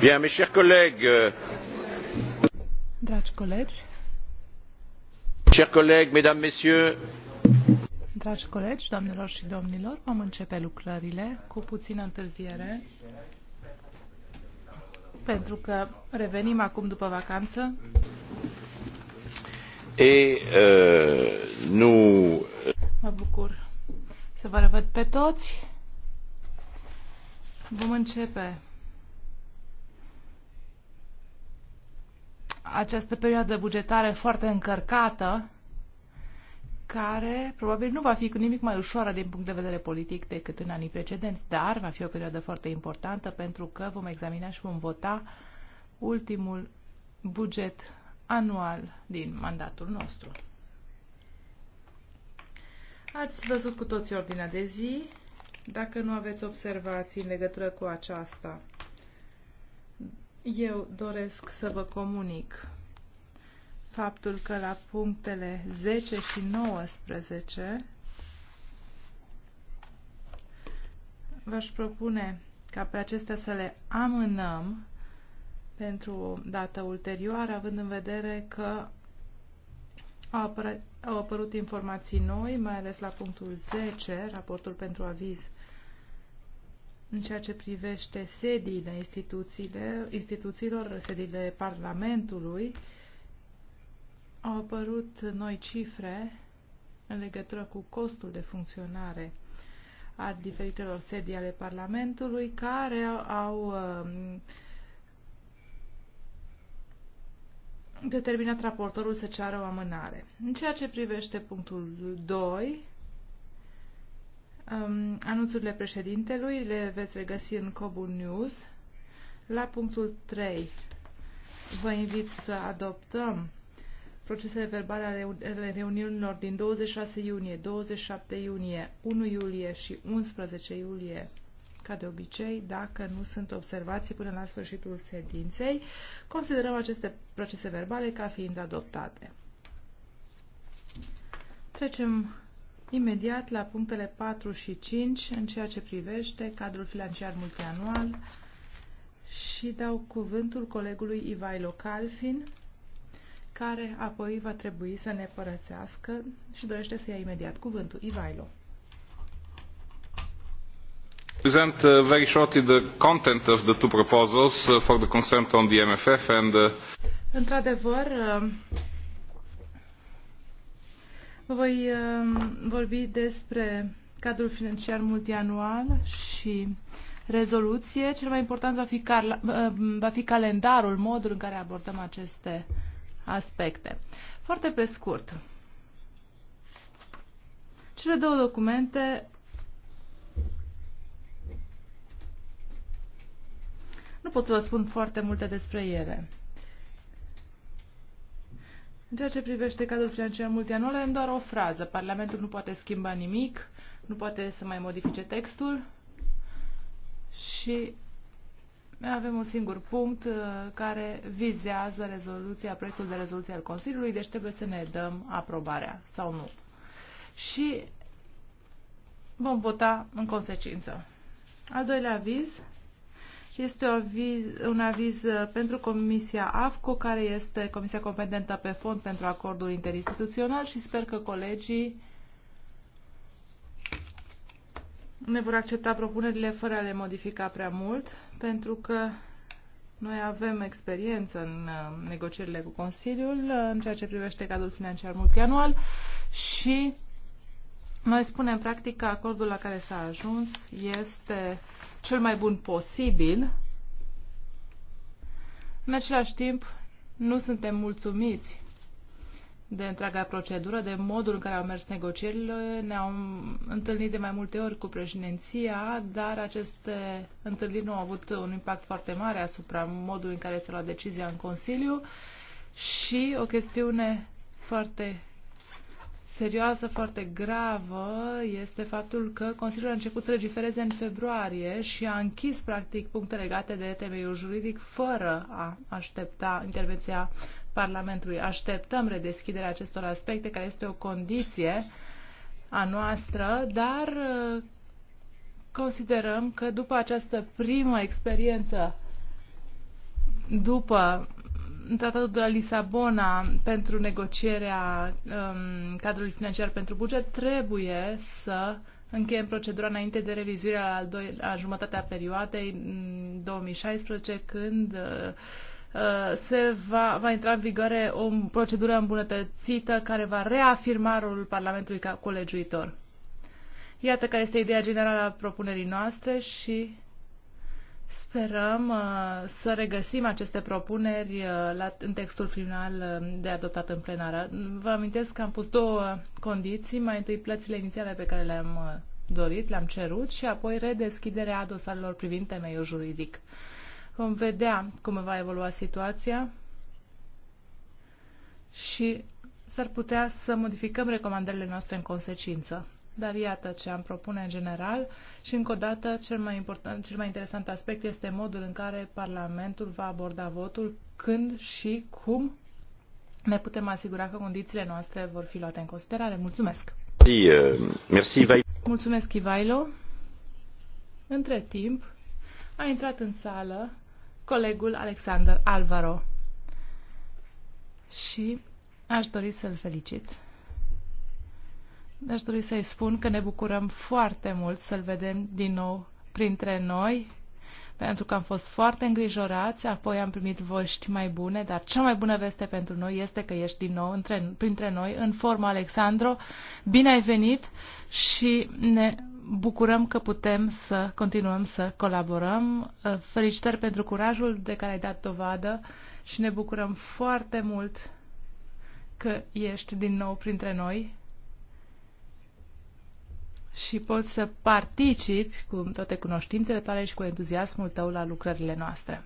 mes euh, Dragi colegi. Chers collègues, mesdames, messieurs. Dragi colegi, doamnelor și domnilor, vom începe lucrările cu puțină întârziere, pentru că revenim acum după vacanță. Et euh, nous... Mă bucur să vă revăd pe toți. Vom începe această perioadă bugetară foarte încărcată, care probabil nu va fi cu nimic mai ușoară din punct de vedere politic decât în anii precedenți, dar va fi o perioadă foarte importantă pentru că vom examina și vom vota ultimul buget anual din mandatul nostru. Ați văzut cu toții ordinea de zi. Dacă nu aveți observații în legătură cu aceasta, eu doresc să vă comunic faptul că la punctele 10 și 19 v-aș propune ca pe acestea să le amânăm pentru o dată ulterioară, având în vedere că au, apărut, au apărut informații noi, mai ales la punctul 10, raportul pentru aviz în ceea ce privește sediile instituțiile, instituțiilor, sediile Parlamentului, au apărut noi cifre în legătură cu costul de funcționare al diferitelor sedii ale Parlamentului, care au um, determinat raportorul să ceară o amânare. În ceea ce privește punctul 2, Um, anunțurile președintelui le veți regăsi în Cobul News. La punctul 3 vă invit să adoptăm procesele verbale ale reuniunilor din 26 iunie, 27 iunie, 1 iulie și 11 iulie ca de obicei, dacă nu sunt observații până la sfârșitul sedinței, considerăm aceste procese verbale ca fiind adoptate. Trecem imediat la punctele 4 și 5 în ceea ce privește cadrul financiar multianual și dau cuvântul colegului Ivailo Calfin, care apoi va trebui să ne părățească și dorește să ia imediat cuvântul. Ivailo. Present uh, very shortly the content of the two proposals uh, for the consent on the MFF and uh... Într-adevăr, uh, voi um, vorbi despre cadrul financiar multianual și rezoluție. Cel mai important va fi, car, uh, va fi calendarul, modul în care abordăm aceste aspecte. Foarte pe scurt, cele două documente nu pot să vă spun foarte multe despre ele. În ceea ce privește cadrul financiar multianual, am doar o frază. Parlamentul nu poate schimba nimic, nu poate să mai modifice textul și avem un singur punct uh, care vizează rezoluția, proiectul de rezoluție al Consiliului, deci trebuie să ne dăm aprobarea sau nu. Și vom vota în consecință. Al doilea aviz este o aviz, un aviz uh, pentru Comisia AFCO, care este comisia competentă pe fond pentru acordul interinstituțional și sper că colegii ne vor accepta propunerile fără a le modifica prea mult, pentru că noi avem experiență în uh, negocierile cu Consiliul uh, în ceea ce privește cadrul financiar multianual și noi spunem practic că acordul la care s-a ajuns este cel mai bun posibil. În același timp, nu suntem mulțumiți de întreaga procedură, de modul în care au mers negocierile. Ne-am întâlnit de mai multe ori cu președinția, dar aceste întâlniri nu au avut un impact foarte mare asupra modului în care se lua decizia în Consiliu. Și o chestiune foarte serioasă, foarte gravă, este faptul că Consiliul a început să legifereze în februarie și a închis, practic, puncte legate de temeiul juridic fără a aștepta intervenția Parlamentului. Așteptăm redeschiderea acestor aspecte, care este o condiție a noastră, dar uh, considerăm că după această primă experiență, după tratatul de la Lisabona pentru negocierea um, cadrului financiar pentru buget, trebuie să încheiem procedura înainte de revizuirea la, doi, la jumătatea perioadei 2016, când uh, uh, se va, va intra în vigoare o procedură îmbunătățită care va reafirma rolul Parlamentului ca colegiuitor. Iată care este ideea generală a propunerii noastre și Sperăm uh, să regăsim aceste propuneri uh, la, în textul final uh, de adoptat în plenară. Vă amintesc că am pus două condiții. Mai întâi plățile inițiale pe care le-am uh, dorit, le-am cerut și apoi redeschiderea dosarelor privind temeiul juridic. Vom vedea cum va evolua situația și s-ar putea să modificăm recomandările noastre în consecință dar iată ce am propune în general și încă o dată cel mai, important, cel mai interesant aspect este modul în care Parlamentul va aborda votul, când și cum ne putem asigura că condițiile noastre vor fi luate în considerare. Mulțumesc! Eh, Mulțumesc, Ivailo! Între timp, a intrat în sală colegul Alexander Alvaro și aș dori să-l felicit aș dori să-i spun că ne bucurăm foarte mult să-l vedem din nou printre noi, pentru că am fost foarte îngrijorați, apoi am primit voști mai bune, dar cea mai bună veste pentru noi este că ești din nou între, printre noi, în formă, Alexandro. Bine ai venit și ne bucurăm că putem să continuăm să colaborăm. Uh, felicitări pentru curajul de care ai dat dovadă și ne bucurăm foarte mult că ești din nou printre noi și poți să participi cu toate cunoștințele tale și cu entuziasmul tău la lucrările noastre.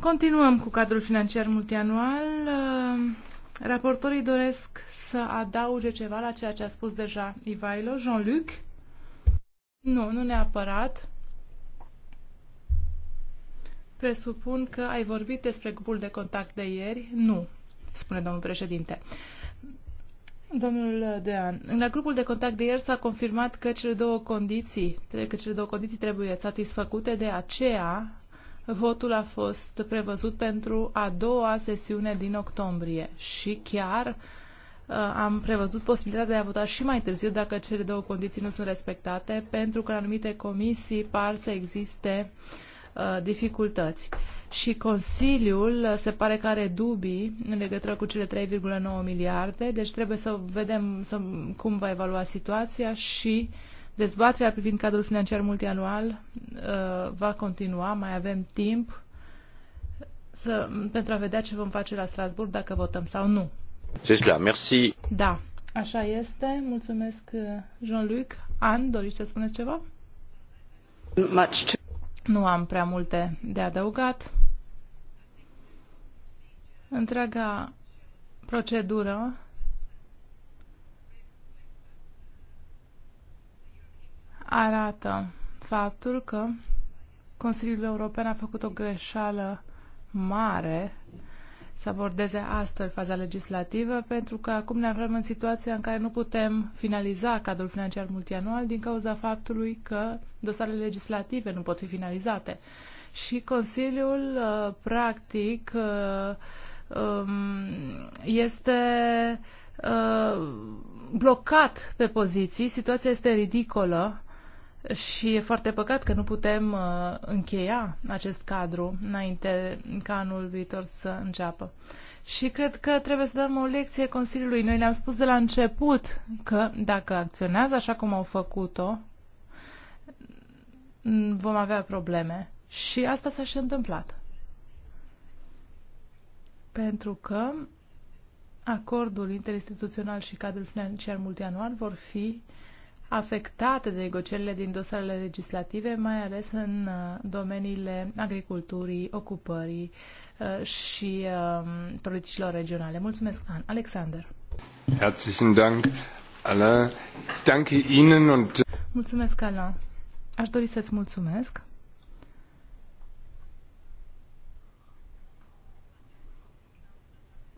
Continuăm cu cadrul financiar multianual. Uh, raportorii doresc să adauge ceva la ceea ce a spus deja Ivailo. Jean-Luc? Nu, nu neapărat. Presupun că ai vorbit despre grupul de contact de ieri? Nu, spune domnul președinte. Uh, Domnul Dean, la grupul de contact de ieri s-a confirmat că cele două condiții, că cele două condiții trebuie satisfăcute, de aceea votul a fost prevăzut pentru a doua sesiune din octombrie și chiar uh, am prevăzut posibilitatea de a vota și mai târziu dacă cele două condiții nu sunt respectate, pentru că în anumite comisii par să existe uh, dificultăți și Consiliul se pare că are dubii în legătură cu cele 3,9 miliarde, deci trebuie să vedem să, cum va evalua situația și dezbaterea privind cadrul financiar multianual uh, va continua, mai avem timp să, pentru a vedea ce vom face la Strasburg, dacă votăm sau nu. Cela, merci. Da, așa este. Mulțumesc, uh, Jean-Luc. An, doriți să spuneți ceva? Much nu am prea multe de adăugat. Întreaga procedură arată faptul că Consiliul European a făcut o greșeală mare să abordeze astfel faza legislativă, pentru că acum ne aflăm în situația în care nu putem finaliza cadrul financiar multianual din cauza faptului că dosarele legislative nu pot fi finalizate. Și Consiliul, uh, practic, uh, um, este uh, blocat pe poziții, situația este ridicolă și e foarte păcat că nu putem uh, încheia acest cadru înainte ca anul viitor să înceapă. Și cred că trebuie să dăm o lecție Consiliului. Noi le-am spus de la început că dacă acționează așa cum au făcut-o, vom avea probleme. Și asta s-a și întâmplat. Pentru că acordul interinstituțional și cadrul financiar multianual vor fi uh, afectate de negocierile din dosarele legislative, mai ales în uh, domeniile agriculturii, ocupării uh, și um, politicilor regionale. Mulțumesc, An. Alexander. Herzlichen Dank, Alain. Danke Ihnen und... Mulțumesc, Alain. Aș dori să-ți mulțumesc.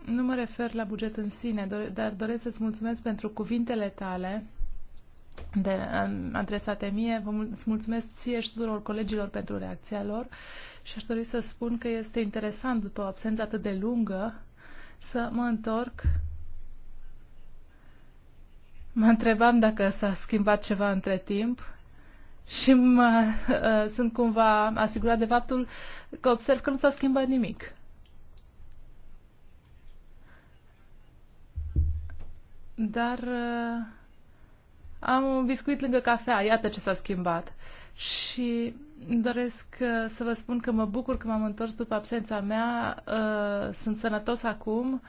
Nu mă refer la buget în sine, dar doresc să-ți mulțumesc pentru cuvintele tale de, adresate mie. Vă mulțumesc ție și tuturor colegilor pentru reacția lor și aș dori să spun că este interesant după o absență atât de lungă să mă întorc. Mă întrebam dacă s-a schimbat ceva între timp și mă, uh, sunt cumva asigurat de faptul că observ că nu s-a schimbat nimic. Dar uh, am un biscuit lângă cafea, iată ce s-a schimbat. Și doresc uh, să vă spun că mă bucur că m-am întors după absența mea, uh, sunt sănătos acum,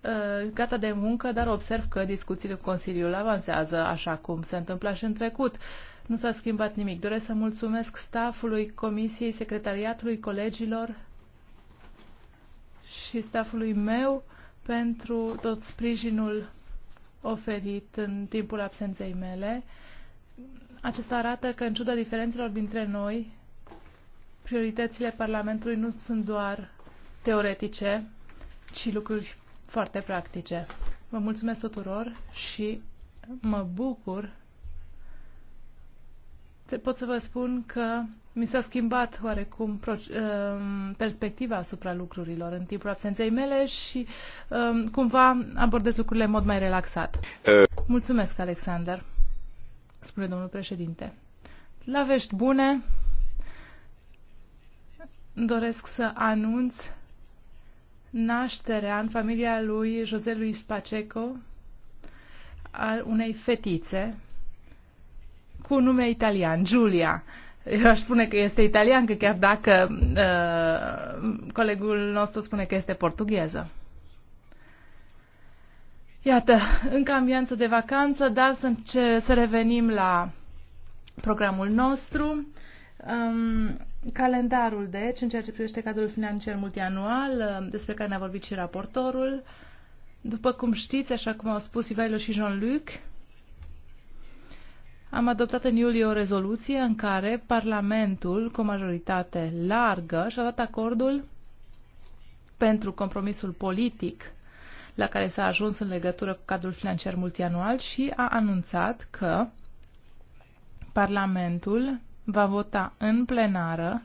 uh, gata de muncă, dar observ că discuțiile cu Consiliul avansează așa cum se întâmpla și în trecut. Nu s-a schimbat nimic. Doresc să mulțumesc staffului Comisiei, secretariatului, colegilor și staffului meu pentru tot sprijinul oferit în timpul absenței mele. Acesta arată că, în ciuda diferențelor dintre noi, prioritățile Parlamentului nu sunt doar teoretice, ci lucruri foarte practice. Vă mulțumesc tuturor și mă bucur pot să vă spun că mi s-a schimbat oarecum ehm, perspectiva asupra lucrurilor în timpul absenței mele și ehm, cumva abordez lucrurile în mod mai relaxat. Mulțumesc, Alexander, spune domnul președinte. La vești bune, doresc să anunț nașterea în familia lui José Luis Pacheco al unei fetițe cu nume italian, Giulia. Eu aș spune că este că chiar dacă uh, colegul nostru spune că este portugheză. Iată, încă ambianță de vacanță, dar să, ce, să revenim la programul nostru. Um, calendarul, deci, în ceea ce privește cadrul financiar multianual, uh, despre care ne-a vorbit și raportorul. După cum știți, așa cum au spus Ivailo și Jean-Luc, am adoptat în iulie o rezoluție în care Parlamentul, cu majoritate largă, și-a dat acordul pentru compromisul politic la care s-a ajuns în legătură cu cadrul financiar multianual și a anunțat că Parlamentul va vota în plenară,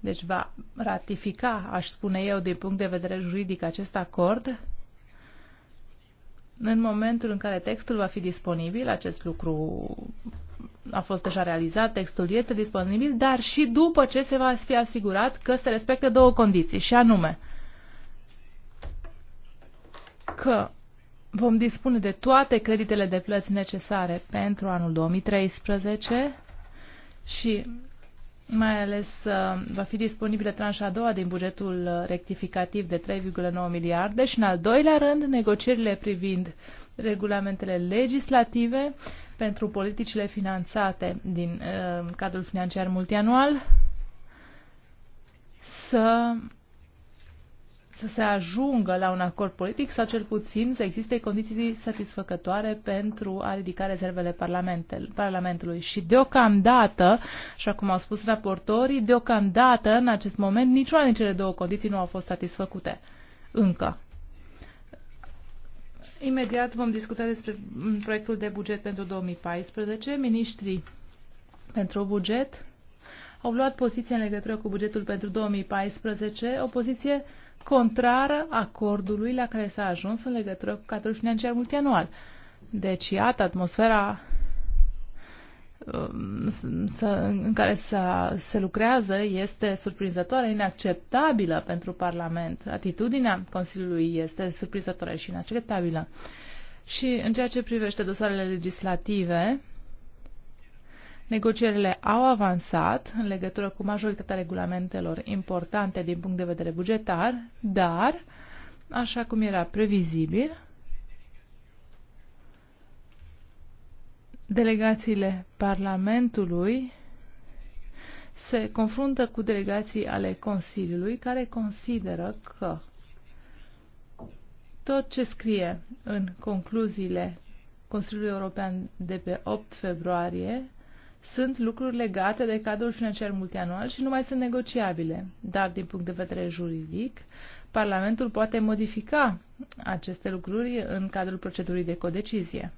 deci va ratifica, aș spune eu, din punct de vedere juridic acest acord în momentul în care textul va fi disponibil, acest lucru a fost deja realizat, textul este disponibil, dar și după ce se va fi asigurat că se respectă două condiții, și anume că vom dispune de toate creditele de plăți necesare pentru anul 2013 și mai ales uh, va fi disponibilă tranșa a doua din bugetul uh, rectificativ de 3,9 miliarde și, în al doilea rând, negocierile privind regulamentele legislative pentru politicile finanțate din uh, cadrul financiar multianual să să se ajungă la un acord politic sau cel puțin să existe condiții satisfăcătoare pentru a ridica rezervele Parlamentului. Și deocamdată, așa cum au spus raportorii, deocamdată, în acest moment, niciuna din cele două condiții nu au fost satisfăcute. Încă. Imediat vom discuta despre proiectul de buget pentru 2014. Ministrii pentru buget au luat poziție în legătură cu bugetul pentru 2014, o poziție contrară acordului la care s-a ajuns în legătură cu cadrul financiar multianual. Deci, iată, atmosfera um, în care se lucrează este surprinzătoare, inacceptabilă pentru Parlament. Atitudinea Consiliului este surprinzătoare și inacceptabilă. Și în ceea ce privește dosarele legislative, Negocierile au avansat în legătură cu majoritatea regulamentelor importante din punct de vedere bugetar, dar, așa cum era previzibil, delegațiile Parlamentului se confruntă cu delegații ale Consiliului care consideră că tot ce scrie în concluziile Consiliului European de pe 8 februarie sunt lucruri legate de cadrul financiar multianual și nu mai sunt negociabile. Dar, din punct de vedere juridic, Parlamentul poate modifica aceste lucruri în cadrul procedurii de codecizie.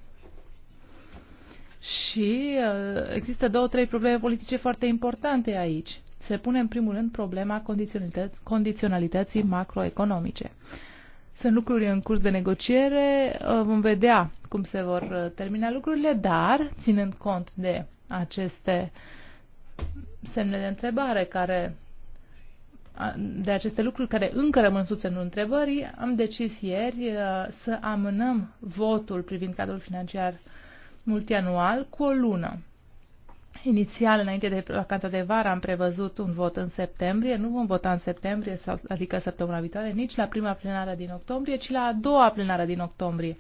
Și uh, există două, trei probleme politice foarte importante aici. Se pune în primul rând problema condiționalității macroeconomice. Sunt lucruri în curs de negociere, uh, vom vedea cum se vor uh, termina lucrurile, dar, ținând cont de aceste semne de întrebare care de aceste lucruri care încă rămân sub semnul întrebării, am decis ieri uh, să amânăm votul privind cadrul financiar multianual cu o lună. Inițial, înainte de vacanța de vară, am prevăzut un vot în septembrie. Nu vom vota în septembrie, adică săptămâna viitoare, nici la prima plenară din octombrie, ci la a doua plenară din octombrie.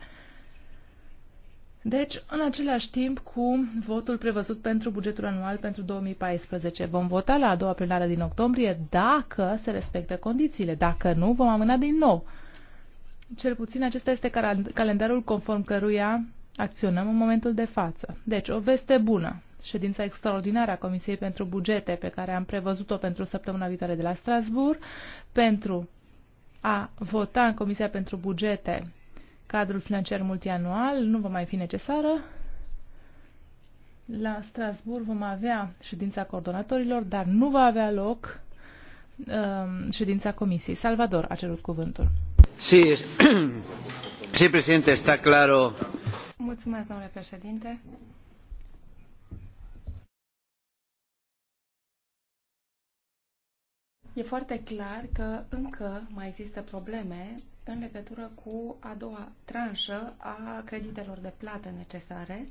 Deci, în același timp cu votul prevăzut pentru bugetul anual pentru 2014. Vom vota la a doua plenară din octombrie dacă se respectă condițiile. Dacă nu, vom amâna din nou. Cel puțin acesta este calendarul conform căruia acționăm în momentul de față. Deci, o veste bună. Ședința extraordinară a Comisiei pentru Bugete, pe care am prevăzut-o pentru săptămâna viitoare de la Strasbourg, pentru a vota în Comisia pentru Bugete cadrul financiar multianual nu va mai fi necesară. La Strasburg vom avea ședința coordonatorilor, dar nu va avea loc uh, ședința comisiei. Salvador a cerut cuvântul. Sí, sí, presidente, está claro. Mulțumesc, domnule președinte. E foarte clar că încă mai există probleme în legătură cu a doua tranșă a creditelor de plată necesare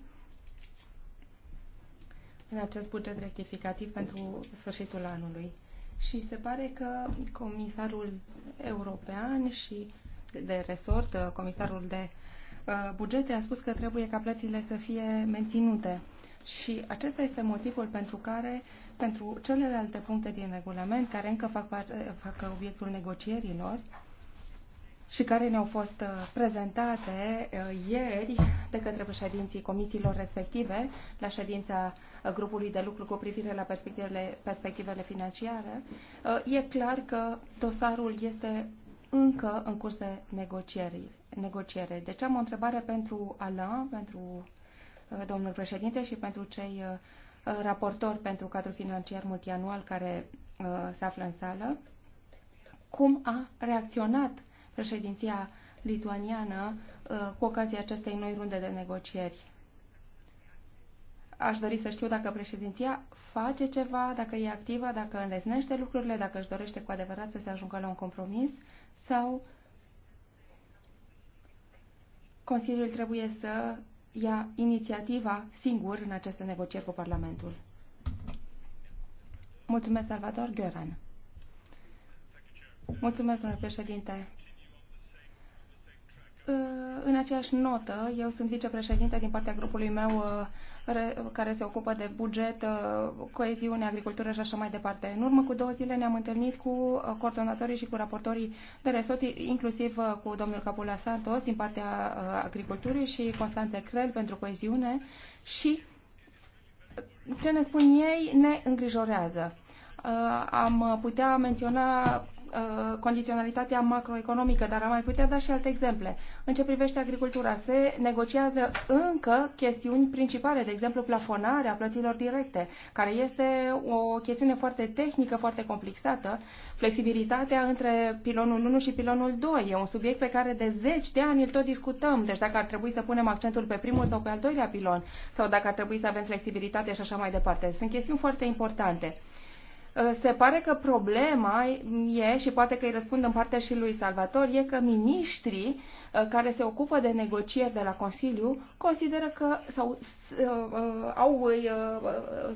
în acest buget rectificativ pentru sfârșitul anului. Și se pare că comisarul european și de resort, comisarul de uh, bugete, a spus că trebuie ca plățile să fie menținute. Și acesta este motivul pentru care, pentru celelalte puncte din regulament, care încă fac, fac obiectul negocierilor, și care ne-au fost uh, prezentate uh, ieri de către președinții comisiilor respective la ședința uh, grupului de lucru cu privire la perspectivele, perspectivele financiare, e clar că dosarul este încă în curs de negociere. Deci am o întrebare pentru Alain, pentru domnul președinte și pentru cei raportori pentru cadrul financiar multianual care se află în sală. Cum a reacționat uh, președinția lituaniană uh, cu ocazia acestei noi runde de negocieri. Aș dori să știu dacă președinția face ceva, dacă e activă, dacă înlesnește lucrurile, dacă își dorește cu adevărat să se ajungă la un compromis sau Consiliul trebuie să ia inițiativa singur în aceste negocieri cu Parlamentul. Mulțumesc, Salvador Gheoran. Mulțumesc, domnule președinte. În aceeași notă, eu sunt vicepreședinte din partea grupului meu uh, care se ocupă de buget, uh, coeziune, agricultură și așa mai departe. În urmă cu două zile ne-am întâlnit cu uh, coordonatorii și cu raportorii de resort, inclusiv cu domnul Capula Santos din partea agriculturii și Constanțe Crel pentru coeziune și ce ne spun ei ne îngrijorează am putea menționa Uh, condiționalitatea macroeconomică, dar am mai putea da și alte exemple. În ce privește agricultura, se negociază încă chestiuni principale, de exemplu plafonarea plăților directe, care este o chestiune foarte tehnică, foarte complexată. Flexibilitatea între pilonul 1 și pilonul 2 e un subiect pe care de zeci de ani îl tot discutăm, deci dacă ar trebui să punem accentul pe primul sau pe al doilea pilon, sau dacă ar trebui să avem flexibilitate și așa mai departe. Sunt chestiuni foarte importante. Uh, se pare că problema e, și poate că îi răspund în partea și lui Salvator, e că miniștrii uh, care se ocupă de negocieri de la Consiliu consideră că sau uh, au,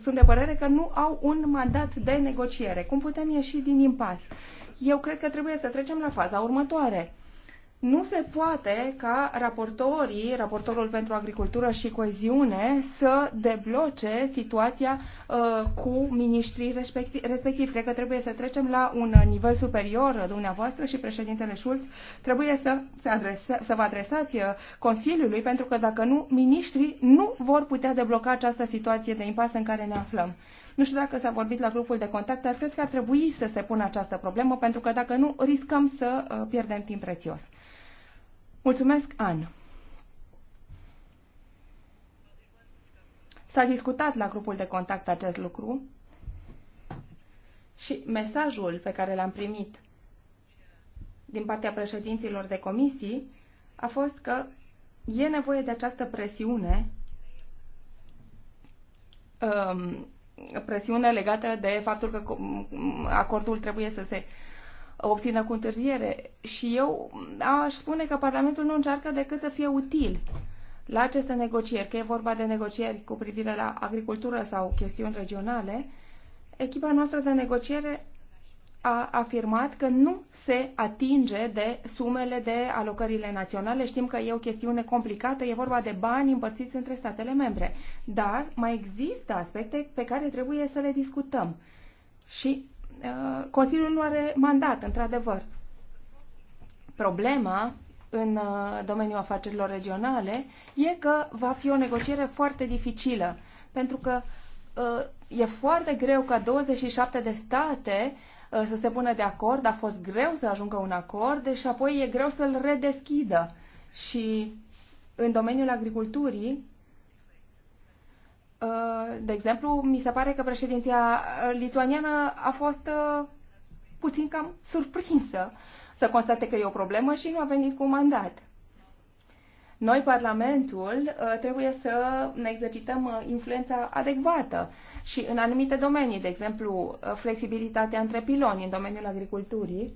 sunt de părere că nu au un mandat de negociere. Cum putem ieși din impas? Eu cred că trebuie să trecem la faza următoare nu se poate ca raportorii, raportorul pentru agricultură și coeziune, să debloce situația uh, cu miniștrii respectiv, respectiv. Cred că trebuie să trecem la un nivel superior, uh, dumneavoastră și președintele Schulz, trebuie să, să, adrese, să vă adresați uh, Consiliului, pentru că dacă nu, miniștrii nu vor putea debloca această situație de impas în care ne aflăm. Uh, nu știu dacă s-a vorbit la grupul de contact, dar cred că ar trebui să se pună această problemă, pentru că dacă nu, riscăm să uh, pierdem timp prețios. Mulțumesc, An. S-a discutat la grupul de contact acest lucru și mesajul pe care l-am primit din partea președinților de comisii a fost că e nevoie de această presiune um, presiune legată de faptul că acordul trebuie să se obțină cu întârziere. Și eu aș spune că Parlamentul nu încearcă decât să fie util la aceste negocieri, că e vorba de negocieri cu privire la agricultură sau chestiuni regionale, echipa noastră de negociere a afirmat că nu se atinge de sumele de alocările naționale. Știm că e o chestiune complicată, e vorba de bani împărțiți între statele membre. Dar mai există aspecte pe care trebuie să le discutăm. Și uh, Consiliul nu are mandat, într-adevăr. Problema în uh, domeniul afacerilor regionale e că va fi o negociere foarte dificilă, pentru că uh, e foarte greu ca 27 de state Uh, să se pună de acord, a fost greu să ajungă un acord și apoi e greu să-l redeschidă. Și în domeniul agriculturii, uh, de exemplu, mi se pare că președinția lituaniană a fost uh, puțin cam surprinsă să constate că e o problemă și nu a venit cu un mandat. Noi, Parlamentul, trebuie să ne exercităm influența adecvată și în anumite domenii, de exemplu, flexibilitatea între piloni în domeniul agriculturii,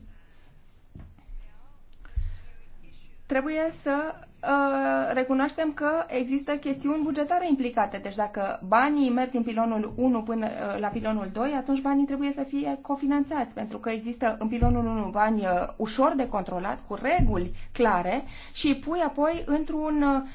trebuie să uh, recunoaștem că există chestiuni bugetare implicate. Deci dacă banii merg din pilonul 1 până uh, la pilonul 2, atunci banii trebuie să fie cofinanțați, pentru că există în pilonul 1 bani uh, ușor de controlat, cu reguli clare și pui apoi într-un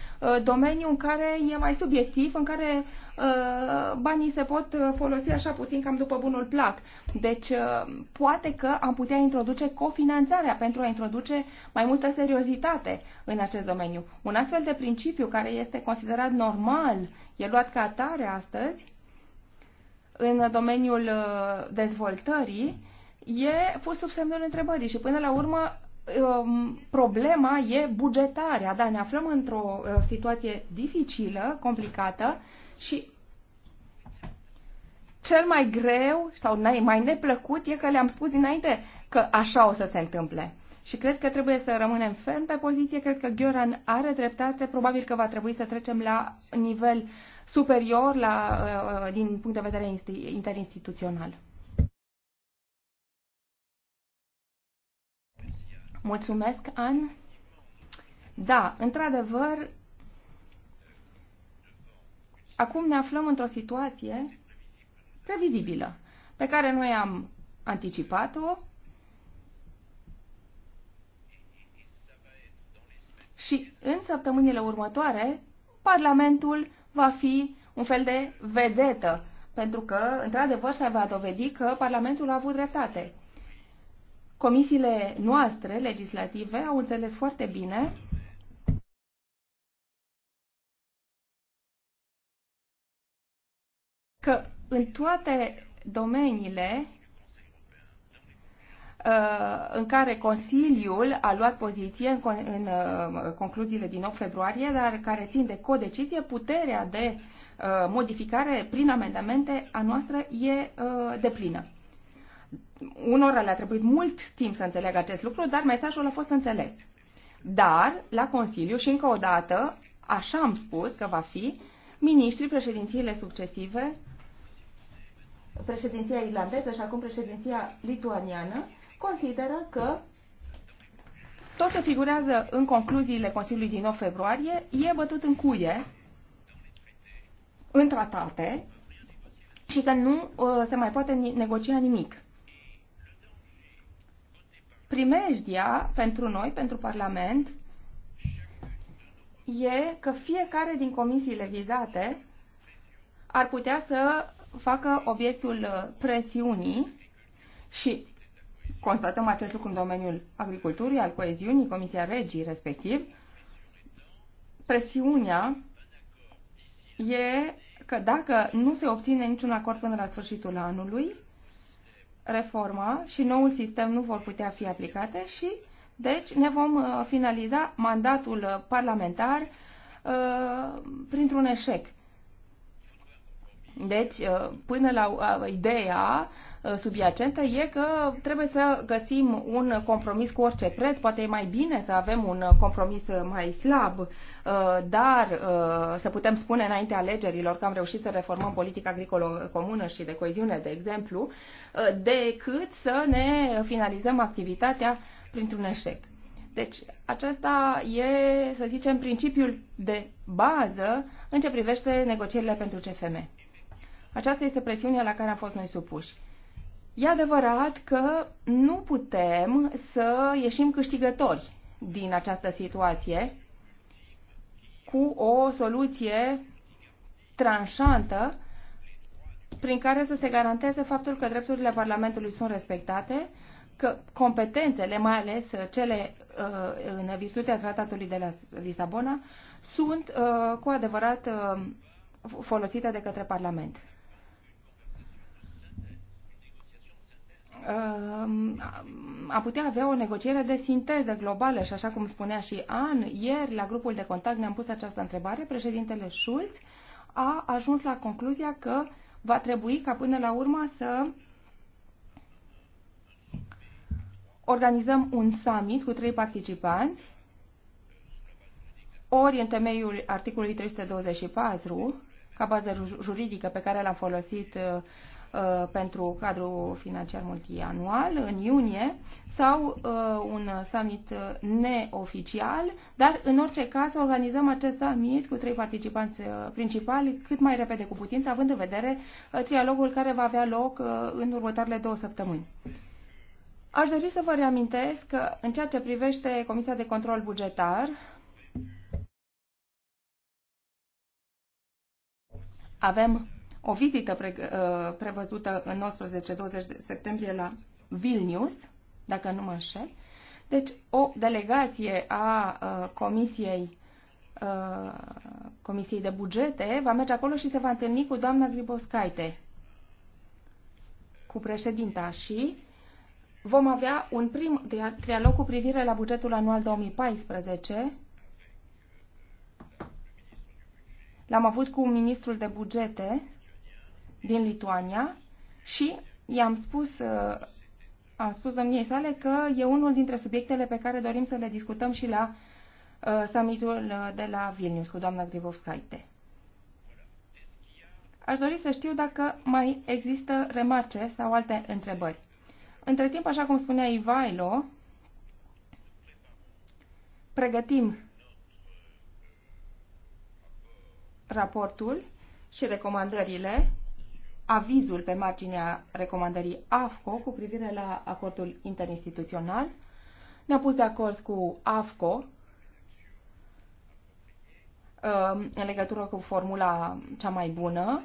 domeniu în care e mai subiectiv, în care Uh, banii se pot uh, folosi așa puțin cam după bunul plac. Deci uh, poate că am putea introduce cofinanțarea pentru a introduce mai multă seriozitate în acest domeniu. Un astfel de principiu care este considerat normal, e luat ca atare astăzi, în domeniul dezvoltării, e fost sub semnul întrebării și până la urmă um, problema e bugetarea. Da, ne aflăm într-o situație dificilă, complicată și cel mai greu sau mai neplăcut e că le-am spus dinainte că așa o să se întâmple. Și cred că trebuie să rămânem ferm pe poziție, cred că Gioran are dreptate, probabil că va trebui să trecem la nivel superior la, uh, din punct de vedere interinstituțional. Mulțumesc, An. Da, într-adevăr, acum ne aflăm într-o situație previzibilă, pe care noi am anticipat-o și în săptămânile următoare Parlamentul va fi un fel de vedetă, pentru că, într-adevăr, se va dovedi că Parlamentul a avut dreptate. Comisiile noastre legislative au înțeles foarte bine că în toate domeniile uh, în care Consiliul a luat poziție în, în uh, concluziile din 8 februarie, dar care țin de codecizie, puterea de uh, modificare prin amendamente a noastră e deplină. Unora le-a trebuit mult timp să înțeleagă acest lucru, dar mesajul a fost înțeles. Dar, la Consiliu, și încă o dată, așa am spus că va fi, miniștrii, președințiile succesive președinția irlandeză și acum președinția lituaniană consideră că tot ce figurează în concluziile Consiliului din 9 februarie e bătut în cuie în tratate și că nu uh, se mai poate negocia nimic. Primejdia pentru noi, pentru Parlament, e că fiecare din comisiile vizate ar putea să facă obiectul uh, presiunii și constatăm acest lucru în domeniul agriculturii, al coeziunii, Comisia Regii respectiv, presiunea e că dacă nu se obține niciun acord până la sfârșitul anului, reforma și noul sistem nu vor putea fi aplicate și, deci, ne vom uh, finaliza mandatul uh, parlamentar printr-un eșec. Deci, uh, până la uh, ideea uh, subiacentă e că trebuie să găsim un compromis cu orice preț, poate e mai bine să avem un compromis mai slab, dar să putem spune înainte alegerilor că am reușit să reformăm politica agricolă comună și de coeziune, de exemplu, decât să ne finalizăm activitatea printr-un eșec. Deci, acesta e, să zicem, principiul de bază în ce privește negocierile pentru CFM. Aceasta este presiunea la care am fost noi supuși. E adevărat că nu putem să ieșim câștigători din această situație cu o soluție tranșantă prin care să se garanteze faptul că drepturile Parlamentului sunt respectate, că competențele, mai ales cele uh, în virtutea tratatului de la Lisabona, sunt uh, cu adevărat uh, folosite de către Parlament. Ehm, a putea avea o negociere de sinteză globală și așa cum spunea și An, ieri la grupul de contact ne-am pus această întrebare, președintele Schulz a ajuns la concluzia că va trebui ca până la urmă să organizăm un summit cu trei participanți, ori în temeiul articolului 324, ca bază juridică pe care l-am folosit Uh, pentru cadrul financiar multianual în iunie sau uh, un summit neoficial, dar în orice caz organizăm acest summit cu trei participanți uh, principali cât mai repede cu putință, având în vedere trialogul care va avea loc în următoarele două săptămâni. Aș dori să vă reamintesc că în ceea ce privește Comisia de Control Bugetar, avem o vizită pre, uh, prevăzută în 19-20 septembrie la Vilnius, dacă nu mă înșel. Deci, o delegație a uh, Comisiei uh, Comisiei de Bugete va merge acolo și se va întâlni cu doamna Griboscaite, cu președinta și vom avea un prim trialog cu privire la bugetul anual 2014. L-am avut cu ministrul de bugete din Lituania și i-am spus, uh, am spus domniei sale că e unul dintre subiectele pe care dorim să le discutăm și la uh, summitul uh, de la Vilnius cu doamna Grivovskaite. Aș dori să știu dacă mai există remarce sau alte întrebări. Între timp, așa cum spunea Ivailo, pregătim raportul și recomandările avizul pe marginea recomandării AFCO cu privire la acordul interinstituțional. Ne-am pus de acord cu AFCO um, în legătură cu formula cea mai bună,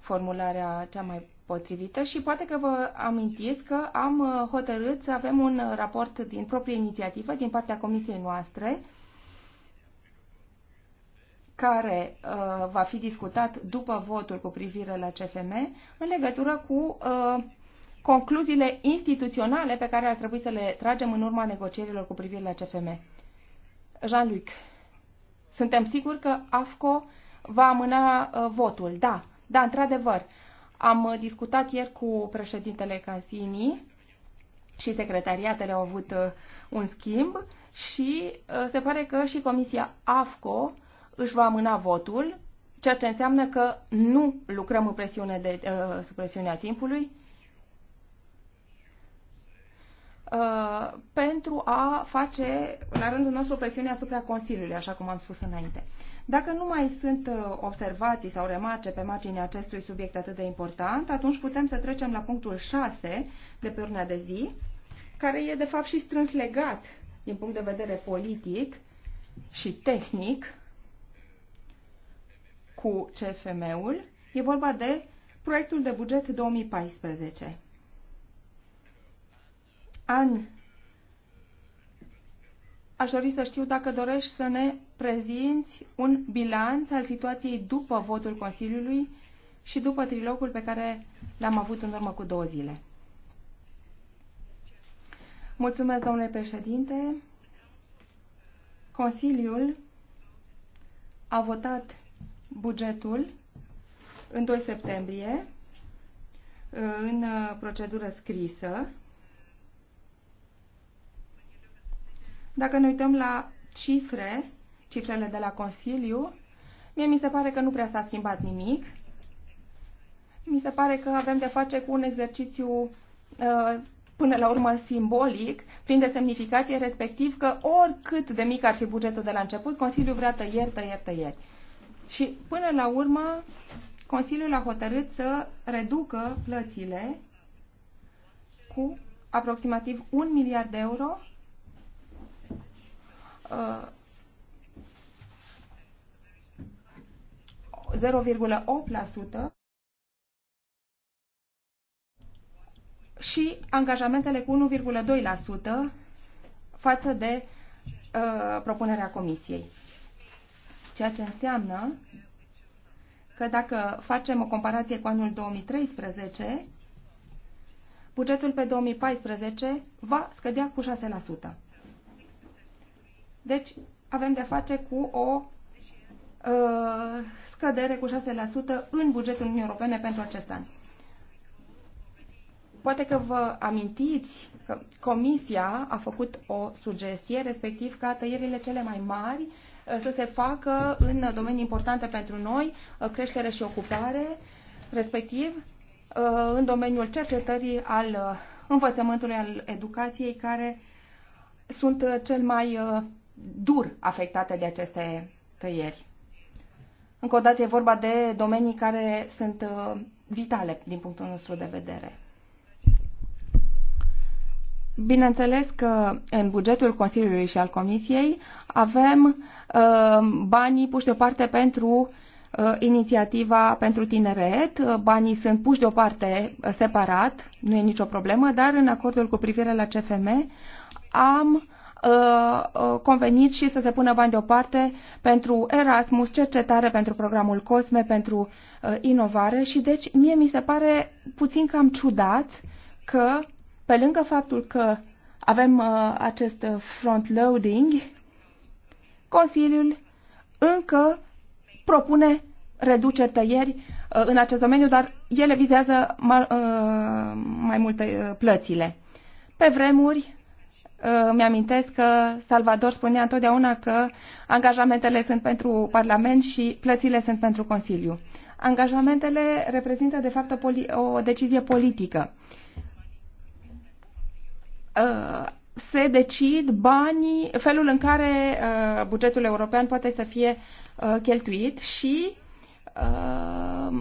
formularea cea mai potrivită și poate că vă amintiți că am uh, hotărât să avem un raport din proprie inițiativă din partea comisiei noastre care uh, va fi discutat după votul cu privire la CFM în legătură cu uh, concluziile instituționale pe care ar trebui să le tragem în urma negocierilor cu privire la CFM. Jean-Luc, suntem siguri că AFCO va amâna uh, votul. Da, da, într-adevăr. Am uh, discutat ieri cu președintele Casini și secretariatele au avut uh, un schimb și uh, se pare că și Comisia AFCO uh, își va amâna votul, ceea ce înseamnă că nu lucrăm în presiune de, uh, sub presiunea timpului, uh, pentru a face, la rândul nostru, presiune asupra Consiliului, așa cum am spus înainte. Dacă nu mai sunt uh, observații sau remarce pe marginea acestui subiect atât de important, atunci putem să trecem la punctul 6 de pe urmea de zi, care e de fapt și strâns legat din punct de vedere politic și tehnic cu CFM-ul. E vorba de proiectul de buget 2014. An, aș dori să știu dacă dorești să ne prezinți un bilanț al situației după votul Consiliului și după trilogul pe care l-am avut în urmă cu două zile. Mulțumesc, domnule președinte. Consiliul a votat bugetul în 2 septembrie, în uh, procedură scrisă. Dacă ne uităm la cifre, cifrele de la Consiliu, mie mi se pare că nu prea s-a schimbat nimic. Mi se pare că avem de face cu un exercițiu uh, până la urmă simbolic, prin de semnificație, respectiv că oricât de mic ar fi bugetul de la început, Consiliul vrea tăieri, tăieri, tăieri. Și până la urmă, Consiliul a hotărât să reducă plățile cu aproximativ un miliard de euro uh, 0,8% și angajamentele cu 1,2% față de uh, propunerea Comisiei ceea ce înseamnă că dacă facem o comparație cu anul 2013, bugetul pe 2014 va scădea cu 6%. Deci avem de-a face cu o uh, scădere cu 6% în bugetul Uniunii Europene pentru acest an. Poate că vă amintiți că Comisia a făcut o sugestie, respectiv ca tăierile cele mai mari uh, să se facă în domenii importante pentru noi, uh, creștere și ocupare, respectiv uh, în domeniul cercetării al uh, învățământului, al educației, care sunt cel mai dur afectate de aceste tăieri. Încă o dată e vorba de domenii care sunt vitale din punctul nostru de vedere. Bineînțeles că în bugetul Consiliului și al Comisiei avem Uh, banii puși deoparte pentru uh, inițiativa pentru tineret. Uh, banii sunt puși deoparte separat, nu e nicio problemă, dar în acordul cu privire la CFM am convenit și să se pună bani deoparte pentru Erasmus, cercetare pentru programul COSME, pentru inovare și deci mie mi se pare puțin cam ciudat că pe lângă faptul că avem acest front-loading, Consiliul încă propune reduceri, tăieri uh, în acest domeniu, dar ele vizează uh, mai multe uh, plățile. Pe vremuri, mi-amintesc că Salvador spunea întotdeauna că angajamentele sunt pentru Parlament și plățile sunt pentru Consiliu. Angajamentele reprezintă, de fapt, o, o decizie politică se decid banii, felul în care uh, bugetul european poate să fie uh, cheltuit și uh,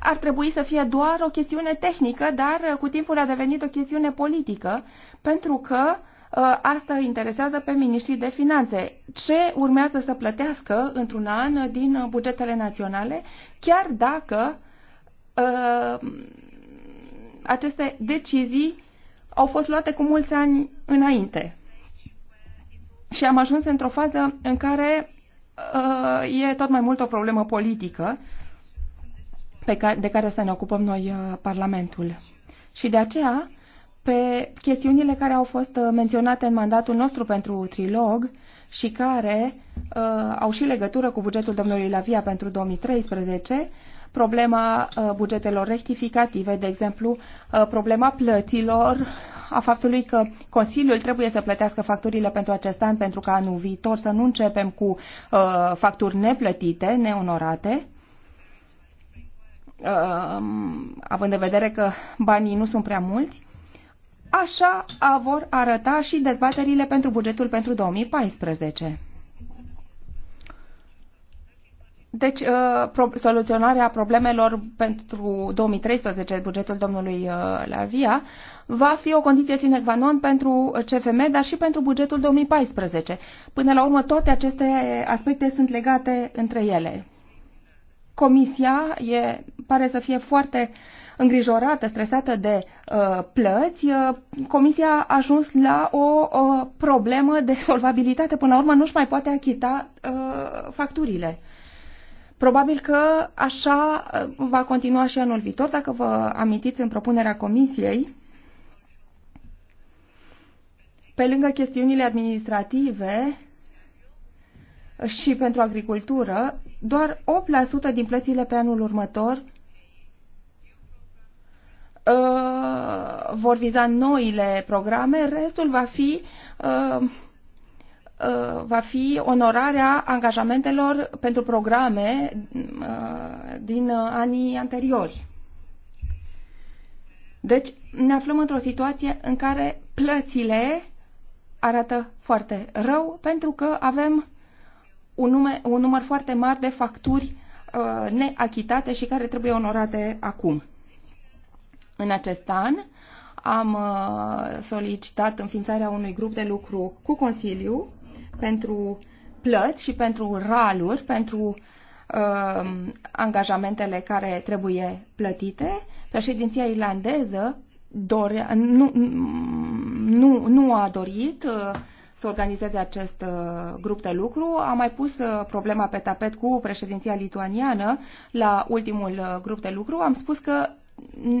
ar trebui să fie doar o chestiune tehnică, dar uh, cu timpul a devenit o chestiune politică, pentru că uh, asta interesează pe ministrii de finanțe. Ce urmează să plătească într-un an din uh, bugetele naționale, chiar dacă aceste decizii au fost luate cu mulți ani înainte. Și am ajuns într-o fază în care uh, e tot mai mult o problemă politică pe care, de care să ne ocupăm noi uh, Parlamentul. Și de aceea, pe chestiunile care au fost uh, menționate în mandatul nostru pentru trilog și care uh, au și legătură cu bugetul domnului Lavia pentru 2013, problema uh, bugetelor rectificative, de exemplu, uh, problema plăților, a faptului că Consiliul trebuie să plătească facturile pentru acest an pentru ca anul viitor să nu începem cu uh, facturi neplătite, neonorate având în vedere că banii nu sunt prea mulți, așa vor arăta și dezbaterile pentru bugetul pentru 2014. Deci, uh, soluționarea problemelor pentru 2013, bugetul domnului uh, Lavia, va fi o condiție sine qua non pentru CFM, dar și pentru bugetul 2014. Până la urmă, toate aceste aspecte sunt legate între ele. Comisia e, pare să fie foarte îngrijorată, stresată de uh, plăți. Uh, comisia a ajuns la o uh, problemă de solvabilitate. Până la urmă, nu-și mai poate achita uh, facturile. Probabil că așa uh, va continua și anul viitor. Dacă vă amintiți în propunerea comisiei, pe lângă chestiunile administrative și pentru agricultură, doar 8% din plățile pe anul următor uh, vor viza noile programe, restul va fi uh, Uh, va fi onorarea angajamentelor pentru programe uh, din uh, anii anteriori. Deci ne aflăm într-o situație în care plățile arată foarte rău pentru că avem un, nume, un număr foarte mare de facturi uh, neachitate și care trebuie onorate acum. În acest an am uh, solicitat înființarea unui grup de lucru cu Consiliu pentru plăți și pentru raluri, pentru uh, angajamentele care trebuie plătite. Președinția irlandeză dore, nu, nu, nu a dorit uh, să organizeze acest uh, grup de lucru. Am mai pus uh, problema pe tapet cu președinția lituaniană la ultimul uh, grup de lucru. Am spus că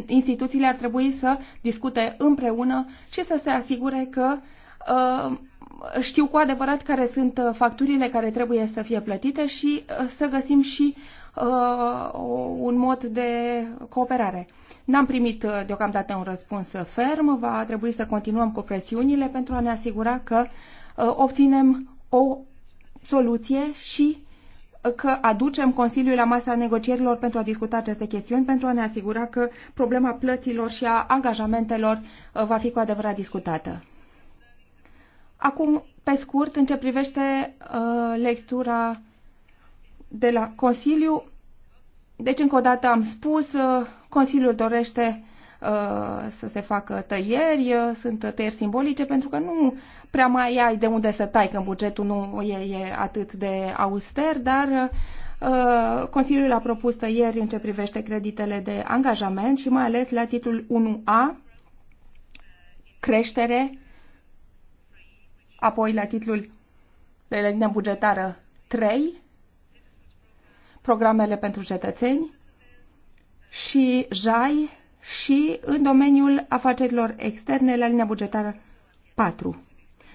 instituțiile ar trebui să discute împreună și să se asigure că știu cu adevărat care sunt uh, facturile care trebuie să fie plătite și uh, să găsim și uh, un mod de cooperare. N-am primit uh, deocamdată un răspuns ferm, va trebui să continuăm cu presiunile pentru a ne asigura că uh, obținem o soluție și că aducem Consiliul la masa negocierilor pentru a discuta aceste chestiuni, pentru a ne asigura că problema plăților și a angajamentelor va fi cu adevărat discutată. Acum, pe scurt, în ce privește uh, lectura de la Consiliu, deci încă o dată am spus, uh, Consiliul dorește uh, să se facă tăieri, uh, sunt tăieri simbolice, pentru că nu prea mai ai de unde să tai, că bugetul nu e, e atât de auster, dar uh, Consiliul a propus tăieri în ce privește creditele de angajament și mai ales la titlul 1A, creștere Apoi la titlul de linia bugetară 3, programele pentru cetățeni și JAI și în domeniul afacerilor externe la linia bugetară 4.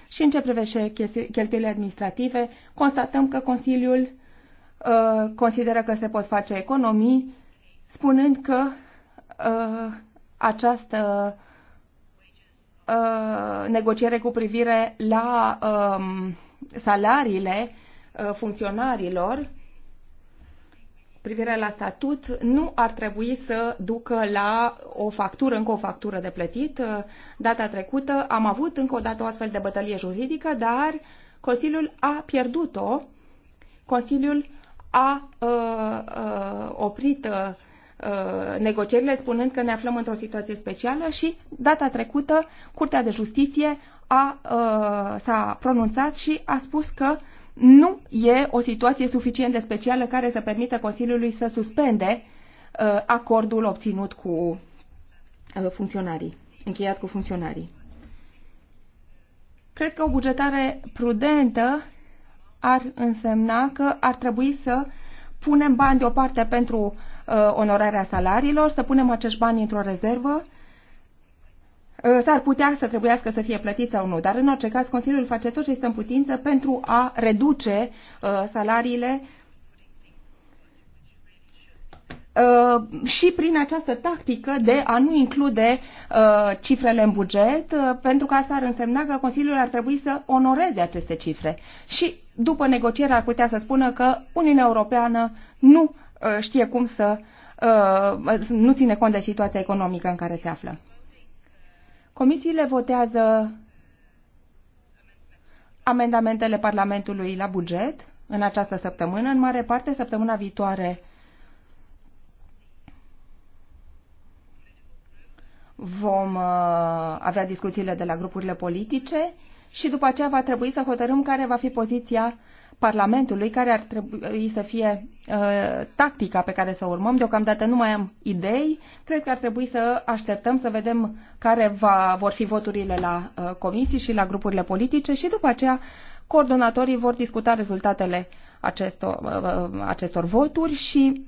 Și în ce privește cheltuielile administrative, constatăm că Consiliul uh, consideră că se pot face economii, spunând că uh, această Uh, negociere cu privire la um, salariile uh, funcționarilor, privire la statut, nu ar trebui să ducă la o factură, încă o factură de plătit. Uh, data trecută am avut încă o dată o astfel de bătălie juridică, dar Consiliul a pierdut-o. Consiliul a uh, uh, oprit uh, Uh, negocierile, spunând că ne aflăm într-o situație specială și data trecută Curtea de Justiție a, uh, s-a pronunțat și a spus că nu e o situație suficient de specială care să permită Consiliului să suspende uh, acordul obținut cu funcționarii, încheiat cu funcționarii. Cred că o bugetare prudentă ar însemna că ar trebui să punem bani deoparte pentru uh, Uh, onorarea salariilor, să punem acești bani într-o rezervă. Uh, s-ar putea să trebuiască să fie plătiți sau nu, dar în orice caz Consiliul face tot ce este în putință pentru a reduce uh, salariile și prin această tactică de a nu include cifrele în buget, pentru că asta ar însemna că Consiliul ar trebui să onoreze aceste cifre. Și după negociere ar putea să spună că Uniunea Europeană nu Uh, știe cum să uh, nu ține cont de situația economică în care se află. Comisiile votează amendamentele Parlamentului la buget în această săptămână, în mare parte săptămâna viitoare vom uh, avea discuțiile de la grupurile politice și după aceea va trebui să hotărâm care va fi poziția Parlamentului, care ar trebui să fie uh, tactica pe care să o urmăm. Deocamdată nu mai am idei. Cred că ar trebui să așteptăm să vedem care va, vor fi voturile la uh, comisii și la grupurile politice și după aceea coordonatorii vor discuta rezultatele acestor, uh, uh acestor voturi și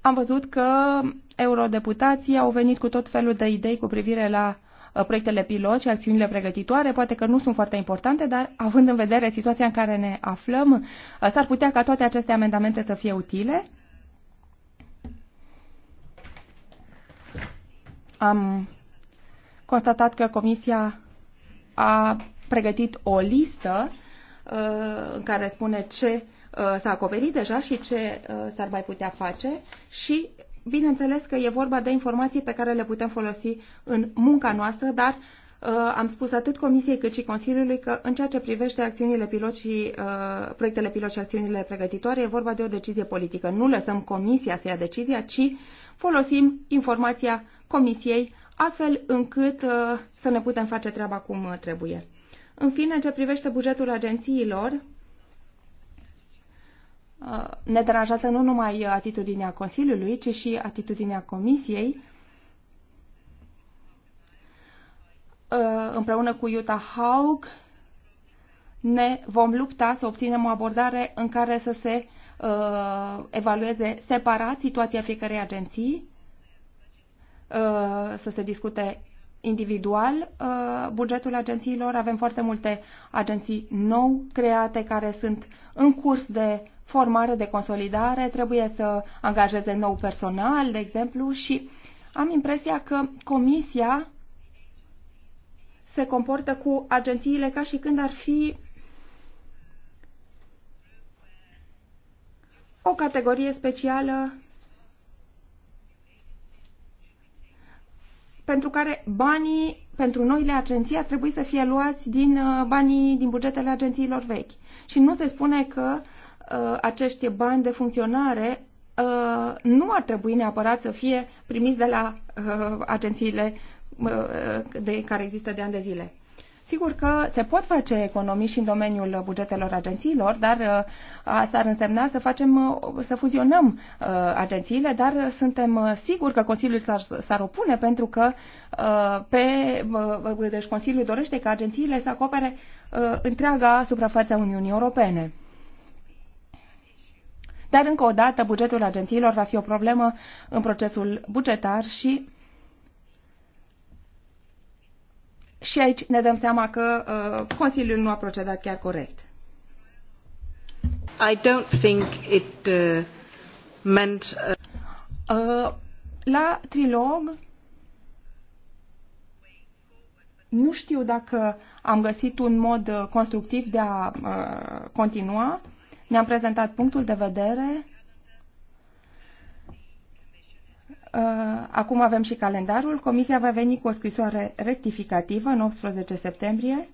am văzut că eurodeputații au venit cu tot felul de idei cu privire la uh, Uh, proiectele pilot și acțiunile pregătitoare poate că nu sunt foarte importante, dar având în vedere situația în care ne aflăm, uh, s-ar putea ca toate aceste amendamente să fie utile. Am constatat că Comisia a pregătit o listă uh, în care spune ce s-a acoperit deja și ce s-ar mai putea face și Bineînțeles că e vorba de informații pe care le putem folosi în munca noastră, dar uh, am spus atât Comisiei cât și Consiliului că în ceea ce privește acțiunile pilot și uh, proiectele pilot și acțiunile pregătitoare, e vorba de o decizie politică. Nu lăsăm Comisia să ia decizia, ci folosim informația Comisiei astfel încât uh, să ne putem face treaba cum trebuie. În fine, ce privește bugetul agențiilor, Uh, ne deranjează nu numai atitudinea Consiliului, ci și atitudinea Comisiei, uh, împreună cu Utah Haug, ne vom lupta să obținem o abordare în care să se uh, evalueze separat situația fiecarei agenții, uh, să se discute individual uh, bugetul agențiilor. Avem foarte multe agenții nou create care sunt în curs de formare, de consolidare, trebuie să angajeze nou personal, de exemplu, și am impresia că Comisia se comportă cu agențiile ca și când ar fi o categorie specială pentru care banii pentru noile agenții ar trebui să fie luați din uh, banii din bugetele agențiilor vechi. Și nu se spune că Uh, acești bani de funcționare uh, nu ar trebui neapărat să fie primiți de la uh, agențiile de, care există de ani de zile. Sigur că se pot face economii și în domeniul bugetelor agențiilor, dar asta ar însemna să facem, să fuzionăm agențiile, dar suntem siguri că Consiliul s-ar, opune pentru că pe, deci Consiliul dorește ca agențiile să acopere întreaga suprafață a Uniunii Europene. Dar, încă o dată, bugetul agențiilor va fi o problemă în procesul bugetar și și aici ne dăm seama că uh, Consiliul nu a procedat chiar corect. I don't think it uh, meant... uh... Uh, la trilog nu știu dacă am găsit un mod uh, constructiv de a uh, continua. Ne-am prezentat punctul de vedere. Uh, acum avem și calendarul. Comisia va veni cu o scrisoare rectificativă în 18 septembrie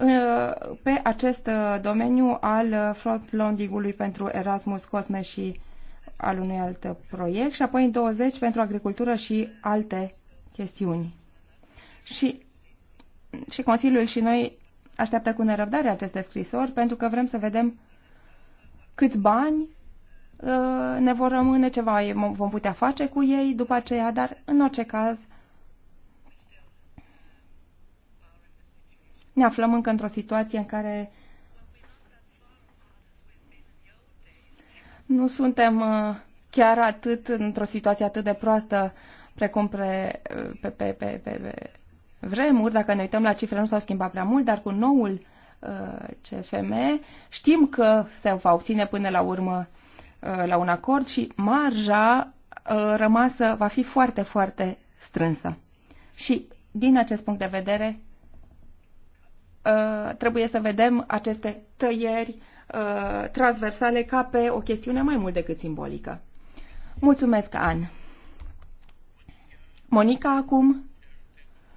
uh, pe acest uh, domeniu al Front ului pentru Erasmus, Cosme și al unui alt proiect și apoi în 20 pentru agricultură și alte chestiuni. Și, și Consiliul și noi așteaptă cu nerăbdare aceste scrisori pentru că vrem să vedem câți bani uh, ne vor rămâne, ceva vom putea face cu ei după aceea, dar în orice caz ne aflăm încă într-o situație în care nu suntem uh, chiar atât într-o situație atât de proastă precum pe, pe, pe, pe, pe vremuri. Dacă ne uităm la cifre, nu s-au schimbat prea mult, dar cu noul CFM. Știm că se va obține până la urmă uh, la un acord și marja uh, rămasă va fi foarte, foarte strânsă. Și din acest punct de vedere uh, trebuie să vedem aceste tăieri transversale ca pe o chestiune mai mult decât simbolică. Mulțumesc, An. Monica, acum?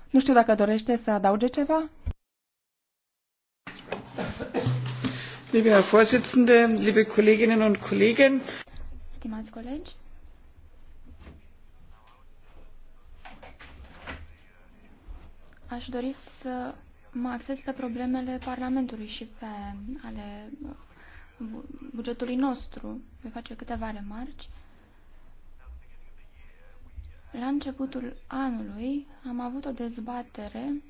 Nu știu dacă dorește să adauge ceva? Liebe Herr Vorsitzende, liebe Kolleginnen und Kollegen. Stimați colegi. Aș dori să mă acces pe problemele Parlamentului și pe ale bugetului nostru. Voi face câteva remarci. La începutul anului am avut o dezbatere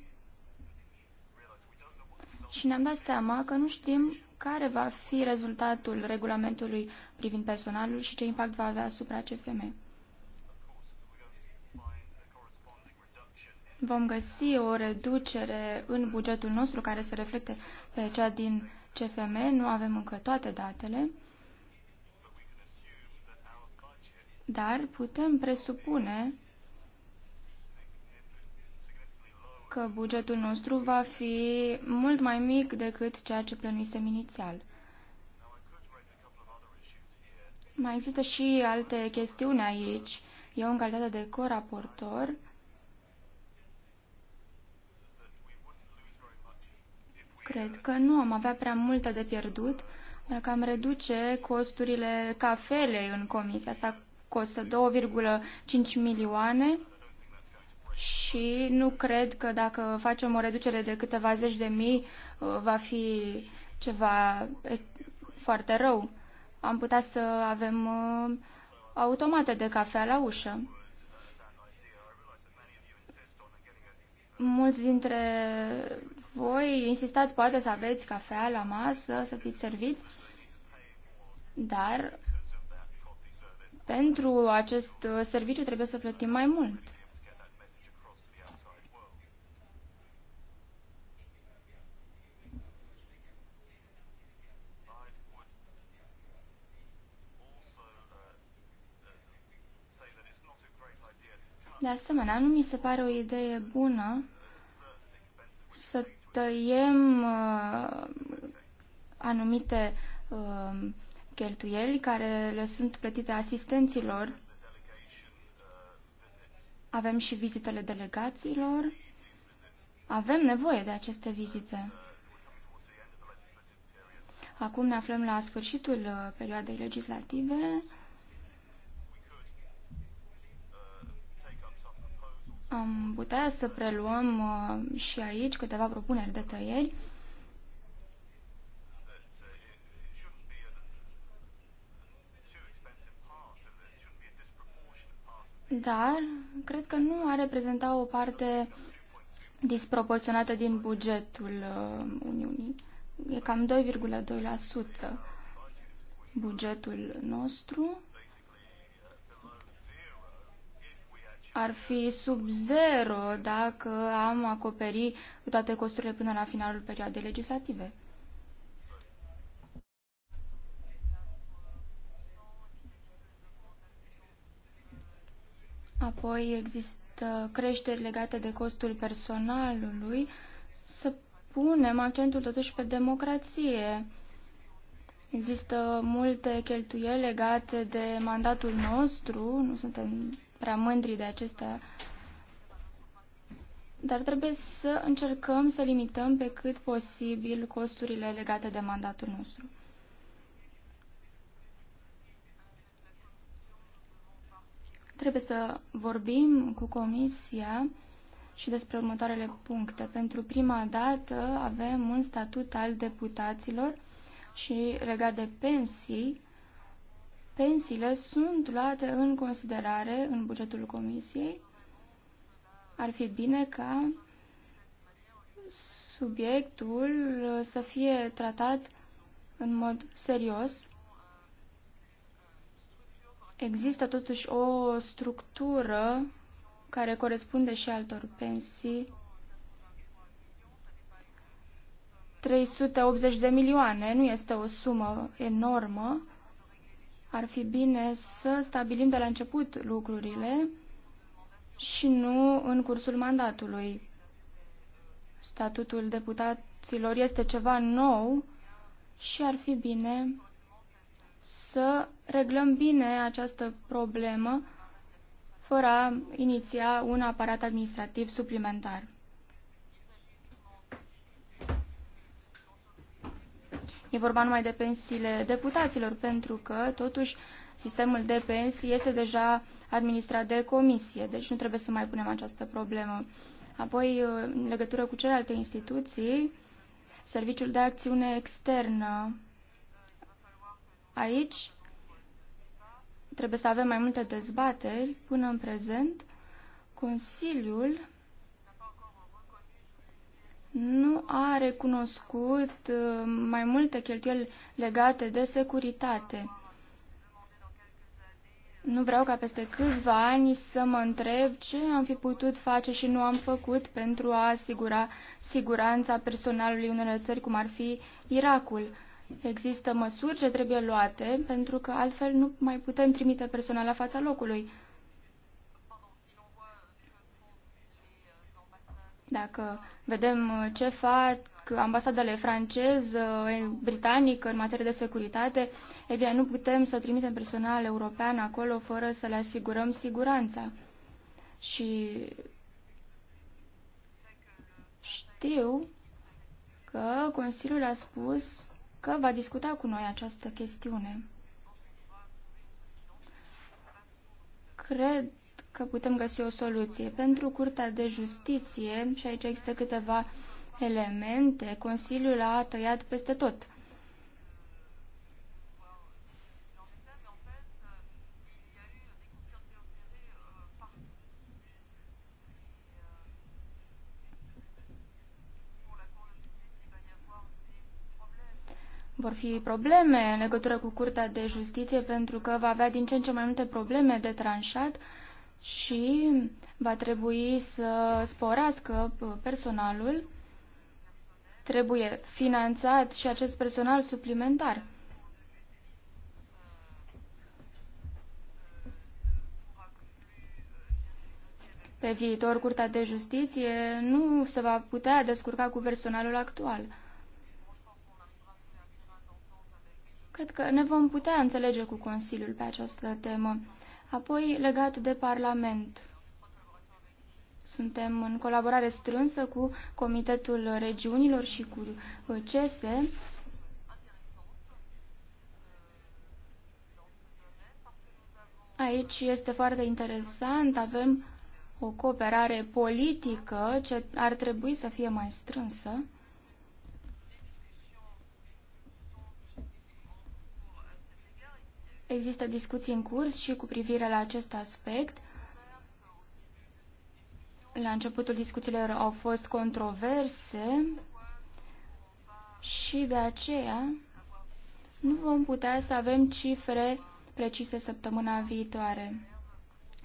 și ne-am dat seama că nu știm care va fi rezultatul regulamentului privind personalul și ce impact va avea asupra CFM. Vom găsi o reducere în bugetul nostru care se reflecte pe cea din CFM. Nu avem încă toate datele, dar putem presupune că bugetul nostru va fi mult mai mic decât ceea ce plănuisem inițial. Mai există și alte chestiuni aici. Eu, în calitate de coraportor, cred că nu am avea prea multă de pierdut dacă am reduce costurile cafelei în comisie. Asta costă 2,5 milioane și nu cred că dacă facem o reducere de câteva zeci de mii uh, va fi ceva foarte rău. Am putea să avem uh, automate de cafea la ușă. Mulți dintre voi insistați poate să aveți cafea la masă, să fiți serviți, dar pentru acest uh, serviciu trebuie să plătim mai mult. De asemenea, nu mi se pare o idee bună să tăiem uh, anumite uh, cheltuieli care le sunt plătite asistenților. Avem și vizitele delegațiilor. Avem nevoie de aceste vizite. Acum ne aflăm la sfârșitul uh, perioadei legislative. Am putea să preluăm uh, și aici câteva propuneri de tăieri. Dar cred că nu a reprezenta o parte disproporționată din bugetul uh, Uniunii. E cam 2,2% bugetul nostru. ar fi sub zero dacă am acoperi toate costurile până la finalul perioadei legislative. Apoi există creșteri legate de costul personalului. Să punem accentul totuși pe democrație. Există multe cheltuieli legate de mandatul nostru, nu suntem prea mândri de acestea, dar trebuie să încercăm să limităm pe cât posibil costurile legate de mandatul nostru. Trebuie să vorbim cu Comisia și despre următoarele puncte. Pentru prima dată avem un statut al deputaților și legat de pensii, pensiile sunt luate în considerare în bugetul comisiei. Ar fi bine ca subiectul să fie tratat în mod serios. Există totuși o structură care corespunde și altor pensii. 380 de milioane nu este o sumă enormă ar fi bine să stabilim de la început lucrurile și nu în cursul mandatului. Statutul deputaților este ceva nou și ar fi bine să reglăm bine această problemă fără a iniția un aparat administrativ suplimentar. E vorba numai de pensiile deputaților, pentru că, totuși, sistemul de pensii este deja administrat de comisie, deci nu trebuie să mai punem această problemă. Apoi, în legătură cu celelalte instituții, Serviciul de Acțiune Externă. Aici trebuie să avem mai multe dezbateri. Până în prezent, Consiliul nu a recunoscut uh, mai multe cheltuieli legate de securitate. Nu vreau ca peste câțiva ani să mă întreb ce am fi putut face și nu am făcut pentru a asigura siguranța personalului unor țări, cum ar fi Irakul. Există măsuri ce trebuie luate, pentru că altfel nu mai putem trimite personal la fața locului. Dacă vedem uh, ce fac ambasadele franceză, uh, britanică în materie de securitate, e bine, nu putem să trimitem personal european acolo fără să le asigurăm siguranța. Și știu că Consiliul a spus că va discuta cu noi această chestiune. Cred că putem găsi o soluție. Pentru Curtea de Justiție, și aici există câteva elemente, Consiliul a tăiat peste tot. Vor fi probleme în legătură cu Curtea de Justiție pentru că va avea din ce în ce mai multe probleme de tranșat și va trebui să sporească uh, personalul. Trebuie finanțat și acest personal suplimentar. Pe viitor, Curtea de Justiție nu se va putea descurca cu personalul actual. Cred că ne vom putea înțelege cu Consiliul pe această temă. Apoi, legat de Parlament. Suntem în colaborare strânsă cu Comitetul Regiunilor și cu uh, CESE. Aici este foarte interesant, avem o cooperare politică ce ar trebui să fie mai strânsă. Există discuții în curs și cu privire la acest aspect. La începutul discuțiilor au fost controverse și de aceea nu vom putea să avem cifre precise săptămâna viitoare.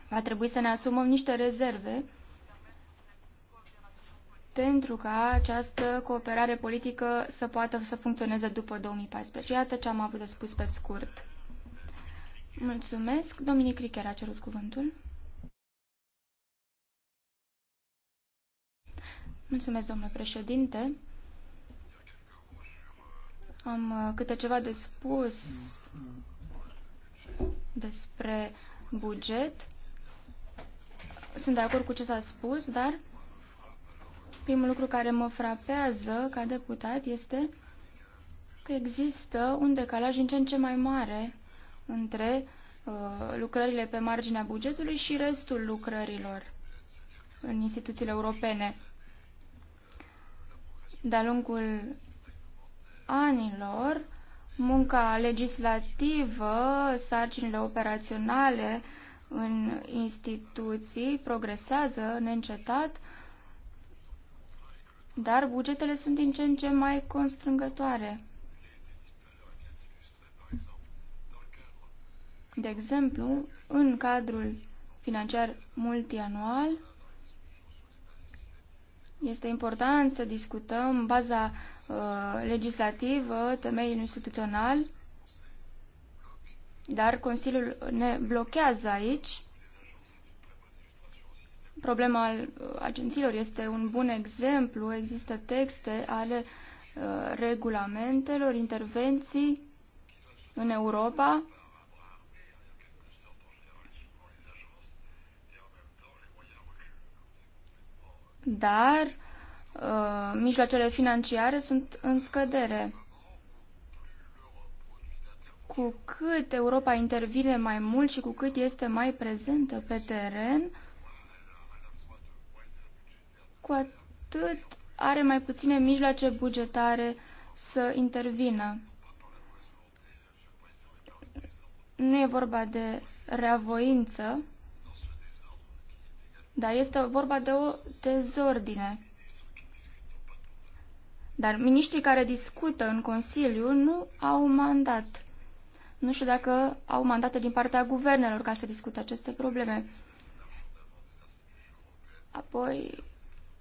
Va trebui să ne asumăm niște rezerve pentru ca această cooperare politică să poată să funcționeze după 2014. Iată ce am avut de spus pe scurt. Mulțumesc. Dominic Richer a cerut cuvântul. Mulțumesc, domnule președinte. Am uh, câte ceva de spus despre buget. Sunt de acord cu ce s-a spus, dar primul lucru care mă frapează ca deputat este că există un decalaj în ce în ce mai mare între uh, lucrările pe marginea bugetului și restul lucrărilor în instituțiile europene. De-a lungul anilor, munca legislativă, sarcinile operaționale în instituții progresează neîncetat, dar bugetele sunt din ce în ce mai constrângătoare. De exemplu, în cadrul financiar multianual, este important să discutăm baza uh, legislativă, temeiul instituțional, dar Consiliul ne blochează aici. Problema al uh, agențiilor este un bun exemplu. Există texte ale uh, regulamentelor, intervenții în Europa dar uh, mijloacele financiare sunt în scădere. Cu cât Europa intervine mai mult și cu cât este mai prezentă pe teren, cu atât are mai puține mijloace bugetare să intervină. Nu e vorba de reavoință, dar este vorba de o dezordine. Dar miniștrii care discută în Consiliu nu au mandat. Nu știu dacă au mandate din partea guvernelor ca să discute aceste probleme. Apoi,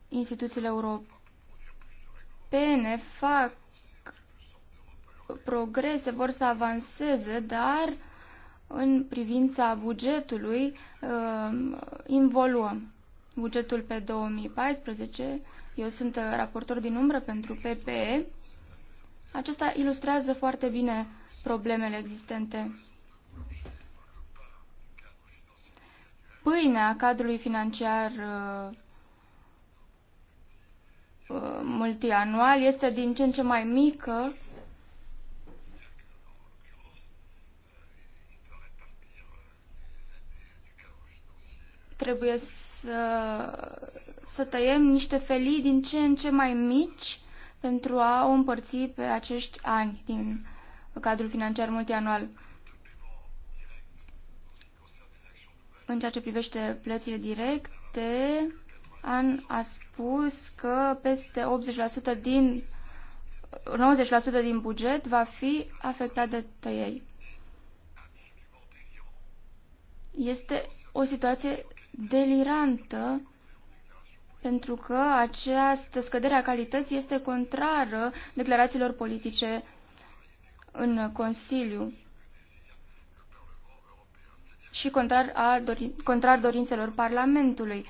instituțiile europene fac progrese, vor să avanseze, dar în privința bugetului uh, involuăm. Bugetul pe 2014, eu sunt uh, raportor din umbră pentru PPE, acesta ilustrează foarte bine problemele existente. Pâinea cadrului financiar uh, multianual este din ce în ce mai mică Trebuie să, să tăiem niște felii din ce în ce mai mici pentru a o împărți pe acești ani din cadrul financiar multianual. În ceea ce privește plățile directe, an a spus că peste 80% din 90% din buget va fi afectat de tăieri. Este o situație delirantă pentru că această scădere a calității este contrară declarațiilor politice în Consiliu și contrar, a dorin, contrar dorințelor Parlamentului.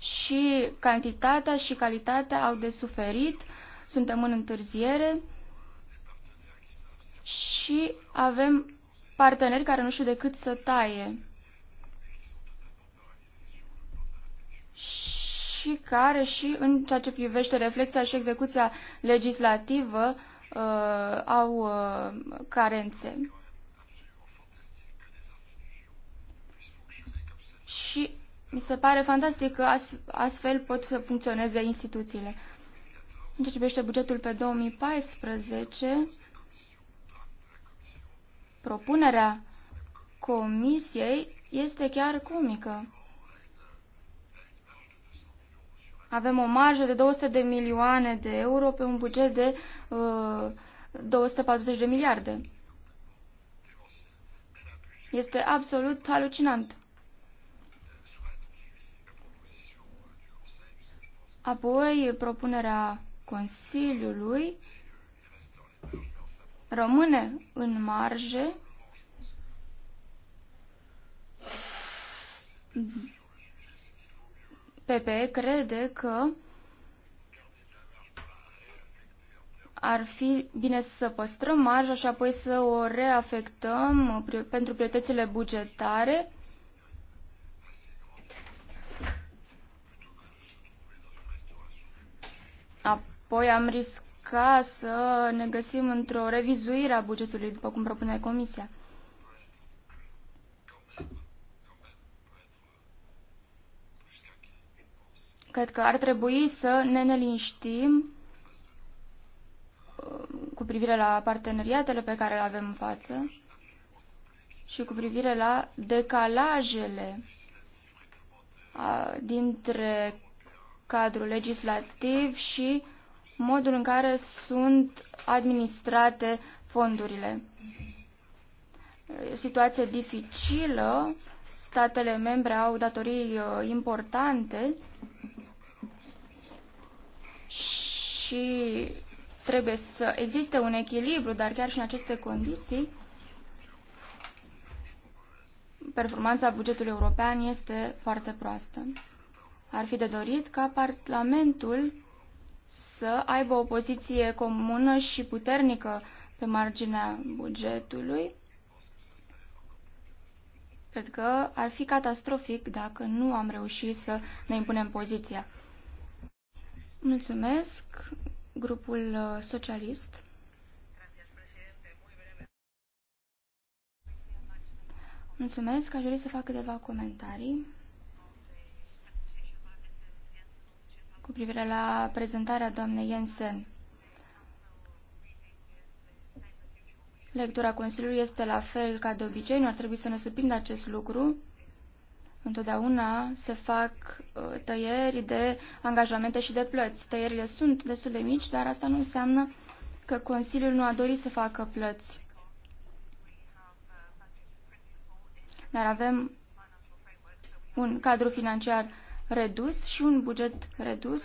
Și cantitatea și calitatea au de suferit, suntem în întârziere și avem parteneri care nu știu decât să taie. și care și în ceea ce privește reflexia și execuția legislativă uh, au uh, carențe. Și mi se pare fantastic că astfel pot să funcționeze instituțiile. În ceea ce privește bugetul pe 2014, propunerea Comisiei este chiar comică. Avem o marjă de 200 de milioane de euro pe un buget de uh, 240 de miliarde. Este absolut alucinant. Apoi, propunerea Consiliului rămâne în marge PPE crede că ar fi bine să păstrăm marja și apoi să o reafectăm pentru prioritățile bugetare. Apoi am riscat să ne găsim într-o revizuire a bugetului, după cum propune Comisia. Cred că ar trebui să ne neliniștim uh, cu privire la parteneriatele pe care le avem în față și cu privire la decalajele dintre cadrul legislativ și modul în care sunt administrate fondurile. E o situație dificilă, statele membre au datorii uh, importante și trebuie să existe un echilibru, dar chiar și în aceste condiții, performanța bugetului european este foarte proastă. Ar fi de dorit ca Parlamentul să aibă o poziție comună și puternică pe marginea bugetului. Cred că ar fi catastrofic dacă nu am reușit să ne impunem poziția. Mulțumesc, grupul uh, socialist. Mulțumesc, aș dori să fac câteva comentarii cu privire la prezentarea doamnei Jensen. Lectura Consiliului este la fel ca de obicei, nu ar trebui să ne surprindă acest lucru. Întotdeauna se fac uh, tăieri de angajamente și de plăți. Tăierile sunt destul de mici, dar asta nu înseamnă că Consiliul nu a dorit să facă plăți. Dar avem un cadru financiar redus și un buget redus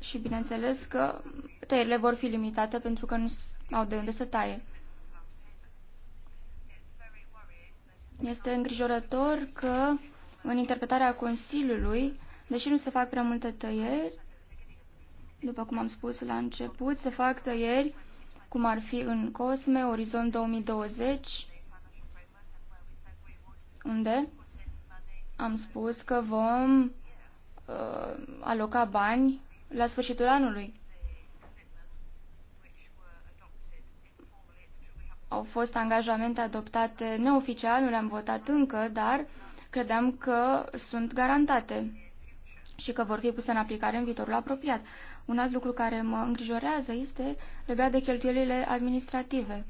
și bineînțeles că tăierile vor fi limitate pentru că nu au de unde să taie. Este îngrijorător că în interpretarea Consiliului, deși nu se fac prea multe tăieri, după cum am spus la început, se fac tăieri cum ar fi în COSME, Orizont 2020, unde am spus că vom uh, aloca bani la sfârșitul anului. Au fost angajamente adoptate neoficial, nu le-am votat încă, dar credeam că sunt garantate și că vor fi puse în aplicare în viitorul apropiat. Un alt lucru care mă îngrijorează este legat de cheltuielile administrative.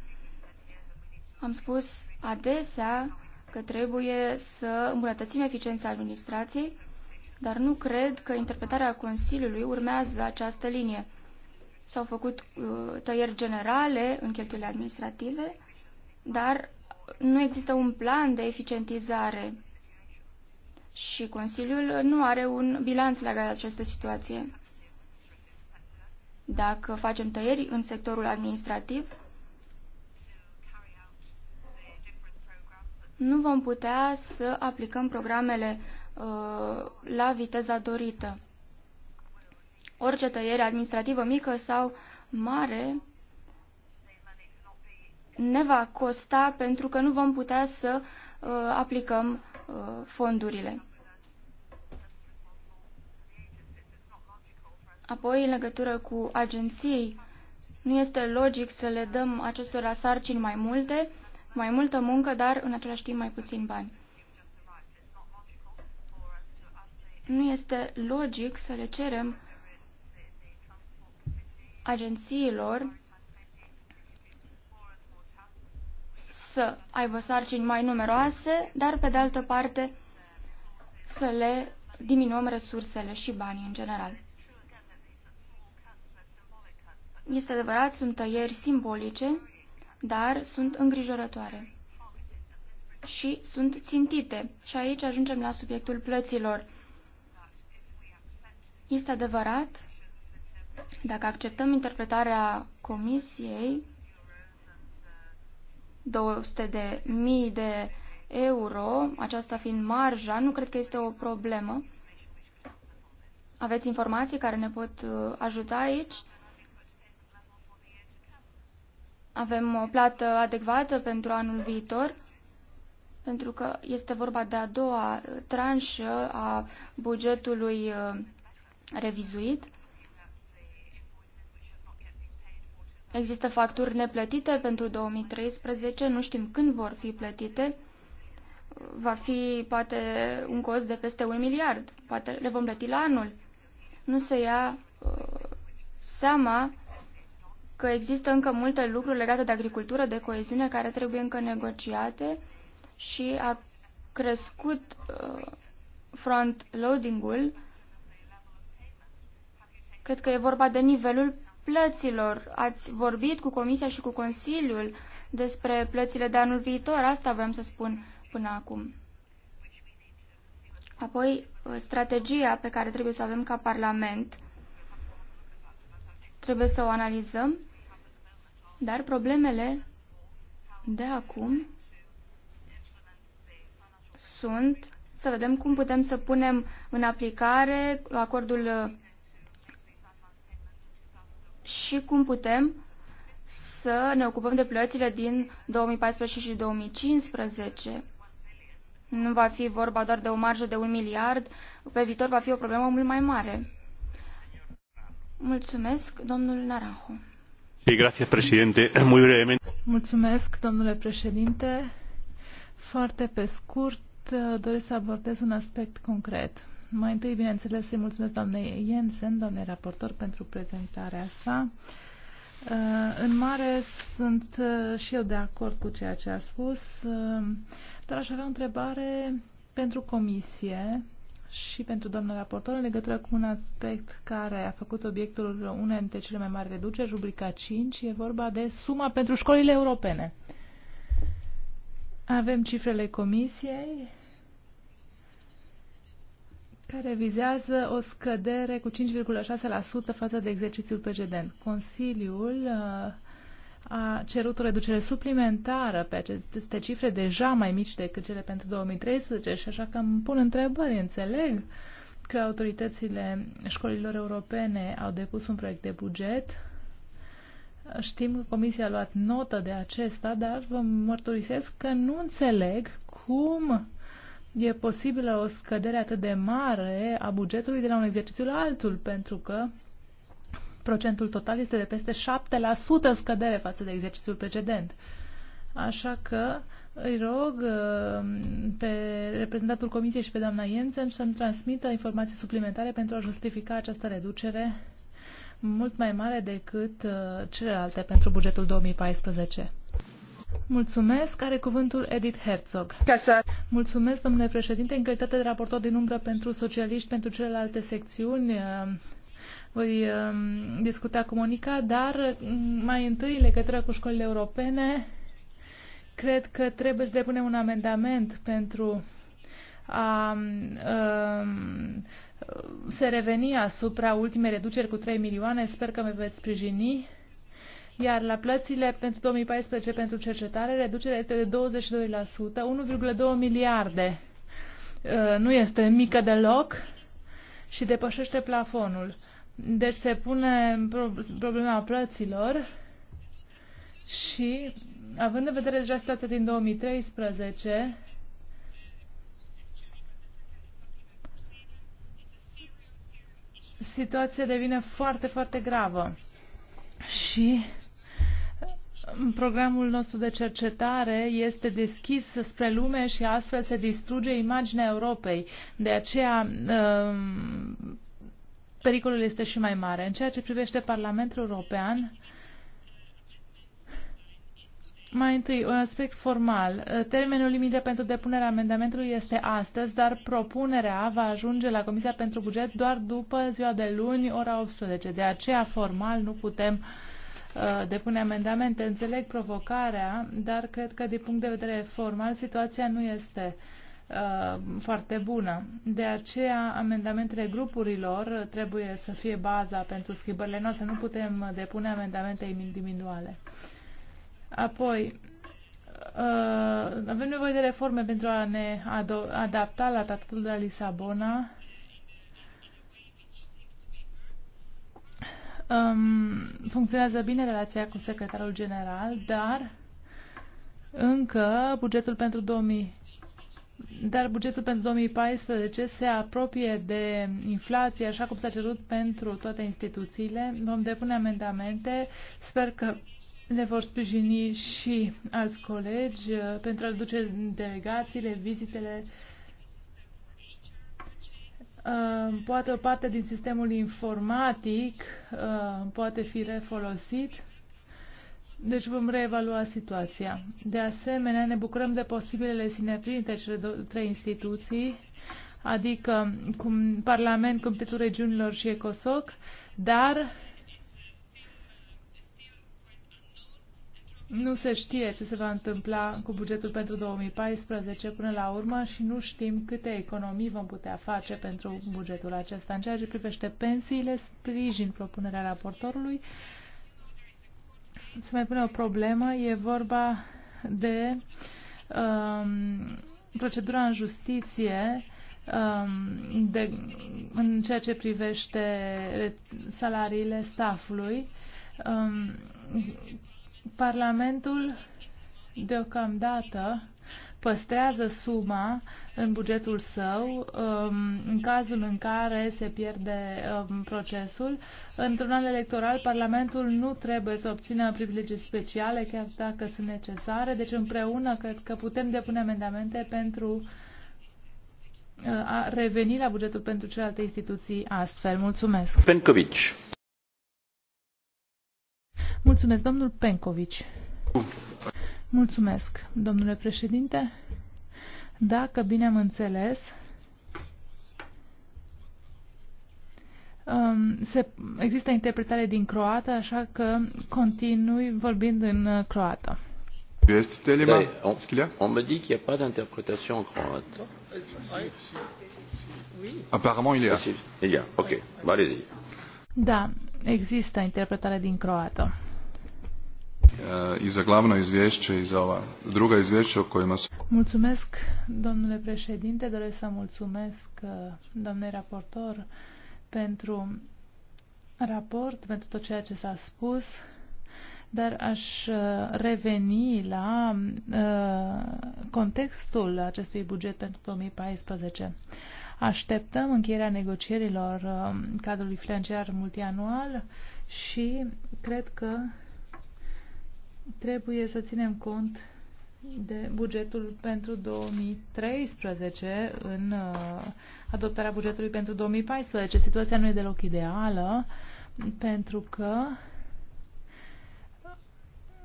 Am spus adesea că trebuie să îmbunătățim eficiența administrației, dar nu cred că interpretarea Consiliului urmează această linie s-au făcut uh, tăieri generale în cheltuielile administrative, dar nu există un plan de eficientizare și Consiliul nu are un bilanț legat de această situație. Dacă facem tăieri în sectorul administrativ, nu vom putea să aplicăm programele uh, la viteza dorită orice tăiere administrativă mică sau mare ne va costa pentru că nu vom putea să uh, aplicăm uh, fondurile. Apoi, în legătură cu agenții, nu este logic să le dăm acestora sarcini mai multe, mai multă muncă, dar în același timp mai puțin bani. Nu este logic să le cerem agențiilor să aibă sarcini mai numeroase, dar pe de altă parte să le diminuăm resursele și banii în general. Este adevărat, sunt tăieri simbolice, dar sunt îngrijorătoare și sunt țintite. Și aici ajungem la subiectul plăților. Este adevărat dacă acceptăm interpretarea Comisiei, 200 de mii de euro, aceasta fiind marja, nu cred că este o problemă. Aveți informații care ne pot uh, ajuta aici? Avem o plată adecvată pentru anul viitor? Pentru că este vorba de a doua tranșă a bugetului uh, revizuit. Există facturi neplătite pentru 2013, nu știm când vor fi plătite. Va fi poate un cost de peste un miliard, poate le vom plăti la anul. Nu se ia uh, seama că există încă multe lucruri legate de agricultură, de coeziune, care trebuie încă negociate și a crescut uh, front-loading-ul. Cred că e vorba de nivelul plăților. Ați vorbit cu Comisia și cu Consiliul despre plățile de anul viitor, asta vreau să spun până acum. Apoi, uh, strategia pe care trebuie să o avem ca Parlament, trebuie să o analizăm, dar problemele de acum sunt să vedem cum putem să punem în aplicare acordul uh, și cum putem să ne ocupăm de plățile din 2014 și 2015. Nu va fi vorba doar de o marjă de un miliard, pe viitor va fi o problemă mult mai mare. Mulțumesc, domnul Naranjo. Mulțumesc, domnule președinte. Foarte pe scurt, uh, doresc să abordez un aspect concret. Mai întâi, bineînțeles, îi mulțumesc doamnei Jensen, doamnei raportor, pentru prezentarea sa. Uh, în mare sunt uh, și eu de acord cu ceea ce a spus, uh, dar aș avea o întrebare pentru comisie și pentru doamna raportor în legătură cu un aspect care a făcut obiectul unei dintre cele mai mari reduceri, rubrica 5, e vorba de suma pentru școlile europene. Avem cifrele comisiei care vizează o scădere cu 5,6% față de exercițiul precedent. Consiliul uh, a cerut o reducere suplimentară pe aceste cifre deja mai mici decât cele pentru 2013 și așa că îmi pun întrebări, înțeleg că autoritățile școlilor europene au depus un proiect de buget. Știm că Comisia a luat notă de acesta, dar vă mărturisesc că nu înțeleg cum e posibilă o scădere atât de mare a bugetului de la un exercițiu la altul, pentru că procentul total este de peste 7% scădere față de exercițiul precedent. Așa că îi rog uh, pe reprezentantul Comisiei și pe doamna Jensen să-mi transmită informații suplimentare pentru a justifica această reducere mult mai mare decât uh, celelalte pentru bugetul 2014. Mulțumesc. Are cuvântul Edith Herzog. Mulțumesc, domnule președinte. În calitate de raportor din umbră pentru socialiști, pentru celelalte secțiuni, um, voi um, discuta comunica, dar um, mai întâi, în legătură cu școlile europene, cred că trebuie să depunem un amendament pentru a, a se reveni asupra ultimei reduceri cu 3 milioane. Sper că me veți sprijini iar la plățile pentru 2014 pentru cercetare reducerea este de 22%, 1,2 miliarde. Uh, nu este mică deloc și depășește plafonul. Deci se pune problema plăților și, având în vedere deja situația din 2013, situația devine foarte, foarte gravă. Și programul nostru de cercetare este deschis spre lume și astfel se distruge imaginea Europei. De aceea um, pericolul este și mai mare. În ceea ce privește Parlamentul European, mai întâi, un aspect formal. Termenul limită pentru depunerea amendamentului este astăzi, dar propunerea va ajunge la Comisia pentru Buget doar după ziua de luni, ora 18. De aceea, formal, nu putem uh, Uh, depune amendamente. Înțeleg provocarea, dar cred că din punct de vedere formal situația nu este uh, foarte bună. De aceea, amendamentele grupurilor trebuie să fie baza pentru schimbările noastre. Nu putem depune amendamente individuale. Apoi, uh, avem nevoie de reforme pentru a ne adapta la tratatul de la Lisabona Um, funcționează bine relația cu secretarul general, dar încă bugetul pentru 2000 dar bugetul pentru 2014 se apropie de inflație, așa cum s-a cerut pentru toate instituțiile. Vom depune amendamente. Sper că le vor sprijini și alți colegi uh, pentru a reduce delegațiile, vizitele poate o parte din sistemul informatic uh, poate fi refolosit. Deci vom reevalua situația. De asemenea, ne bucurăm de posibilele sinergii între cele trei instituții, adică cum Parlament, Comitetul Regiunilor și ECOSOC, dar Nu se știe ce se va întâmpla cu bugetul pentru 2014 până la urmă și nu știm câte economii vom putea face pentru bugetul acesta. În ceea ce privește pensiile, sprijin propunerea raportorului. Se mai pune o problemă, e vorba de um, procedura în justiție um, de, în ceea ce privește salariile staffului. Um, Parlamentul deocamdată păstrează suma în bugetul său um, în cazul în care se pierde um, procesul. Într-un an electoral, Parlamentul nu trebuie să obțină privilegii speciale, chiar dacă sunt necesare. Deci împreună cred că putem depune amendamente pentru uh, a reveni la bugetul pentru celelalte instituții astfel. Mulțumesc. Pencovici. Mulțumesc, domnul Pencovici. Mulțumesc, domnule președinte. Dacă bine am înțeles, um, se, există interpretare din croată, așa că continui vorbind în uh, croată. Este da, on, me dit qu'il n'y a pas d'interprétation en croate. Apparemment, il y a. Il y a, ok. Bah, allez-y. Da. Există interpretare din croată. I za glavno izvješće i za ova druga izvješća o kojima su... Mulțumesc, domnule președinte, doresc să mulțumesc, uh, domnule raportor, pentru raport, pentru tot ceea ce s-a spus, dar aș uh, reveni la uh, contextul acestui buget pentru 2014. Așteptăm încheierea negocierilor um, cadrului financiar multianual și cred că trebuie să ținem cont de bugetul pentru 2013 în uh, adoptarea bugetului pentru 2014. Situația nu e deloc ideală pentru că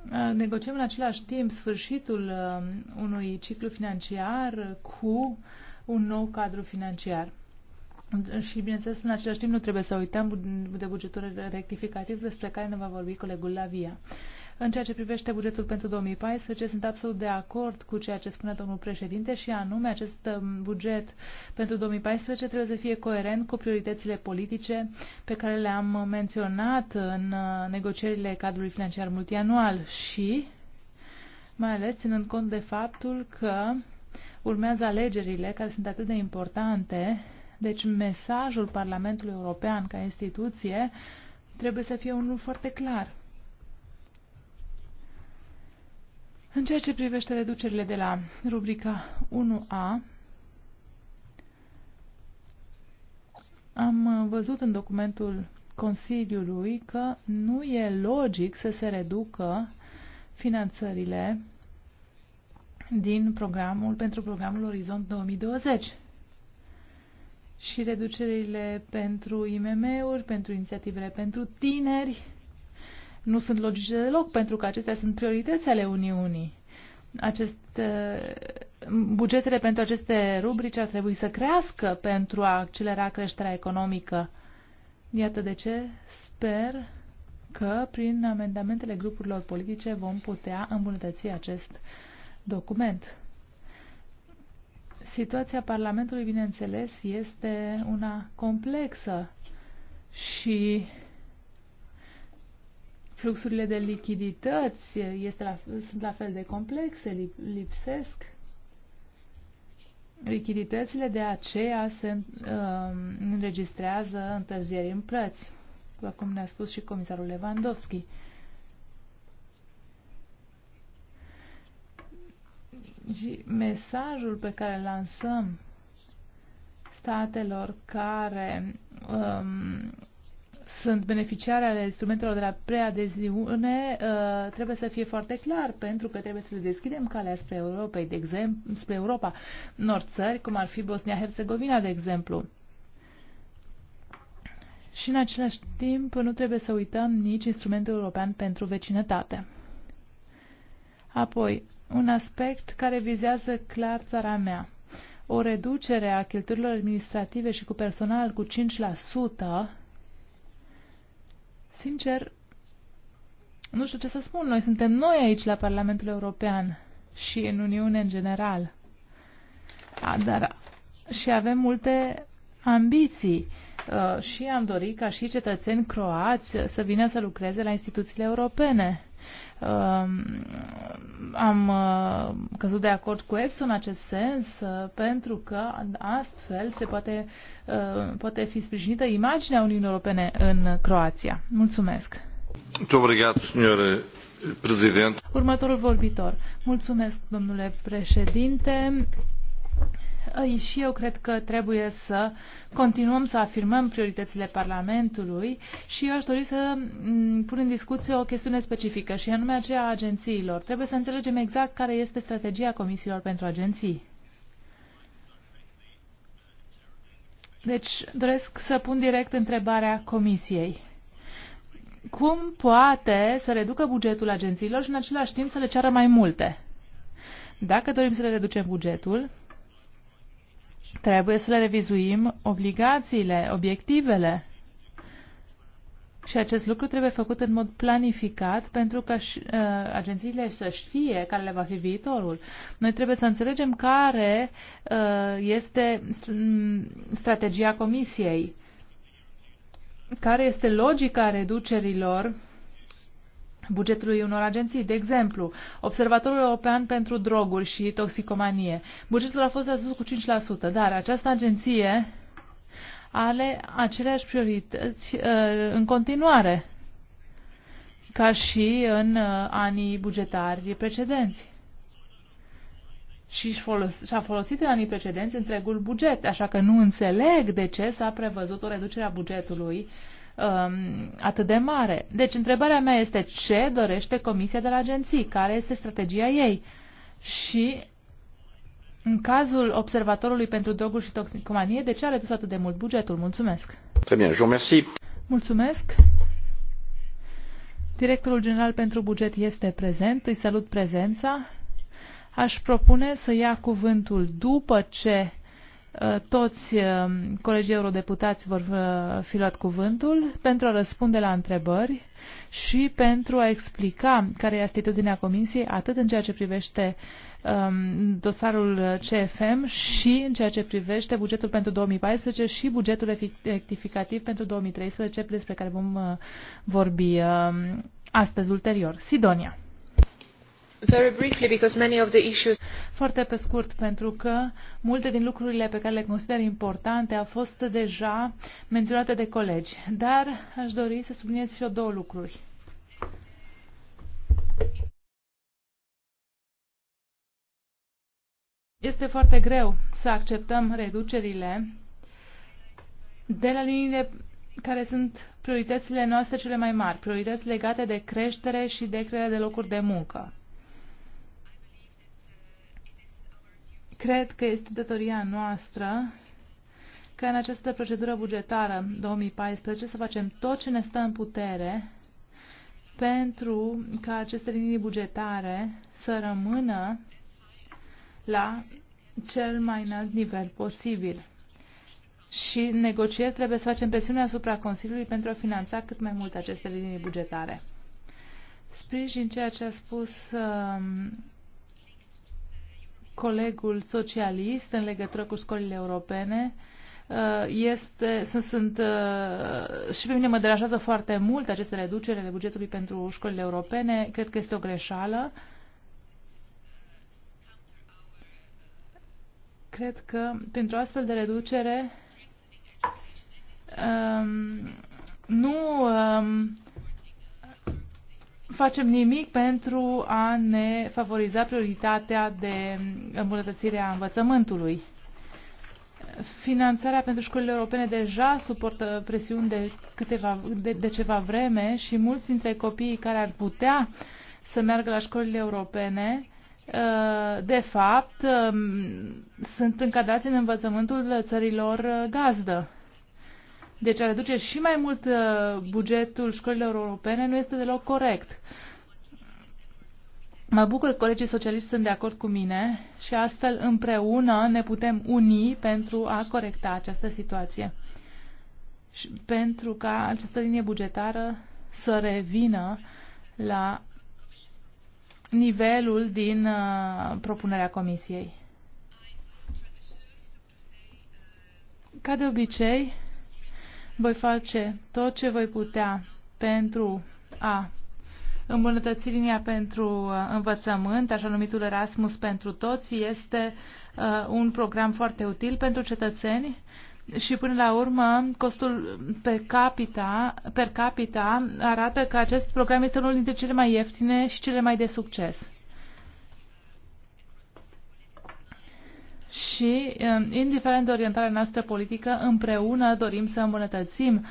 uh, negociem în același timp sfârșitul um, unui ciclu financiar cu un nou cadru financiar. Și, bineînțeles, în același timp nu trebuie să uităm de bugetul rectificativ despre care ne va vorbi colegul Lavia. În ceea ce privește bugetul pentru 2014, sunt absolut de acord cu ceea ce spune domnul președinte și anume acest um, buget pentru 2014 trebuie să fie coerent cu prioritățile politice pe care le-am menționat în uh, negocierile cadrului financiar multianual și mai ales ținând cont de faptul că Urmează alegerile care sunt atât de importante, deci mesajul Parlamentului European ca instituție trebuie să fie unul foarte clar. În ceea ce privește reducerile de la rubrica 1A, am văzut în documentul Consiliului că nu e logic să se reducă finanțările din programul pentru programul Orizont 2020 și reducerile pentru IMM-uri, pentru inițiativele pentru tineri nu sunt logice deloc, pentru că acestea sunt priorități ale Uniunii. Acest, uh, bugetele pentru aceste rubrici ar trebui să crească pentru a accelera creșterea economică. Iată de ce sper că prin amendamentele grupurilor politice vom putea îmbunătăți acest uh, document. Situația Parlamentului, bineînțeles, este una complexă și fluxurile de lichidități este la, sunt la fel de complexe, lipsesc. Lichiditățile de aceea se uh, înregistrează întârzieri în plăți, după cum ne-a spus și comisarul Lewandowski. Uh, Și mesajul pe care îl lansăm statelor care um, sunt beneficiare ale instrumentelor de la preadeziune, uh, trebuie să fie foarte clar, pentru că trebuie să le deschidem calea spre Europei, de exemplu, spre Europa, nord țări, cum ar fi Bosnia-Herzegovina, de exemplu. Și în același timp nu trebuie să uităm nici instrumentul european pentru vecinătate. Apoi, un aspect care vizează clar țara mea. O reducere a cheltuielor administrative și cu personal cu 5%, sincer, nu știu ce să spun, noi suntem noi aici la Parlamentul European și în Uniune în general. A, dar și avem multe ambiții uh, și am dorit ca și cetățeni croați să vină să lucreze la instituțiile europene. Um, am uh, căzut de acord cu EPSO în acest sens uh, pentru că astfel se poate, uh, poate fi sprijinită imaginea Uniunii Europene în Croația. Mulțumesc! Eh, Următorul vorbitor. Mulțumesc, domnule președinte și eu cred că trebuie să continuăm să afirmăm prioritățile Parlamentului și eu aș dori să mm, pun în discuție o chestiune specifică și anume aceea a agențiilor. Trebuie să înțelegem exact care este strategia comisiilor pentru agenții. Deci doresc să pun direct întrebarea comisiei. Cum poate să reducă bugetul agențiilor și în același timp să le ceară mai multe? Dacă dorim să le reducem bugetul, Trebuie să le revizuim obligațiile, obiectivele. Și acest lucru trebuie făcut în mod planificat pentru că uh, agențiile să știe care le va fi viitorul. Noi trebuie să înțelegem care uh, este mm, strategia Comisiei, care este logica reducerilor bugetului unor agenții. De exemplu, Observatorul European pentru Droguri și Toxicomanie. Bugetul a fost redus cu 5%, dar această agenție are aceleași priorități uh, în continuare ca și în uh, anii bugetari precedenți. Și și-a folosit în anii precedenți întregul buget, așa că nu înțeleg de ce s-a prevăzut o reducere a bugetului uh, um, atât de mare. Deci, întrebarea mea este ce dorește Comisia de la agenții, care este strategia ei și în cazul observatorului pentru droguri și toxicomanie, de ce a redus atât de mult bugetul? Mulțumesc! Très bien, je Mulțumesc! Directorul general pentru buget este prezent, îi salut prezența. Aș propune să ia cuvântul după ce Uh, toți uh, colegii eurodeputați vor uh, fi luat cuvântul pentru a răspunde la întrebări și pentru a explica care e atitudinea Comisiei atât în ceea ce privește um, dosarul CFM și în ceea ce privește bugetul pentru 2014 și bugetul rectificativ pentru 2013 despre care vom uh, vorbi uh, astăzi ulterior. Sidonia. Very briefly, because many of the issues... Foarte pe scurt, pentru că multe din lucrurile pe care le consider importante au fost deja menționate de colegi, dar aș dori să subliniez și eu două lucruri. Este foarte greu să acceptăm reducerile de la liniile care sunt prioritățile noastre cele mai mari, priorități legate de creștere și de crearea de locuri de muncă. Cred că este datoria noastră ca în această procedură bugetară 2014 să facem tot ce ne stă în putere pentru ca aceste linii bugetare să rămână la cel mai înalt nivel posibil. Și negocieri trebuie să facem presiune asupra Consiliului pentru a finanța cât mai mult aceste linii bugetare. Sprijin ceea ce a spus uh, colegul socialist în legătură cu școlile europene uh, este, sunt, sunt uh, și pe mine mă deranjează foarte mult aceste reducere ale bugetului pentru școlile europene. Cred că este o greșeală. Cred că pentru astfel de reducere um, nu um, facem nimic pentru a ne favoriza prioritatea de îmbunătățire a învățământului. Finanțarea pentru școlile europene deja suportă presiuni de, câteva, de, de ceva vreme și mulți dintre copiii care ar putea să meargă la școlile europene, uh, de fapt, um, sunt încadrați în învățământul țărilor gazdă deci a reduce și mai mult uh, bugetul școlilor europene nu este deloc corect. Mă bucur că colegii socialiști sunt de acord cu mine și astfel împreună ne putem uni pentru a corecta această situație. Și pentru ca această linie bugetară să revină la nivelul din uh, propunerea comisiei. Ca de obicei, voi face tot ce voi putea pentru a îmbunătăți linia pentru uh, învățământ, așa numitul Erasmus pentru toți, este uh, un program foarte util pentru cetățeni și până la urmă costul pe capita, per capita arată că acest program este unul dintre cele mai ieftine și cele mai de succes. și, um, indiferent de orientarea noastră politică, împreună dorim să îmbunătățim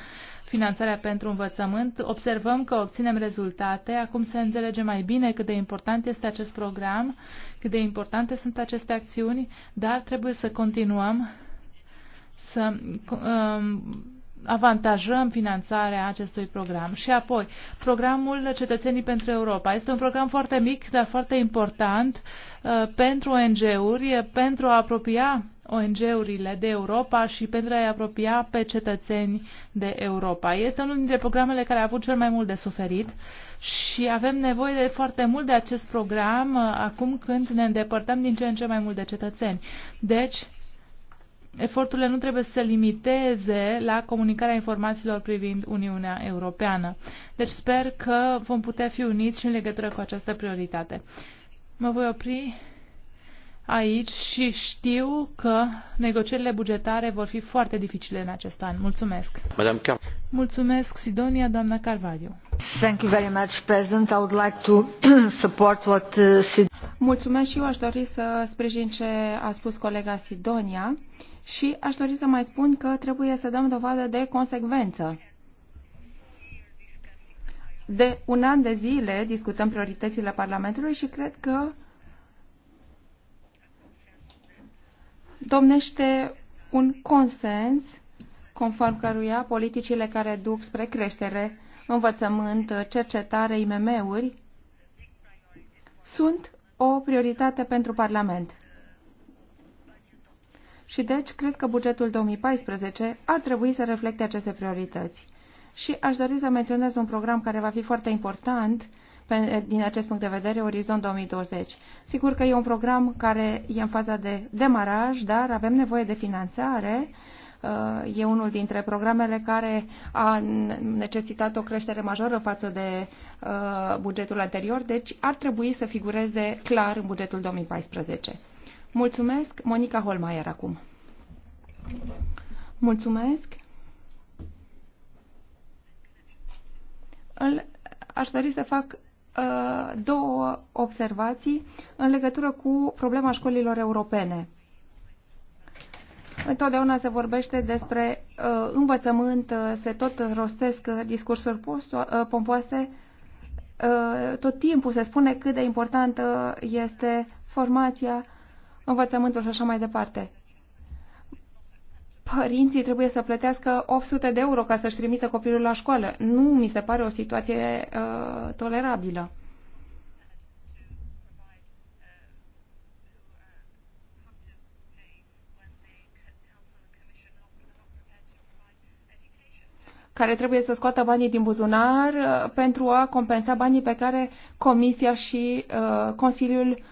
finanțarea pentru învățământ. Observăm că obținem rezultate. Acum se înțelege mai bine cât de important este acest program, cât de importante sunt aceste acțiuni, dar trebuie să continuăm să um, avantajăm finanțarea acestui program. Și apoi, programul Cetățenii pentru Europa. Este un program foarte mic, dar foarte important uh, pentru ONG-uri, pentru a apropia ONG-urile de Europa și pentru a-i apropia pe cetățeni de Europa. Este unul dintre programele care a avut cel mai mult de suferit și avem nevoie de foarte mult de acest program uh, acum când ne îndepărtăm din ce în ce mai mult de cetățeni. Deci, eforturile nu trebuie să se limiteze la comunicarea informațiilor privind Uniunea Europeană. Deci sper că vom putea fi uniți și în legătură cu această prioritate. Mă voi opri aici și știu că negocierile bugetare vor fi foarte dificile în acest an. Mulțumesc. Mulțumesc, Sidonia, doamna Carvalho. Thank you very much, President. I would like to support what uh, Sid Mulțumesc și eu aș dori să sprijin ce a spus colega Sidonia. Uh, și aș dori să mai spun că trebuie să dăm dovadă de consecvență. De un an de zile discutăm prioritățile Parlamentului și cred că domnește un consens conform căruia politicile care duc spre creștere, învățământ, cercetare, IMM-uri, sunt o prioritate pentru Parlament. Și deci, cred că bugetul 2014 ar trebui să reflecte aceste priorități. Și aș dori să menționez un program care va fi foarte important pe, din acest punct de vedere, Orizont 2020. Sigur că e un program care e în faza de demaraj, dar avem nevoie de finanțare uh, e unul dintre programele care a necesitat o creștere majoră față de uh, bugetul anterior, deci ar trebui să figureze clar în bugetul 2014. Mulțumesc, Monica Holmaier acum. Mulțumesc. aș dori să fac uh, două observații în legătură cu problema școlilor europene. Întotdeauna se vorbește despre uh, învățământ, uh, se tot rostesc uh, discursuri posto, uh, pompoase. Uh, tot timpul se spune cât de importantă este formația uh, învățământul și așa mai departe. Părinții trebuie să plătească 800 de euro ca să-și trimită copilul la școală. Nu mi se pare o situație uh, tolerabilă. care trebuie să scoată banii din buzunar uh, pentru a compensa banii pe care Comisia și uh, Consiliul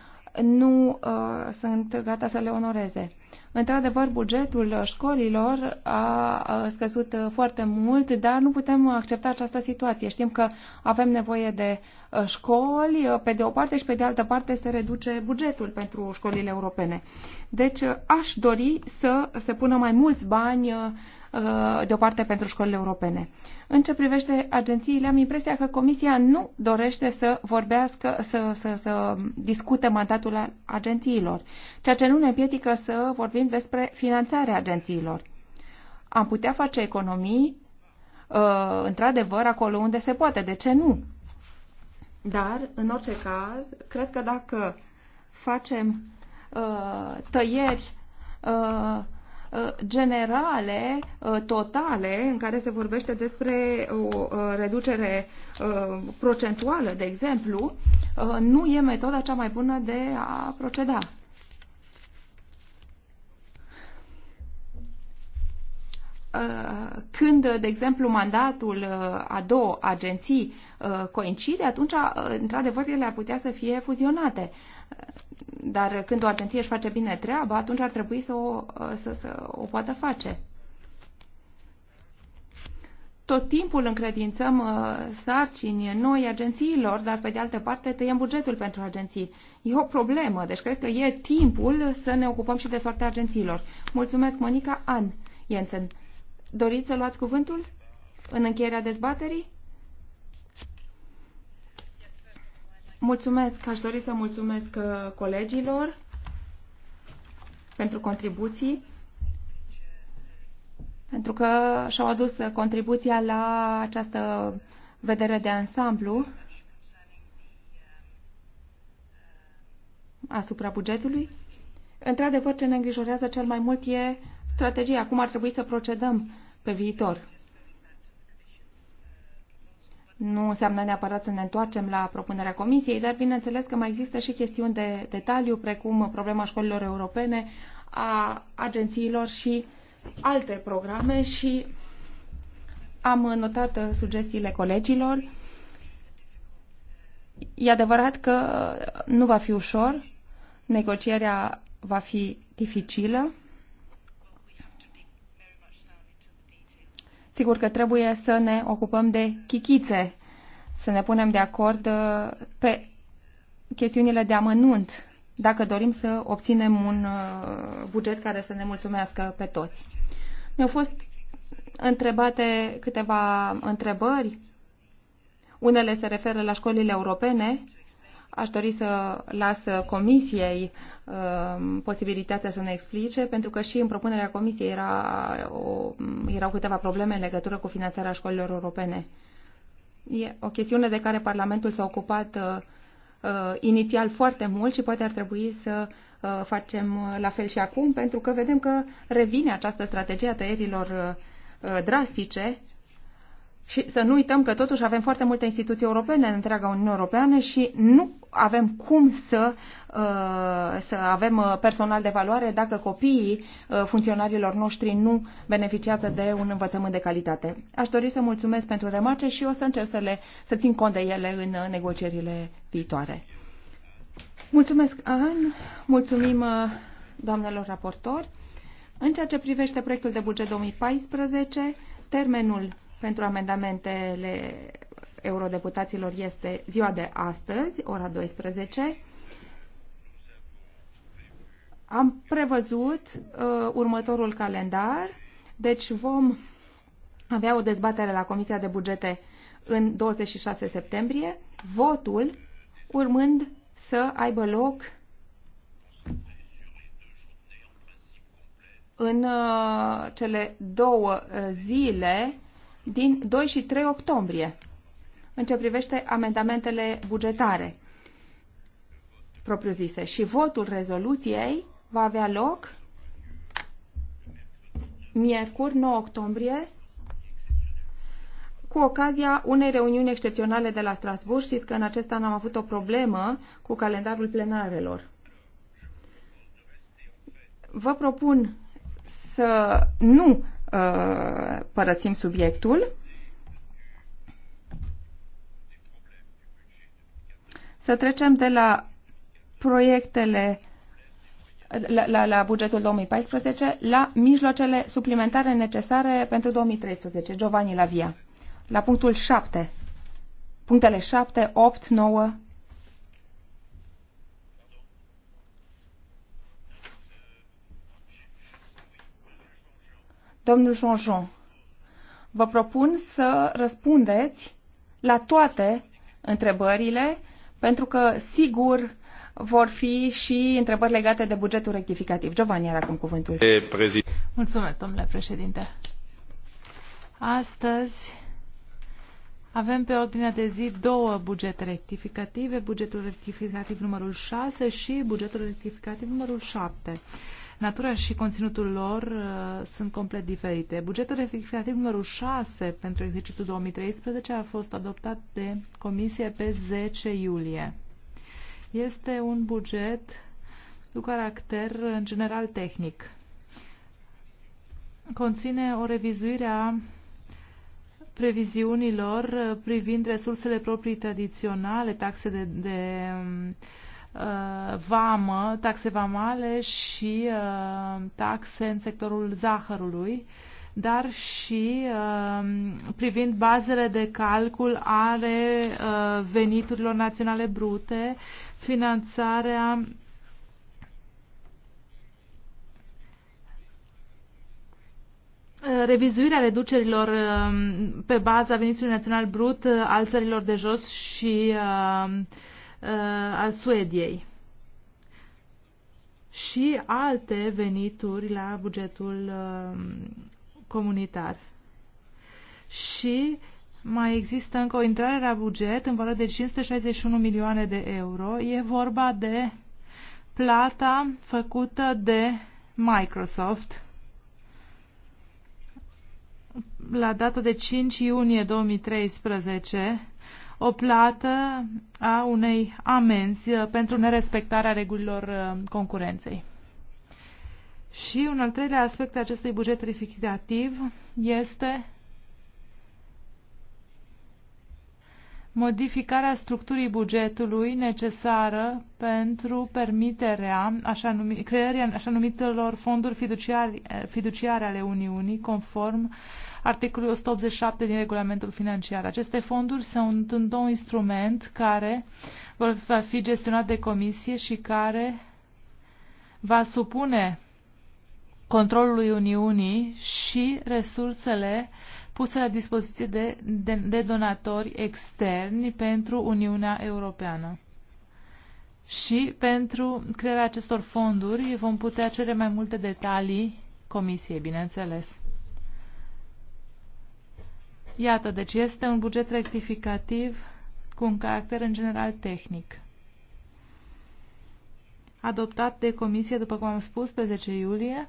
nu uh, sunt gata să le onoreze. Într-adevăr, bugetul școlilor a scăzut uh, foarte mult, dar nu putem accepta această situație. Știm că avem nevoie de uh, școli, uh, pe de o parte și pe de altă parte se reduce bugetul pentru școlile europene. Deci aș dori să se pună mai mulți bani Uh, deoparte pentru școlile europene. În ce privește agențiile, am impresia că Comisia nu dorește să vorbească, să, să, să discute mandatul agențiilor, ceea ce nu ne împiedică să vorbim despre finanțarea agențiilor. Am putea face economii, uh, într-adevăr, acolo unde se poate. De ce nu? Dar, în orice caz, cred că dacă facem uh, tăieri Uh, generale, uh, totale, în care se vorbește despre o uh, reducere procentuală, de exemplu, nu e metoda cea mai bună de a proceda. când, de exemplu, mandatul a două agenții coincide, atunci, într-adevăr, ele ar putea să fie fuzionate. Dar când o agenție își face bine treaba, atunci ar trebui să o, să, să o poată face. Tot timpul încredințăm uh, sarcini noi agențiilor, dar pe de altă parte tăiem bugetul pentru agenții. E o problemă, deci cred că e timpul să ne ocupăm și de soartea agențiilor. Mulțumesc, Monica An Jensen. Doriți să luați cuvântul în încheierea dezbaterii? Mulțumesc, aș dori să mulțumesc uh, colegilor pentru contribuții, pentru că și-au adus uh, contribuția la această vedere de ansamblu asupra bugetului. Într-adevăr, ce ne îngrijorează cel mai mult e strategia, cum ar trebui să procedăm pe viitor. Nu înseamnă neapărat să ne întoarcem la propunerea Comisiei, dar bineînțeles că mai există și chestiuni de detaliu, precum problema școlilor europene, a agențiilor și alte programe și am notat uh, sugestiile colegilor. E adevărat că uh, nu va fi ușor, negocierea va fi dificilă Sigur că trebuie să ne ocupăm de chichițe, să ne punem de acord uh, pe chestiunile de amănunt, dacă dorim să obținem un uh, buget care să ne mulțumească pe toți. Mi-au fost întrebate câteva întrebări. Unele se referă la școlile europene, Aș dori să las Comisiei um, posibilitatea să ne explice, pentru că și în propunerea Comisiei era o, erau câteva probleme în legătură cu finanțarea școlilor europene. E o chestiune de care Parlamentul s-a ocupat uh, uh inițial foarte mult și poate ar trebui să uh, facem la fel și acum, pentru că vedem că revine această strategie a tăierilor uh, drastice și să nu uităm că totuși avem foarte multe instituții europene în întreaga Uniune Europeană și nu avem cum să, uh, să avem uh, personal de valoare dacă copiii uh, funcționarilor noștri nu beneficiază de un învățământ de calitate. Aș dori să mulțumesc pentru remarce și o să încerc să, le, să țin cont de ele în negocierile viitoare. Mulțumesc, An. Mulțumim doamnelor raportori. În ceea ce privește proiectul de buget 2014, termenul pentru amendamentele eurodeputaților este ziua de astăzi, ora 12. Am prevăzut uh, următorul calendar, deci vom avea o dezbatere la Comisia de Bugete în 26 septembrie, votul urmând să aibă loc în uh, cele două uh, zile din 2 și 3 octombrie în ce privește amendamentele bugetare propriu-zise. Și votul rezoluției va avea loc miercuri 9 octombrie cu ocazia unei reuniuni excepționale de la Strasburg. Știți că în acest an am avut o problemă cu calendarul plenarelor. Vă propun să nu Uh, părăsim subiectul. Să trecem de la proiectele la, la, la bugetul 2014 la mijloacele suplimentare necesare pentru 2013. Giovanni Lavia. La punctul 7. Punctele 7, 8, 9, Domnul Jean-Jean, vă propun să răspundeți la toate întrebările, pentru că, sigur, vor fi și întrebări legate de bugetul rectificativ. Giovanni era acum cuvântul. Mulțumesc, domnule președinte. Astăzi avem pe ordinea de zi două bugete rectificative, bugetul rectificativ numărul 6 și bugetul rectificativ numărul 7. Natura și conținutul lor uh, sunt complet diferite. Bugetul rectificativ numărul 6 pentru exercițiul 2013 a fost adoptat de Comisie pe 10 iulie. Este un buget cu caracter în general tehnic. Conține o revizuire a previziunilor uh, privind resursele proprii tradiționale, taxe de, de um, uh, vamă, taxe vamale și uh, taxe în sectorul zahărului, dar și uh, privind bazele de calcul ale uh, veniturilor naționale brute, finanțarea uh, revizuirea reducerilor uh, pe baza veniturilor național brut uh, al țărilor de jos și uh, Uh, al Suediei și alte venituri la bugetul uh, comunitar. Și mai există încă o intrare la buget în valoare de 561 milioane de euro. E vorba de plata făcută de Microsoft la data de 5 iunie 2013 o plată a unei amenzi uh, pentru nerespectarea regulilor uh, concurenței. Și un al treilea aspect al acestui buget rectificativ este modificarea structurii bugetului necesară pentru permiterea așa numi, creării așa numitelor fonduri fiduciare, fiduciare ale Uniunii, conform articolului 187 din regulamentul financiar. Aceste fonduri sunt un nou instrument care va fi gestionat de comisie și care va supune controlului Uniunii și resursele puse la dispoziție de, de, de donatori externi pentru Uniunea Europeană. Și pentru crearea acestor fonduri vom putea cere mai multe detalii Comisiei, bineînțeles. Iată, deci este un buget rectificativ cu un caracter în general tehnic. Adoptat de comisie, după cum am spus, pe 10 iulie.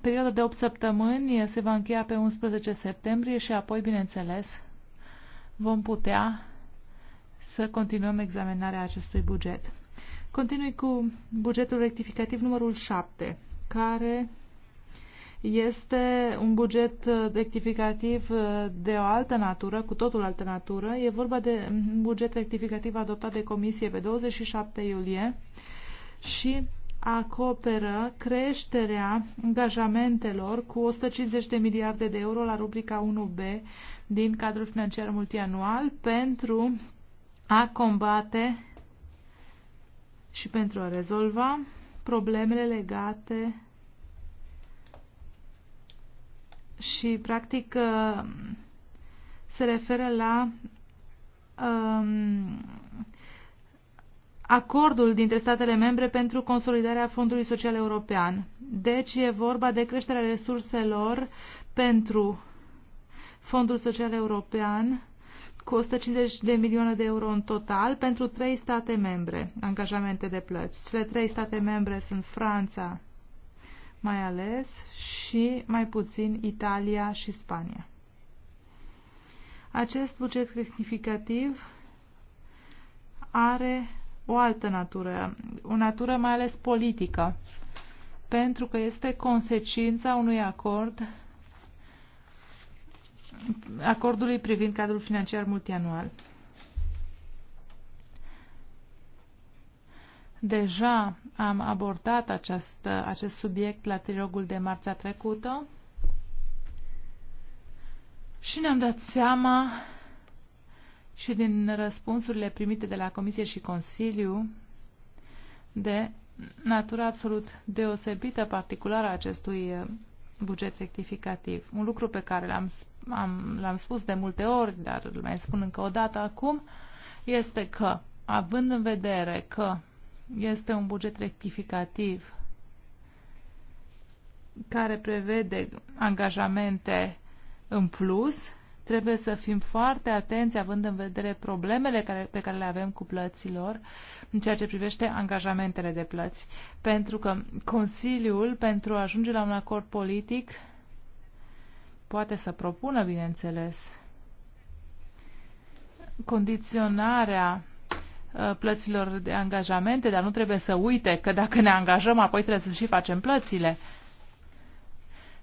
Perioada de 8 săptămâni se va încheia pe 11 septembrie și apoi, bineînțeles, vom putea să continuăm examinarea acestui buget. Continui cu bugetul rectificativ numărul 7, care este un buget uh, rectificativ uh, de o altă natură, cu totul altă natură. E vorba de un buget rectificativ adoptat de Comisie pe 27 iulie și acoperă creșterea angajamentelor cu 150 de miliarde de euro la rubrica 1B din cadrul financiar multianual pentru a combate și pentru a rezolva problemele legate și practic uh, se referă la um, acordul dintre statele membre pentru consolidarea Fondului Social European. Deci e vorba de creșterea resurselor pentru Fondul Social European cu 150 de milioane de euro în total pentru trei state membre, angajamente de plăți. Cele trei state membre sunt Franța, mai ales, și mai puțin Italia și Spania. Acest buget rectificativ are o altă natură, o natură mai ales politică, pentru că este consecința unui acord acordului privind cadrul financiar multianual. Deja am abordat acest, acest subiect la trilogul de marțea trecută și ne-am dat seama și din răspunsurile primite de la Comisie și Consiliu de natura absolut deosebită, particulară a acestui uh, buget rectificativ. Un lucru pe care l-am, am, l-am spus de multe ori, dar îl mai spun încă o dată acum, este că, având în vedere că este un buget rectificativ care prevede angajamente în plus. Trebuie să fim foarte atenți, având în vedere problemele care, pe care le avem cu plăților, în ceea ce privește angajamentele de plăți. Pentru că Consiliul, pentru a ajunge la un acord politic, poate să propună, bineînțeles, condiționarea Uh, plăților de angajamente, dar nu trebuie să uite că dacă ne angajăm, apoi trebuie să și facem plățile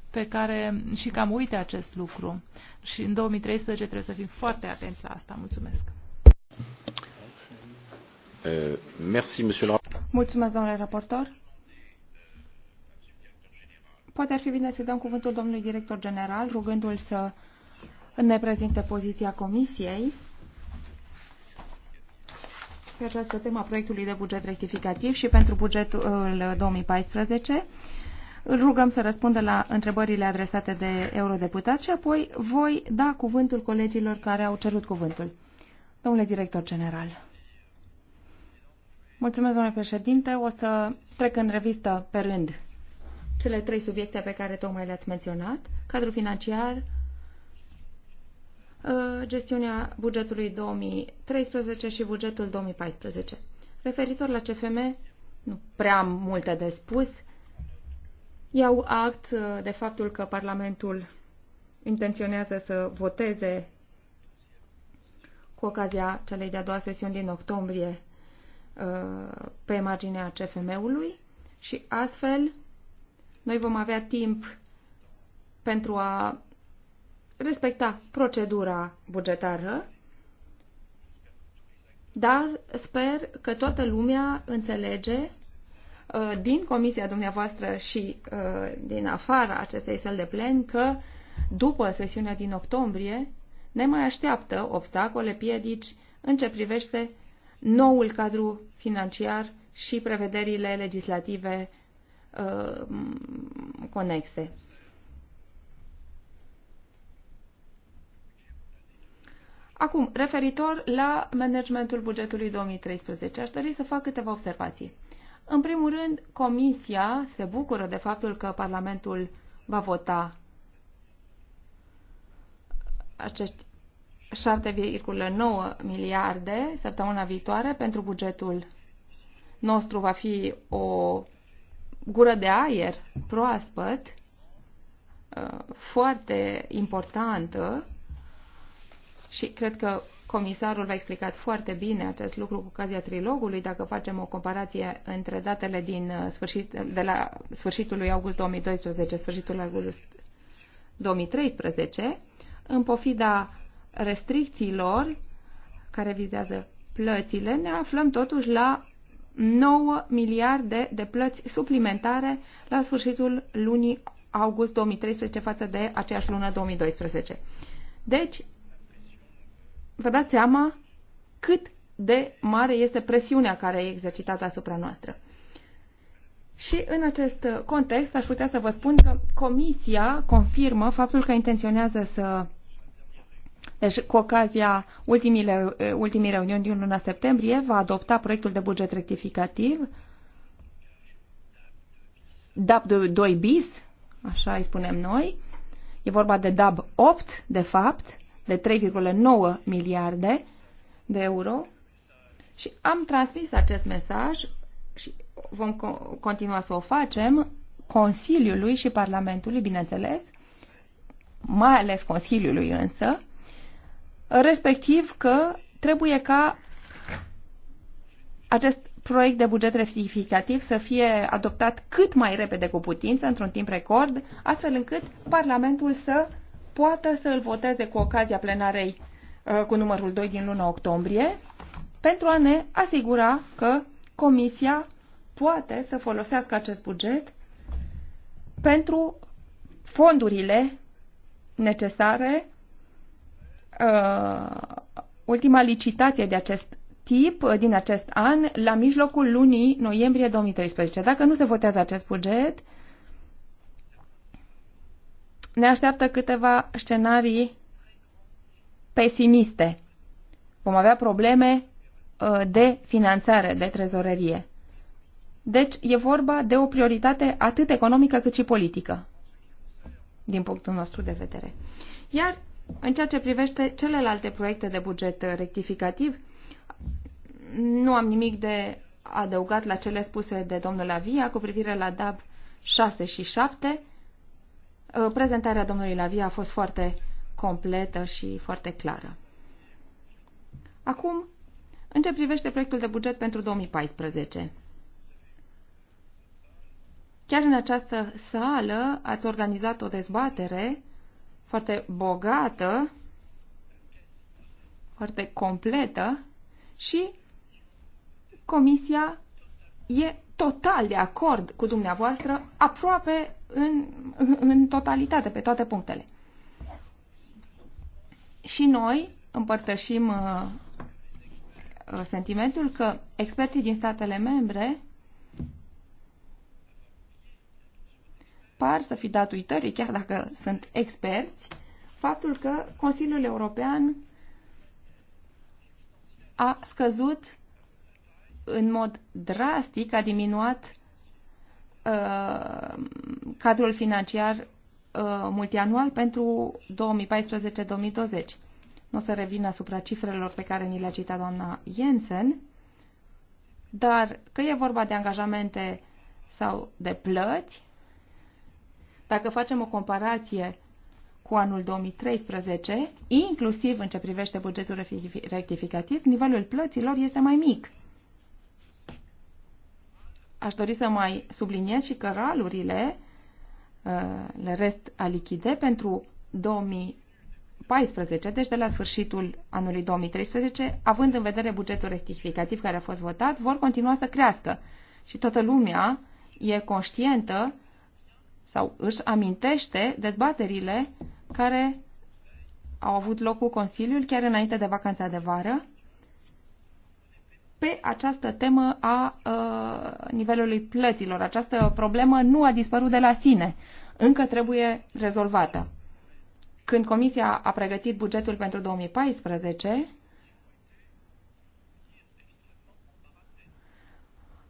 pe care și cam uite acest lucru. Și în 2013 trebuie să fim foarte atenți la asta. Mulțumesc. Uh, Mulțumesc, domnule raportor. Poate ar fi bine să dăm cuvântul domnului director general, rugându-l să ne prezinte poziția comisiei pe această temă a proiectului de buget rectificativ și pentru bugetul 2014. Uh, Îl rugăm să răspundă la întrebările adresate de eurodeputați și apoi voi da cuvântul colegilor care au cerut cuvântul. Domnule director general. Mulțumesc, domnule președinte. O să trec în revistă pe rând cele trei subiecte pe care tocmai le-ați menționat, cadrul financiar, Uh, gestiunea bugetului 2013 și bugetul 2014. Referitor la CFM, nu prea am multe de spus. Iau act uh, de faptul că Parlamentul intenționează să voteze cu ocazia celei de-a doua sesiuni din octombrie uh, pe marginea CFM-ului și astfel noi vom avea timp pentru a respecta procedura bugetară, dar sper că toată lumea înțelege uh, din comisia dumneavoastră și uh, din afara acestei săli de plen că după sesiunea din octombrie ne mai așteaptă obstacole piedici în ce privește noul cadru financiar și prevederile legislative uh, conexe. Acum, referitor la managementul bugetului 2013, aș dori să fac câteva observații. În primul rând, Comisia se bucură de faptul că Parlamentul va vota acești 7,9 miliarde săptămâna viitoare pentru bugetul nostru va fi o gură de aer proaspăt, uh, foarte importantă, și cred că comisarul v-a explicat foarte bine acest lucru cu ocazia trilogului, dacă facem o comparație între datele din uh, sfârșit, de la sfârșitul lui august 2012, sfârșitul lui august 2013, în pofida restricțiilor care vizează plățile, ne aflăm totuși la 9 miliarde de plăți suplimentare la sfârșitul lunii august 2013 față de aceeași lună 2012. Deci, vă dați seama cât de mare este presiunea care e exercitată asupra noastră. Și în acest context aș putea să vă spun că Comisia confirmă faptul că intenționează să deci, cu ocazia ultimile, ultimii reuniuni din luna septembrie, va adopta proiectul de buget rectificativ DAB 2 bis, așa îi spunem noi. E vorba de DAB 8, de fapt, de 3,9 miliarde de euro și am transmis acest mesaj și vom continua să o facem Consiliului și Parlamentului, bineînțeles, mai ales Consiliului însă, respectiv că trebuie ca acest proiect de buget rectificativ să fie adoptat cât mai repede cu putință, într-un timp record, astfel încât Parlamentul să poată să îl voteze cu ocazia plenarei uh, cu numărul 2 din luna octombrie pentru a ne asigura că Comisia poate să folosească acest buget pentru fondurile necesare. Uh, ultima licitație de acest tip uh, din acest an la mijlocul lunii noiembrie 2013. Dacă nu se votează acest buget, ne așteaptă câteva scenarii pesimiste. Vom avea probleme uh, de finanțare, de trezorerie. Deci e vorba de o prioritate atât economică cât și politică, din punctul nostru de vedere. Iar în ceea ce privește celelalte proiecte de buget rectificativ, nu am nimic de adăugat la cele spuse de domnul Avia cu privire la DAB 6 și 7. Uh, prezentarea domnului Lavia a fost foarte completă și foarte clară. Acum, în ce privește proiectul de buget pentru 2014, Chiar în această sală ați organizat o dezbatere foarte bogată, foarte completă și comisia e total de acord cu dumneavoastră aproape în, în totalitate, pe toate punctele. Și noi împărtășim uh, uh, sentimentul că experții din statele membre par să fi dat uitării, chiar dacă sunt experți, faptul că Consiliul European a scăzut în mod drastic, a diminuat Uh, cadrul financiar uh, multianual pentru 2014-2020. Nu o să revin asupra cifrelor pe care ni le-a citat doamna Jensen, dar că e vorba de angajamente sau de plăți, dacă facem o comparație cu anul 2013, inclusiv în ce privește bugetul rectificativ, nivelul plăților este mai mic aș dori să mai subliniez și că ralurile, uh, le rest a lichide, pentru 2014, deci de la sfârșitul anului 2013, având în vedere bugetul rectificativ care a fost votat, vor continua să crească. Și toată lumea e conștientă sau își amintește dezbaterile care au avut loc cu Consiliul chiar înainte de vacanța de vară pe această temă a uh, nivelului plăților. Această problemă nu a dispărut de la sine. Încă trebuie rezolvată. Când Comisia a pregătit bugetul pentru 2014,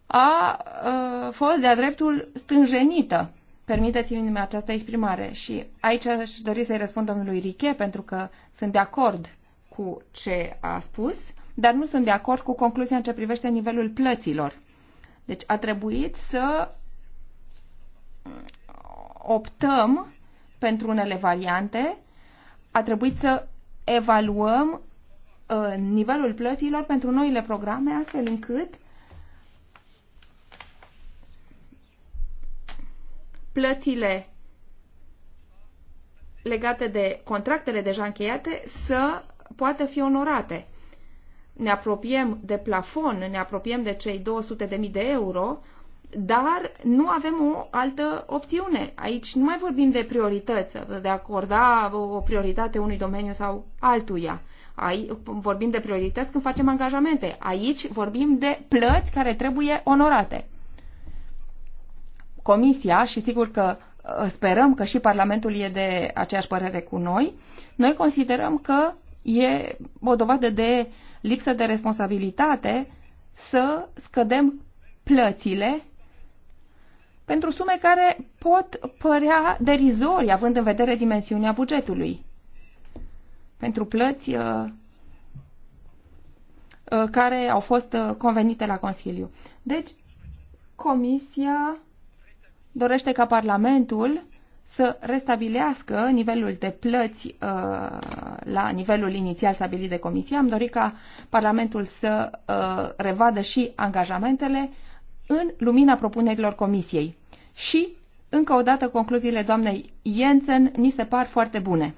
a uh, fost de-a dreptul stânjenită. Permiteți-mi această exprimare. Și aici aș dori să-i răspund domnului Riche, pentru că sunt de acord cu ce a spus dar nu sunt de acord cu concluzia în ce privește nivelul plăților. Deci a trebuit să optăm pentru unele variante, a trebuit să evaluăm uh, nivelul plăților pentru noile programe, astfel încât plățile legate de contractele deja încheiate să poată fi onorate ne apropiem de plafon, ne apropiem de cei 200.000 de euro, dar nu avem o altă opțiune. Aici nu mai vorbim de priorități, de a acorda o prioritate unui domeniu sau altuia. Aici vorbim de priorități când facem angajamente. Aici vorbim de plăți care trebuie onorate. Comisia, și sigur că uh, sperăm că și Parlamentul e de aceeași părere cu noi, noi considerăm că e o dovadă de uh, lipsă de responsabilitate să scădem plățile pentru sume care pot părea derizori, având în vedere dimensiunea bugetului. Pentru plăți uh, uh, care au fost uh, convenite la Consiliu. Deci, Comisia dorește ca Parlamentul să restabilească nivelul de plăți uh, la nivelul inițial stabilit de comisie. Am dorit ca Parlamentul să uh, revadă și angajamentele în lumina propunerilor comisiei. Și, încă o dată, concluziile doamnei Jensen ni se par foarte bune.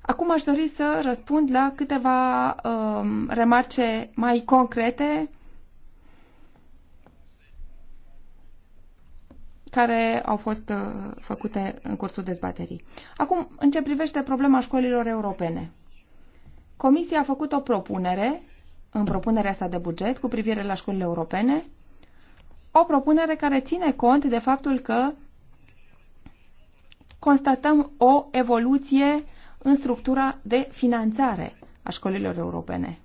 Acum aș dori să răspund la câteva uh, remarce mai concrete care au fost uh, făcute în cursul dezbaterii. Acum, în ce privește problema școlilor europene. Comisia a făcut o propunere, în propunerea asta de buget, cu privire la școlile europene, o propunere care ține cont de faptul că constatăm o evoluție în structura de finanțare a școlilor europene.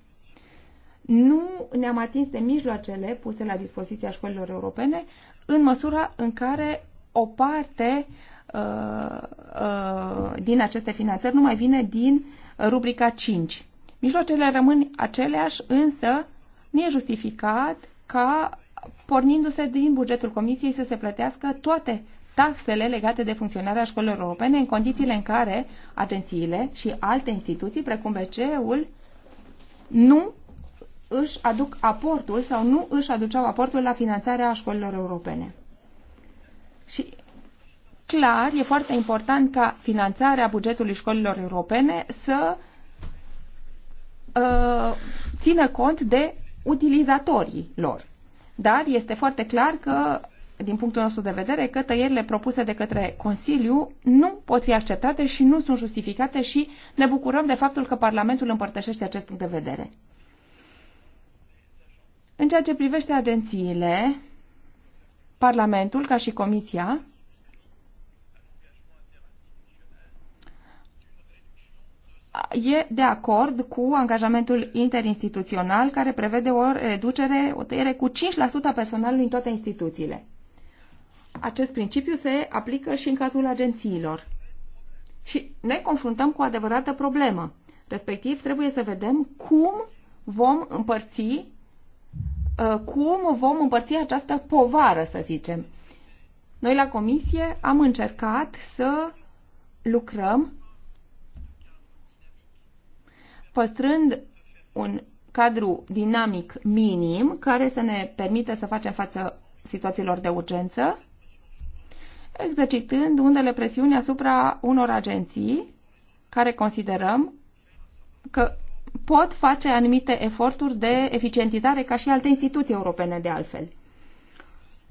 Nu ne-am atins de mijloacele puse la dispoziția școlilor europene, în măsura în care o parte uh, uh, din aceste finanțări nu mai vine din rubrica 5. Mijloacele rămân aceleași, însă nu e justificat ca, pornindu-se din bugetul Comisiei, să se plătească toate taxele legate de funcționarea școlilor europene în condițiile în care agențiile și alte instituții, precum BCE-ul, nu își aduc aportul sau nu își aduceau aportul la finanțarea școlilor europene. Și clar, e foarte important ca finanțarea bugetului școlilor europene să uh, țină cont de utilizatorii lor. Dar este foarte clar că, din punctul nostru de vedere, că tăierile propuse de către Consiliu nu pot fi acceptate și nu sunt justificate și ne bucurăm de faptul că Parlamentul împărtășește acest punct de vedere. În ceea ce privește agențiile, Parlamentul, ca și Comisia, e de acord cu angajamentul interinstituțional care prevede o reducere, o tăiere cu 5% a personalului în toate instituțiile. Acest principiu se aplică și în cazul agențiilor. Și ne confruntăm cu o adevărată problemă. Respectiv, trebuie să vedem cum vom împărți Uh, cum vom împărți această povară, să zicem. Noi la comisie am încercat să lucrăm păstrând un cadru dinamic minim care să ne permită să facem față situațiilor de urgență, exercitând undele presiuni asupra unor agenții care considerăm că pot face anumite eforturi de eficientizare ca și alte instituții europene de altfel.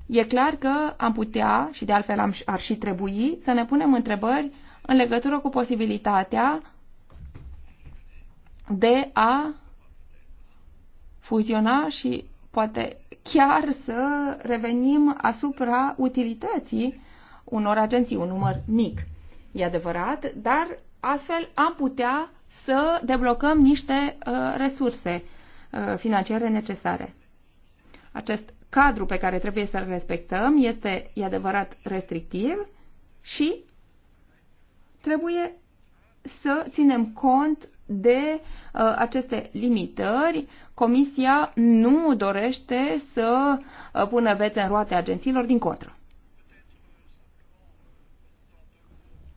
E clar că am putea, și de altfel am, ar și trebui, să ne punem întrebări în legătură cu posibilitatea de a fuziona și poate chiar să revenim asupra utilității unor agenții, un număr mic. E adevărat, dar astfel am putea să deblocăm niște uh, resurse uh, financiare necesare. Acest cadru pe care trebuie să-l respectăm este, e adevărat, restrictiv și trebuie să ținem cont de uh, aceste limitări. Comisia nu dorește să uh, pună vețe în roate agențiilor, din contră.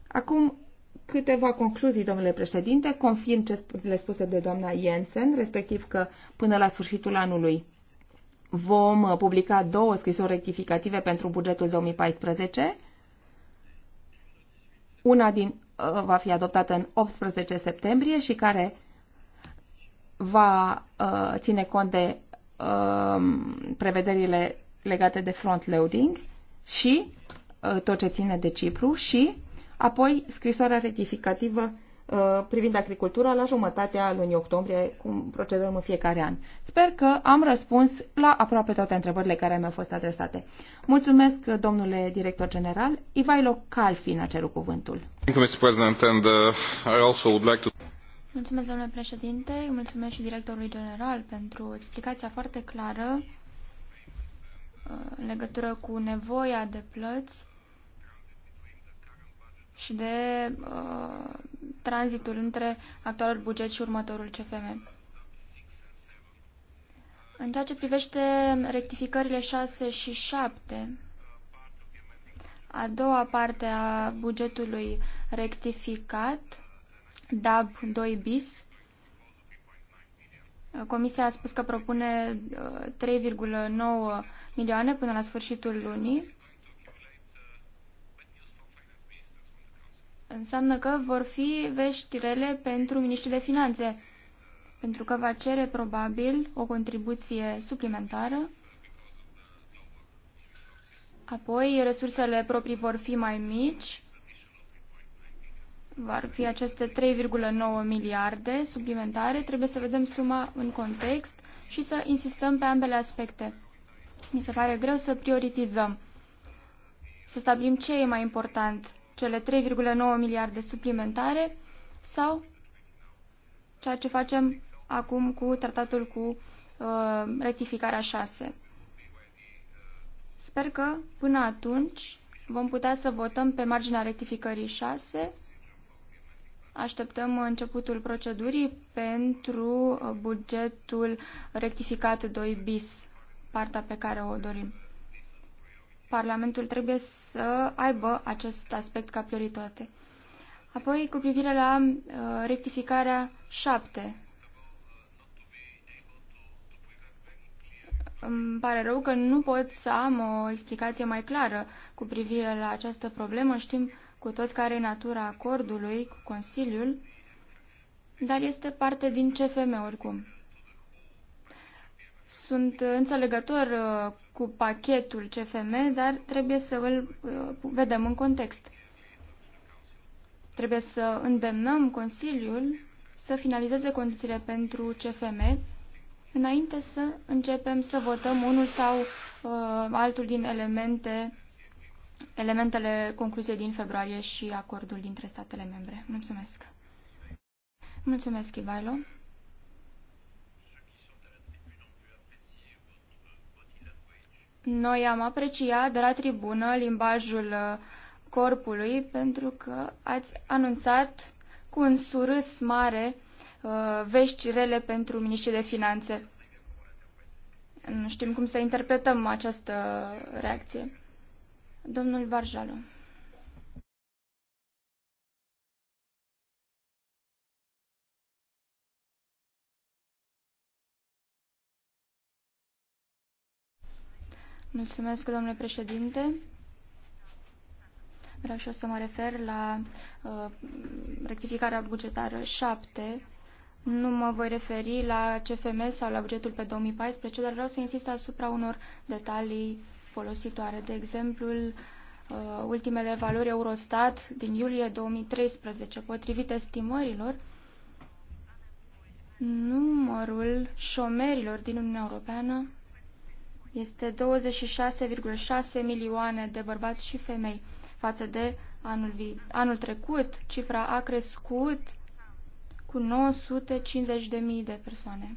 Acum, Câteva concluzii, domnule președinte, confirm ce le spuse de doamna Jensen, respectiv că până la sfârșitul anului vom uh, publica două scrisori rectificative pentru bugetul 2014. Una din uh, va fi adoptată în 18 septembrie și care va uh, ține cont de um, prevederile legate de front-loading și tot ce ține de Cipru și apoi scrisoarea rectificativă uh, privind agricultura la jumătatea lunii octombrie, cum procedăm în fiecare an. Sper că am răspuns la aproape toate întrebările care mi-au fost adresate. Mulțumesc, domnule director general. Ivailo Calfin a cerut cuvântul. Uh, mulțumesc, domnule președinte, mulțumesc și directorului general pentru explicația foarte clară uh, în legătură cu nevoia de plăți și de uh, tranzitul între actualul buget și următorul CFM. În ceea ce privește rectificările 6 și 7, a doua parte a bugetului rectificat, DAB 2 bis, Comisia a spus că propune 3,9 uh, milioane până la sfârșitul lunii Înseamnă că vor fi vești rele pentru ministrul de finanțe, pentru că va cere probabil o contribuție suplimentară. Apoi, resursele proprii vor fi mai mici, vor fi aceste 3,9 miliarde suplimentare. Trebuie să vedem suma în context și să insistăm pe ambele aspecte. Mi se pare greu să prioritizăm, să stabilim ce e mai important cele 3,9 miliarde suplimentare sau ceea ce facem acum cu tratatul cu uh, rectificarea 6. Sper că până atunci vom putea să votăm pe marginea rectificării 6. Așteptăm începutul procedurii pentru uh, bugetul rectificat 2 bis, partea pe care o dorim. Parlamentul trebuie să aibă acest aspect ca prioritate. Apoi, cu privire la uh, rectificarea 7, îmi pare rău că nu pot să am o explicație mai clară cu privire la această problemă. Știm cu toți care e natura acordului cu Consiliul, dar este parte din CFM oricum. Sunt înțelegător uh, cu pachetul CFM, dar trebuie să îl uh, vedem în context. Trebuie să îndemnăm Consiliul să finalizeze condițiile pentru CFM înainte să începem să votăm unul sau uh, altul din elemente, elementele concluziei din februarie și acordul dintre statele membre. Mulțumesc! Mulțumesc, Ivailo! Noi am apreciat de la tribună limbajul uh, corpului pentru că ați anunțat cu un surâs mare uh, vești rele pentru ministrul de finanțe. Nu știm cum să interpretăm această reacție. Domnul Barjalu. Mulțumesc, domnule președinte. Vreau și eu să mă refer la uh, rectificarea bugetară 7. Nu mă voi referi la CFM sau la bugetul pe 2014, dar vreau să insist asupra unor detalii folositoare. De exemplu, uh, ultimele valori Eurostat din iulie 2013, potrivit estimărilor, numărul șomerilor din Uniunea Europeană este 26,6 milioane de bărbați și femei. Față de anul, vi- anul trecut, cifra a crescut cu 950.000 de persoane.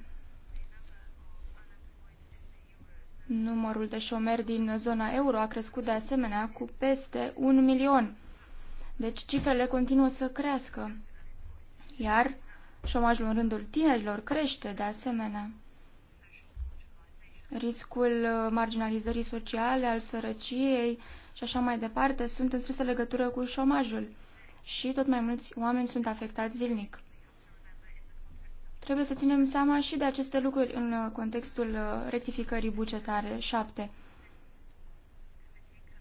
Numărul de șomeri din zona euro a crescut de asemenea cu peste un milion. Deci cifrele continuă să crească. Iar șomajul în rândul tinerilor crește de asemenea riscul uh, marginalizării sociale, al sărăciei și așa mai departe sunt în strânsă legătură cu șomajul și tot mai mulți oameni sunt afectați zilnic. Trebuie să ținem seama și de aceste lucruri în uh, contextul uh, rectificării bugetare 7.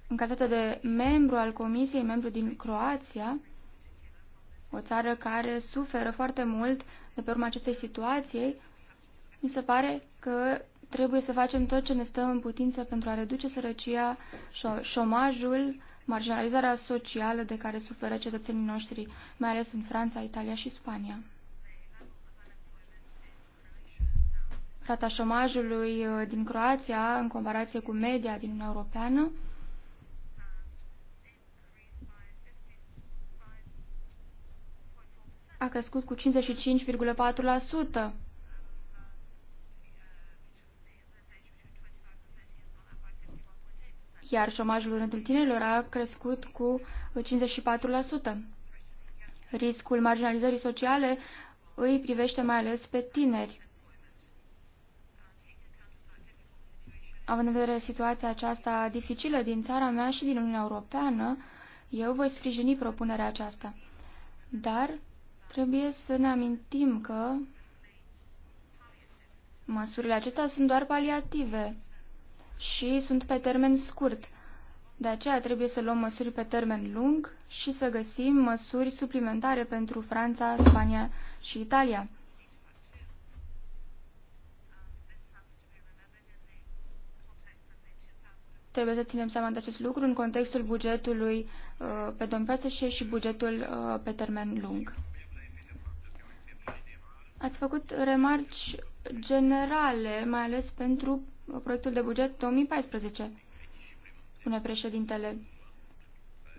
În calitate de membru al Comisiei, membru din Croația, o țară care suferă foarte mult de pe urma acestei situații, mi se pare că Trebuie să facem tot ce ne stăm în putință pentru a reduce sărăcia, șomajul, marginalizarea socială de care suferă cetățenii noștri, mai ales în Franța, Italia și Spania. Rata șomajului uh, din Croația, în comparație cu media din Uniunea Europeană, a crescut cu 55,4%. iar șomajul în rândul tinerilor a crescut cu 54%. Riscul marginalizării sociale îi privește mai ales pe tineri. Având în vedere situația aceasta dificilă din țara mea și din Uniunea Europeană, eu voi sprijini propunerea aceasta. Dar trebuie să ne amintim că măsurile acestea sunt doar paliative și sunt pe termen scurt. De aceea trebuie să luăm măsuri pe termen lung și să găsim măsuri suplimentare pentru Franța, Spania și Italia. Trebuie să ținem seama de acest lucru în contextul bugetului uh, pe domn Pesășe și bugetul uh, pe termen lung. Ați făcut remarci generale, mai ales pentru proiectul de buget 2014, spune președintele.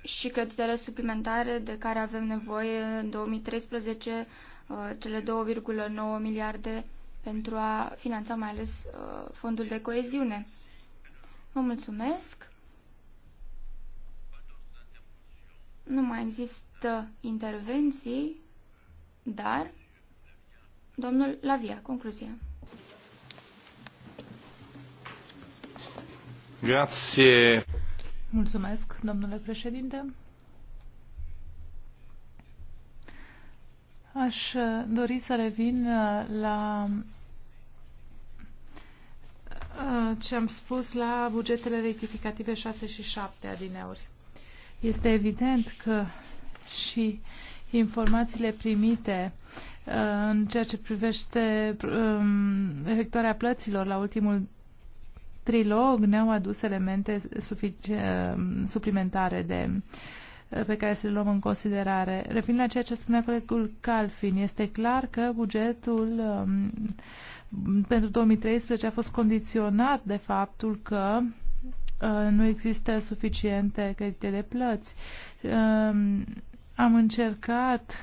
Și creditele suplimentare de care avem nevoie în 2013, uh, cele 2,9 miliarde pentru a finanța mai ales uh, fondul de coeziune. Vă mulțumesc! Nu mai există intervenții, dar Domnul Lavia, concluzia. Grazie. Mulțumesc, domnule președinte. Aș uh, dori să revin uh, la uh, ce am spus la bugetele rectificative 6 și 7 adineuri. Este evident că și informațiile primite Uh, în ceea ce privește um, efectuarea plăților la ultimul trilog ne-au adus elemente uh, suplimentare de uh, pe care să le luăm în considerare. Revin la ceea ce spunea colegul Calfin. Este clar că bugetul um, pentru 2013 a fost condiționat de faptul că nu există suficiente credite de plăți. Um, am încercat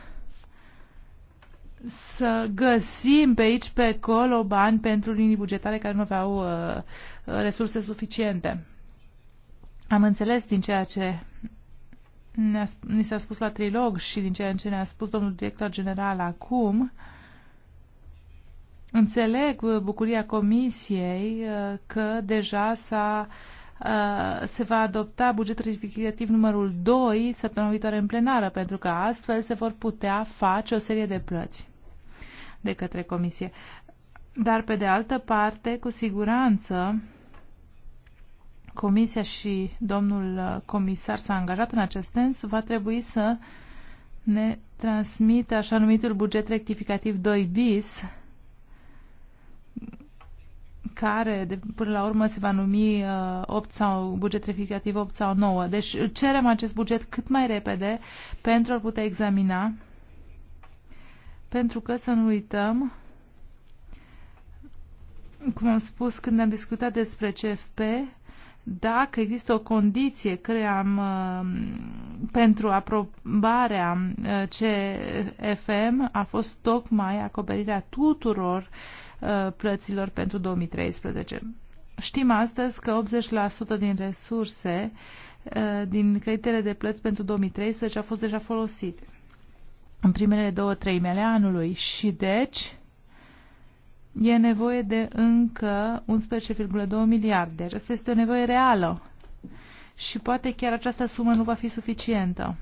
să găsim pe aici, pe acolo, bani pentru linii bugetare care nu aveau uh, resurse suficiente. Am înțeles din ceea ce ni s-a spus la trilog și din ceea ce ne-a spus domnul director general acum, înțeleg uh, bucuria comisiei uh, că deja s-a uh, se va adopta bugetul rectificativ numărul 2 săptămâna viitoare în plenară, pentru că astfel se vor putea face o serie de plăți de către Comisie. Dar, pe de altă parte, cu siguranță, Comisia și domnul comisar s-a angajat în acest sens, va trebui să ne transmită așa numitul buget rectificativ 2 bis, care de, până la urmă se va numi uh, 8 sau buget rectificativ 8 sau 9. Deci cerem acest buget cât mai repede pentru a putea examina pentru că să nu uităm, cum am spus când am discutat despre CFP, dacă există o condiție cream uh, pentru aprobarea uh, CFM a fost tocmai acoperirea tuturor uh, plăților pentru 2013. Știm astăzi că 80% din resurse din creditele de plăți pentru 2013 au fost deja folosite în primele două treimi ale anului și deci e nevoie de încă 11,2 miliarde. Asta este o nevoie reală și poate chiar această sumă nu va fi suficientă.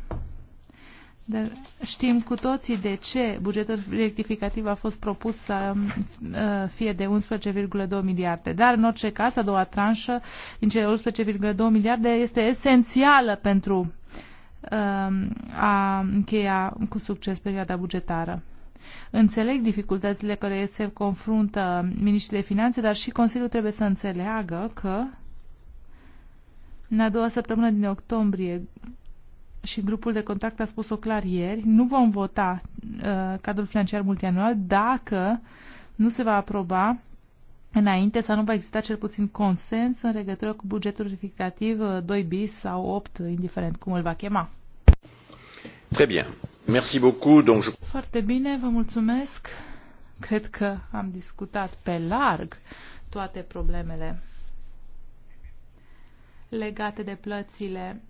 Dar știm cu toții de ce bugetul rectificativ a fost propus să uh, fie de 11,2 miliarde. Dar, în orice caz, a doua tranșă din cele 11,2 miliarde este esențială pentru Um, a încheia cu succes perioada bugetară. Înțeleg dificultățile care se confruntă ministrul de finanțe, dar și Consiliul trebuie să înțeleagă că în a doua săptămână din octombrie și grupul de contact a spus-o clar ieri, nu vom vota uh, cadrul financiar multianual dacă nu se va aproba înainte sau nu va exista cel puțin consens în legătură cu bugetul rectificativ 2 uh, bis sau 8, uh, indiferent cum îl va chema. Très bien. Merci beaucoup. Donc je... Foarte bine, vă mulțumesc. Cred că am discutat pe larg toate problemele legate de plățile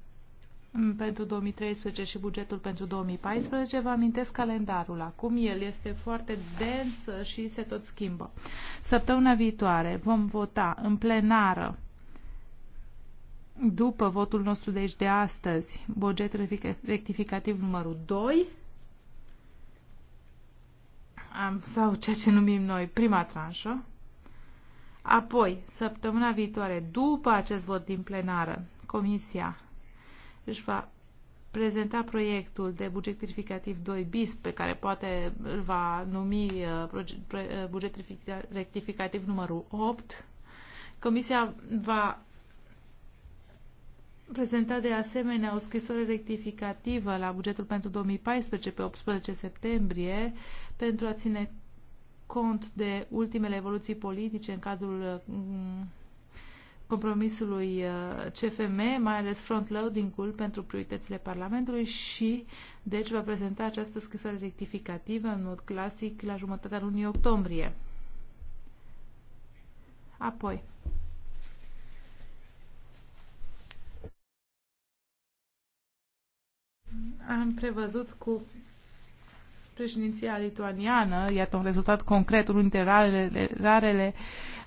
Mm, pentru 2013 și bugetul pentru 2014, vă amintesc calendarul. Acum el este foarte dens și se tot schimbă. Săptămâna viitoare vom vota în plenară după votul nostru de aici de astăzi, buget rectificativ numărul 2, sau ceea ce numim noi prima tranșă, apoi, săptămâna viitoare, după acest vot din plenară, Comisia își va prezenta proiectul de buget rectificativ 2 bis, pe care poate îl va numi uh, uh, buget rectificativ numărul 8. Comisia va prezenta de asemenea o scrisoare rectificativă la bugetul pentru 2014 pe 18 septembrie pentru a ține cont de ultimele evoluții politice în cadrul uh, compromisului uh, CFM, mai ales front-loading-ul pentru prioritățile Parlamentului și, deci, va prezenta această scrisoare rectificativă în mod clasic la jumătatea lunii octombrie. Apoi, am prevăzut cu Președinția lituaniană, iată un rezultat concret, unul dintre rarele, rarele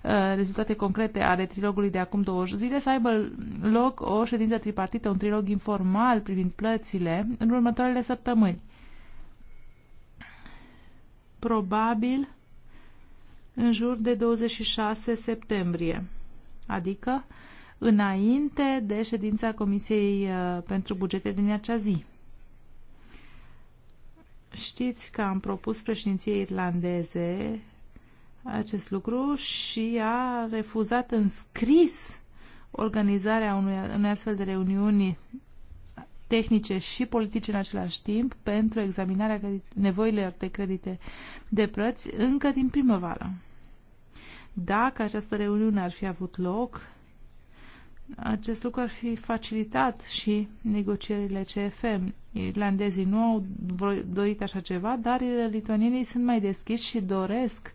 uh, rezultate concrete ale trilogului de acum două zile, să aibă loc o ședință tripartită, un trilog informal privind plățile în următoarele săptămâni. Probabil în jur de 26 septembrie, adică înainte de ședința Comisiei uh, pentru Bugete din acea zi. Știți că am propus președinției irlandeze acest lucru și a refuzat în scris organizarea unui, unei astfel de reuniuni tehnice și politice în același timp pentru examinarea nevoilor de credite de plăți încă din primăvară. Dacă această reuniune ar fi avut loc, acest lucru ar fi facilitat și negocierile CFM. Irlandezii nu au dorit așa ceva, dar lituanienii sunt mai deschiși și doresc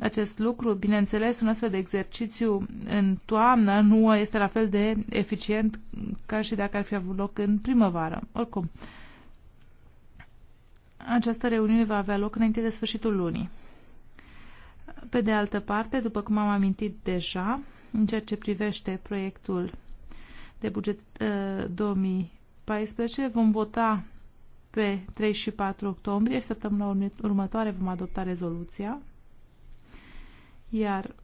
acest lucru. Bineînțeles, un astfel de exercițiu în toamnă nu este la fel de eficient ca și dacă ar fi avut loc în primăvară. Oricum, această reuniune va avea loc înainte de sfârșitul lunii. Pe de altă parte, după cum am amintit deja, în ceea ce privește proiectul de buget uh, 2014. Vom vota pe 3 și 4 octombrie și săptămâna următoare vom adopta rezoluția. Iar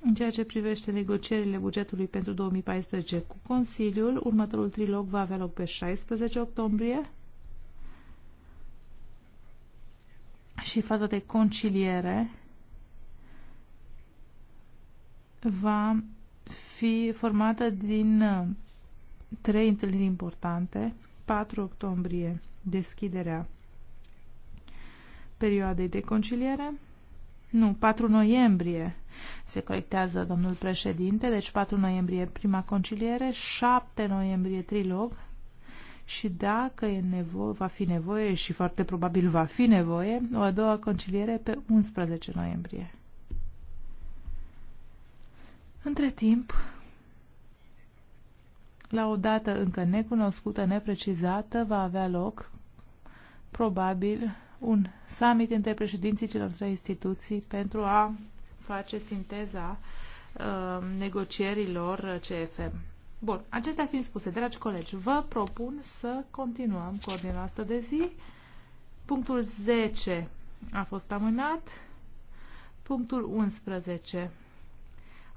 în ceea ce privește negocierile bugetului pentru 2014 cu Consiliul, următorul trilog va avea loc pe 16 octombrie și faza de conciliere va fi formată din uh, trei întâlniri importante. 4 octombrie, deschiderea perioadei de conciliere. Nu, 4 noiembrie se corectează domnul președinte, deci 4 noiembrie prima conciliere, 7 noiembrie trilog și dacă e nevoie, va fi nevoie și foarte probabil va fi nevoie, o a doua conciliere pe 11 noiembrie. Între timp, la o dată încă necunoscută, neprecizată, va avea loc, probabil, un summit între președinții celor trei instituții pentru a face sinteza uh, negocierilor CFM. Bun, acestea fiind spuse, dragi colegi, vă propun să continuăm cu ordinea asta de zi. Punctul 10 a fost amânat. Punctul 11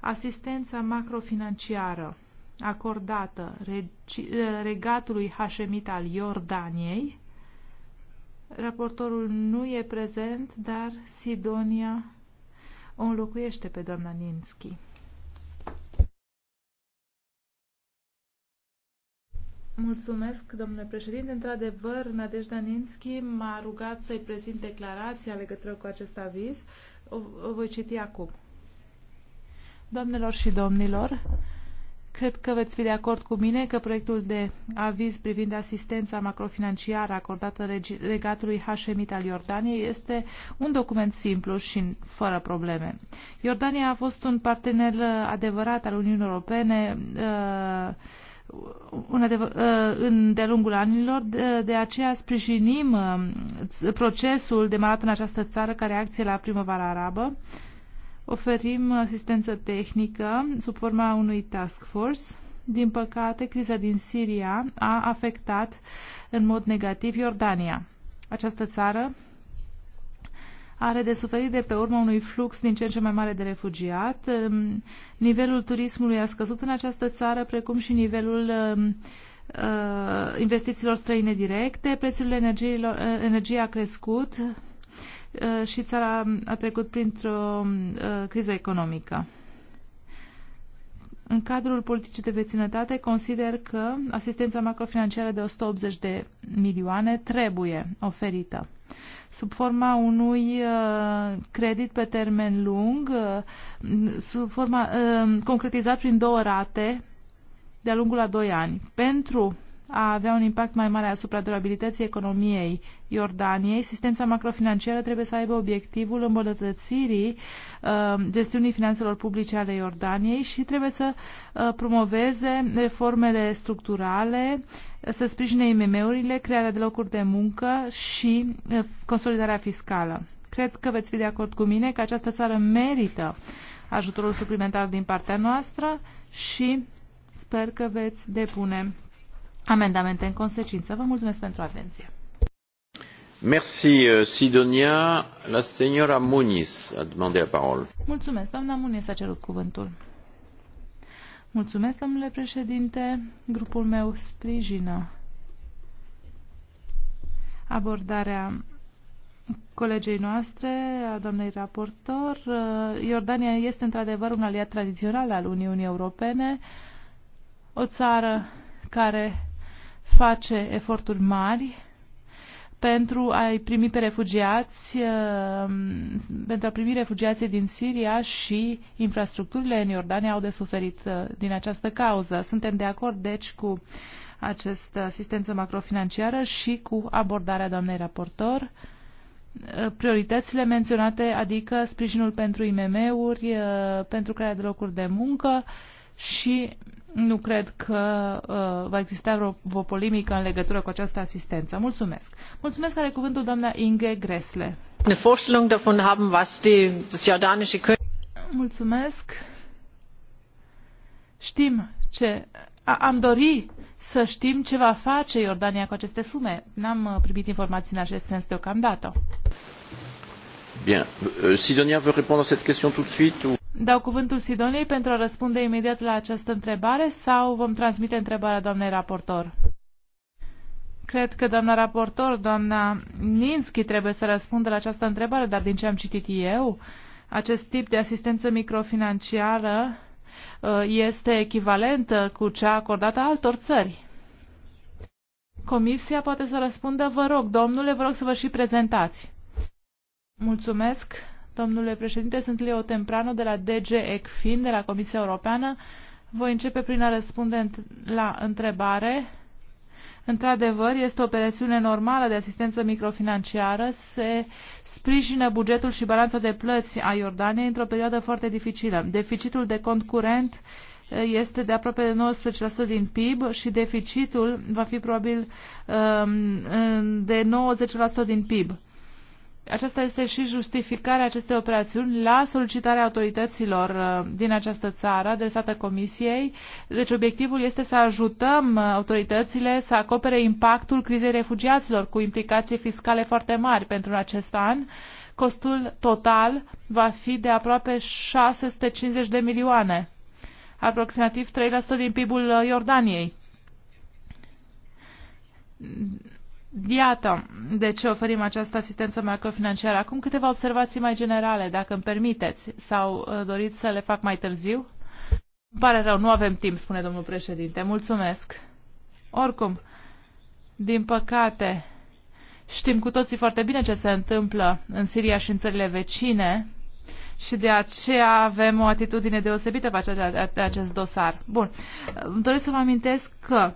Asistența macrofinanciară acordată regatului Hașemit al Iordaniei. Raportorul nu e prezent, dar Sidonia o înlocuiește pe doamna Ninski. Mulțumesc, domnule președinte. Într-adevăr, Nadejda Ninski m-a rugat să-i prezint declarația legătură cu acest aviz. O, o voi citi acum. Doamnelor și domnilor, cred că veți fi de acord cu mine că proiectul de aviz privind asistența macrofinanciară acordată regatului Hashemit al Iordaniei este un document simplu și fără probleme. Iordania a fost un partener uh, adevărat al Uniunii Europene uh, uh, de-a lungul anilor, de aceea sprijinim procesul demarat în această țară care acție la primăvara arabă Oferim asistență tehnică sub forma unui task force. Din păcate, criza din Siria a afectat în mod negativ Iordania. Această țară are de suferit de pe urma unui flux din ce în ce mai mare de refugiat. Nivelul turismului a scăzut în această țară, precum și nivelul um, uh, investițiilor străine directe. Prețul uh, energiei a crescut Uh, și țara a trecut printr-o uh, criză economică. În cadrul politicii de vecinătate, consider că asistența macrofinanciară de 180 de milioane trebuie oferită sub forma unui uh, credit pe termen lung, sub forma, concretizat prin două rate de-a lungul a doi ani, pentru a avea un impact mai mare asupra durabilității economiei Iordaniei, asistența macrofinanciară trebuie să aibă obiectivul îmbunătățirii uh, gestiunii finanțelor publice ale Iordaniei și trebuie să uh, promoveze reformele structurale, să sprijine IMM-urile, crearea de locuri de muncă și uh, consolidarea fiscală. Cred că veți fi de acord cu mine că această țară merită ajutorul suplimentar din partea noastră și sper că veți depune amendamente în consecință. Vă mulțumesc pentru atenție. Merci, euh, Sidonia. La señora Muniz a demandé la parole. Mulțumesc. Doamna Muniz a cerut cuvântul. Mulțumesc, domnule președinte. Grupul meu sprijină abordarea colegei noastre, a doamnei raportor. Uh, Iordania este într-adevăr un aliat tradițional al Uniunii Europene, o țară care face eforturi mari pentru a-i primi pe refugiați, uh, pentru a primi refugiații din Siria și infrastructurile în Iordania au de suferit uh, din această cauză. Suntem de acord, deci, cu această asistență macrofinanciară și cu abordarea doamnei raportor. Uh, prioritățile menționate, adică sprijinul pentru IMM-uri, pentru crearea de locuri de muncă și nu cred că uh, va exista vreo, vreo polemică în legătură cu această asistență. Mulțumesc. Mulțumesc, are cuvântul doamna Inge Gresle. Mulțumesc. Știm ce... A, am dori să știm ce va face Iordania cu aceste sume. N-am uh, primit informații în acest sens deocamdată. Bien. Euh, Sidonia veut répondre à cette question tout de suite ou... Dau cuvântul Sidoniei pentru a răspunde imediat la această întrebare sau vom transmite întrebarea doamnei raportor? Cred că doamna raportor, doamna Ninski, trebuie să răspundă la această întrebare, dar din ce am citit eu, acest tip de asistență microfinanciară uh, este echivalentă cu cea acordată altor țări. Comisia poate să răspundă, vă rog, domnule, vă rog să vă și prezentați. Mulțumesc, domnule președinte. Sunt Leo Temprano de la DG ECFIN, de la Comisia Europeană. Voi începe prin a răspunde la întrebare. Într-adevăr, este o operațiune normală de asistență microfinanciară. Se sprijină bugetul și balanța de plăți a Iordaniei într-o perioadă foarte dificilă. Deficitul de cont curent eh, este de aproape de 19% din PIB și deficitul va fi probabil ehm, de 90% din PIB aceasta este și justificarea acestei operațiuni la solicitarea autorităților uh, din această țară adresată Comisiei. Deci obiectivul este să ajutăm uh, autoritățile să acopere impactul crizei refugiaților cu implicații fiscale foarte mari pentru acest an. Costul total va fi de aproape 650 de milioane, aproximativ 3% din PIB-ul uh, Iordaniei Iată de ce oferim această asistență macrofinanciară. Acum câteva observații mai generale, dacă îmi permiteți, sau uh, doriți să le fac mai târziu. Îmi pare rău, nu avem timp, spune domnul președinte. Mulțumesc. Oricum, din păcate, știm cu toții foarte bine ce se întâmplă în Siria și în țările vecine și de aceea avem o atitudine deosebită față de acest dosar. Bun, doresc să vă amintesc că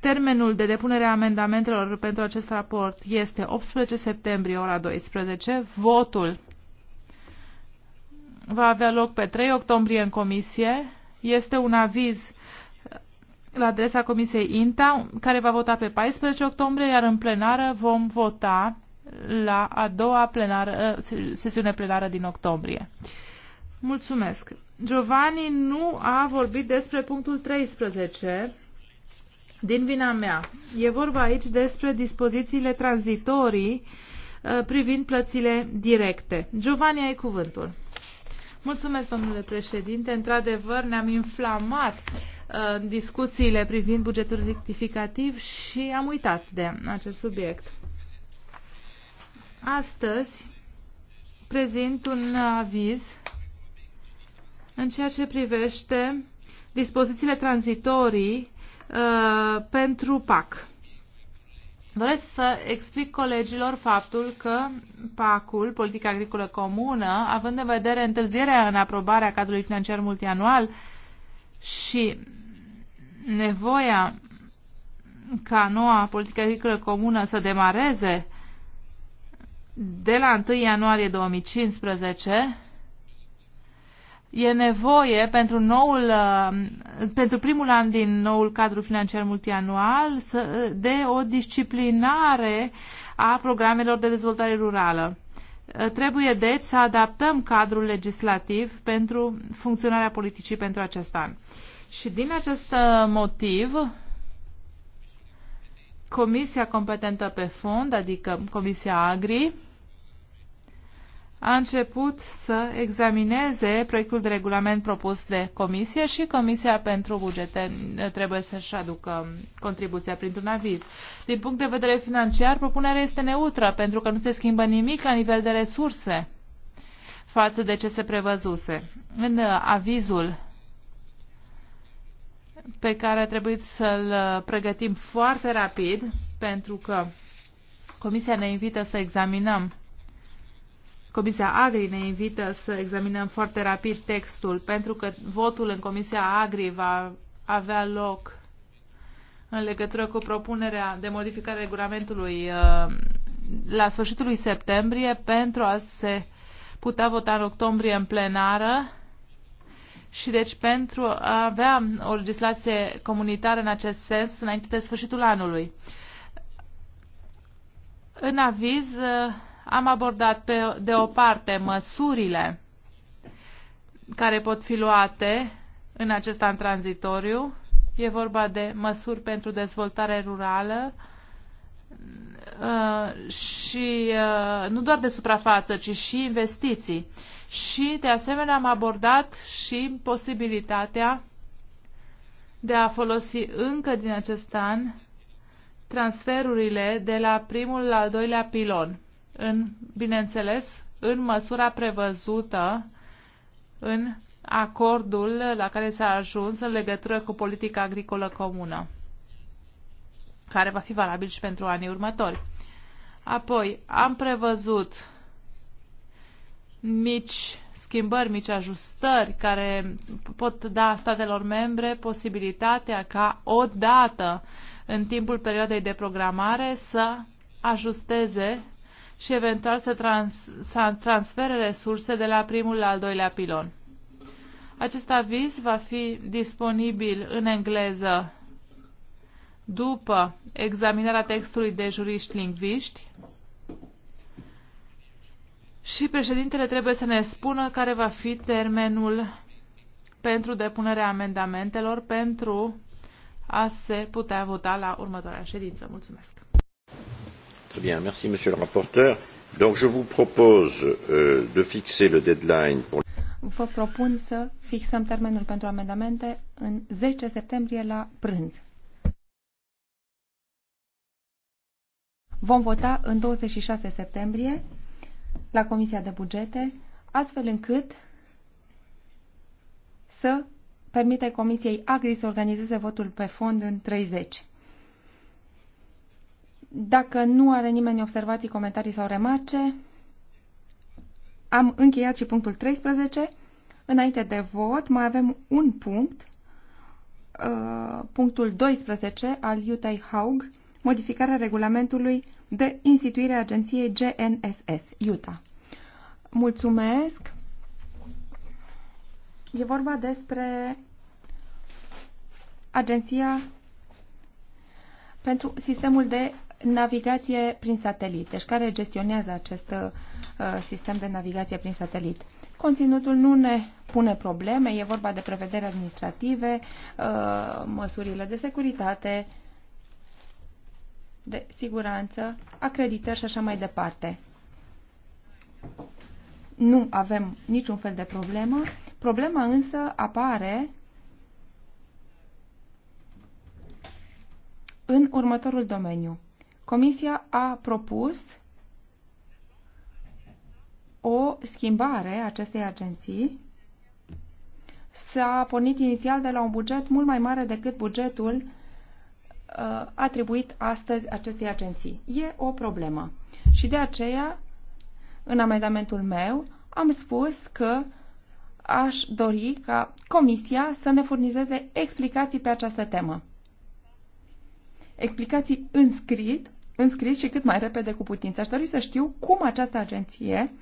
Termenul de depunere a amendamentelor pentru acest raport este 18 septembrie, ora 12. Votul va avea loc pe 3 octombrie în comisie. Este un aviz la adresa Comisiei INTA, care va vota pe 14 octombrie, iar în plenară vom vota la a doua plenară, ă, sesiune plenară din octombrie. Mulțumesc. Giovanni nu a vorbit despre punctul 13 din vina mea. E vorba aici despre dispozițiile tranzitorii uh, privind plățile directe. Giovanni, ai cuvântul. Mulțumesc, domnule președinte. Într-adevăr, ne-am inflamat uh, discuțiile privind bugetul rectificativ și am uitat de acest subiect. Astăzi prezint un aviz în ceea ce privește dispozițiile tranzitorii Uh, pentru PAC. Vreau să explic colegilor faptul că PAC-ul, Politica Agricolă Comună, având în vedere întârzierea în aprobarea cadrului financiar multianual și nevoia ca noua politica agricolă comună să demareze de la 1 ianuarie 2015, e nevoie pentru, noul, uh, pentru primul an din noul cadru financiar multianual de o disciplinare a programelor de dezvoltare rurală. Uh, trebuie deci să adaptăm cadrul legislativ pentru funcționarea politicii pentru acest an. Și din acest uh, motiv, Comisia competentă pe fond, adică Comisia Agri, a început să examineze proiectul de regulament propus de comisie și Comisia pentru Bugete trebuie să-și aducă contribuția printr-un aviz. Din punct de vedere financiar, propunerea este neutră pentru că nu se schimbă nimic la nivel de resurse față de ce se prevăzuse. În uh, avizul pe care a trebuit să-l uh, pregătim foarte rapid, pentru că Comisia ne invită să examinăm Comisia Agri ne invită să examinăm foarte rapid textul, pentru că votul în Comisia Agri va avea loc în legătură cu propunerea de modificare a regulamentului uh, la sfârșitul lui septembrie pentru a se putea vota în octombrie în plenară și deci pentru a avea o legislație comunitară în acest sens înainte de sfârșitul anului. În aviz uh, am abordat pe de o parte măsurile care pot fi luate în acest an tranzitoriu. E vorba de măsuri pentru dezvoltare rurală uh, și uh, nu doar de suprafață, ci și investiții. Și, de asemenea, am abordat și posibilitatea de a folosi încă din acest an transferurile de la primul la al doilea pilon în, bineînțeles, în măsura prevăzută în acordul la care s-a ajuns în legătură cu politica agricolă comună, care va fi valabil și pentru anii următori. Apoi, am prevăzut mici schimbări, mici ajustări care pot da statelor membre posibilitatea ca odată în timpul perioadei de programare să ajusteze și eventual să, trans, să transfere resurse de la primul la al doilea pilon. Acest aviz va fi disponibil în engleză după examinarea textului de juriști lingviști și președintele trebuie să ne spună care va fi termenul pentru depunerea amendamentelor pentru a se putea vota la următoarea ședință. Mulțumesc! Très bien, merci Monsieur le rapporteur. Donc je vous propose euh, de fixer le deadline pour... Vă propun să fixăm termenul pentru amendamente în 10 septembrie la prânz. Vom vota în 26 septembrie la Comisia de Bugete, astfel încât să permite Comisiei Agri să organizeze votul pe fond în 30. Dacă nu are nimeni observații, comentarii sau remarce, am încheiat și punctul 13. Înainte de vot, mai avem un punct, uh, punctul 12 al Utah Haug, modificarea regulamentului de instituire a agenției GNSS, Utah. Mulțumesc! E vorba despre Agenția pentru Sistemul de navigație prin satelit, deci care gestionează acest uh, sistem de navigație prin satelit. Conținutul nu ne pune probleme, e vorba de prevederi administrative, uh, măsurile de securitate, de siguranță, acreditări și așa mai departe. Nu avem niciun fel de problemă. Problema însă apare în următorul domeniu. Comisia a propus o schimbare a acestei agenții. S-a pornit inițial de la un buget mult mai mare decât bugetul uh, atribuit astăzi acestei agenții. E o problemă. Și de aceea, în amendamentul meu, am spus că aș dori ca Comisia să ne furnizeze explicații pe această temă. Explicații în scris, înscris și cât mai repede cu putință. Aș dori să știu cum această agenție,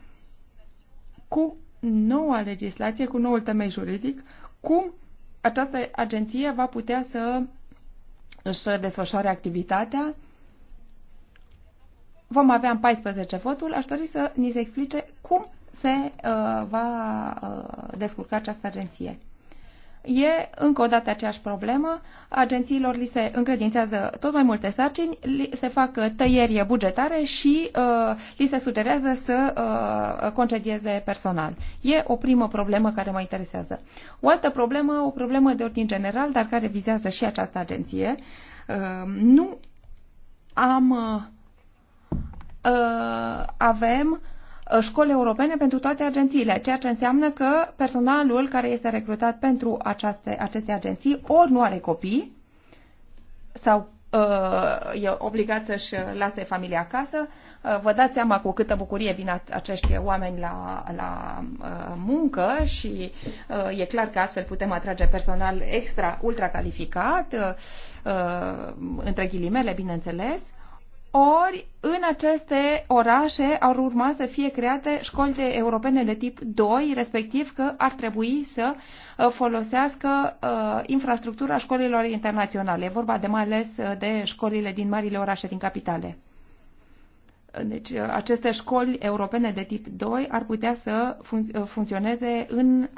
cu noua legislație, cu noul temei juridic, cum această agenție va putea să își desfășoare activitatea. Vom avea în 14 votul. Aș dori să ni se explice cum se uh, va uh, descurca această agenție e încă o dată aceeași problemă. Agențiilor li se încredințează tot mai multe sarcini, li se fac uh, tăieri bugetare și uh, li se sugerează să uh, concedieze personal. E o primă problemă care mă interesează. O altă problemă, o problemă de ordin general, dar care vizează și această agenție. Uh, nu am. Uh, uh avem Uh, școli europene pentru toate agențiile, ceea ce înseamnă că personalul care este recrutat pentru aceaste, aceste agenții ori nu are copii sau uh, e obligat să-și lase familia acasă. Uh, vă dați seama cu câtă bucurie vin acești oameni la, la uh, muncă și uh, e clar că astfel putem atrage personal extra, ultra calificat, uh, între ghilimele, bineînțeles ori în aceste orașe ar urma să fie create școli de europene de tip 2, respectiv că ar trebui să uh, folosească uh, infrastructura școlilor internaționale. E vorba de mai ales uh, de școlile din marile orașe din capitale. Deci aceste școli europene de tip 2 ar putea să func- funcționeze în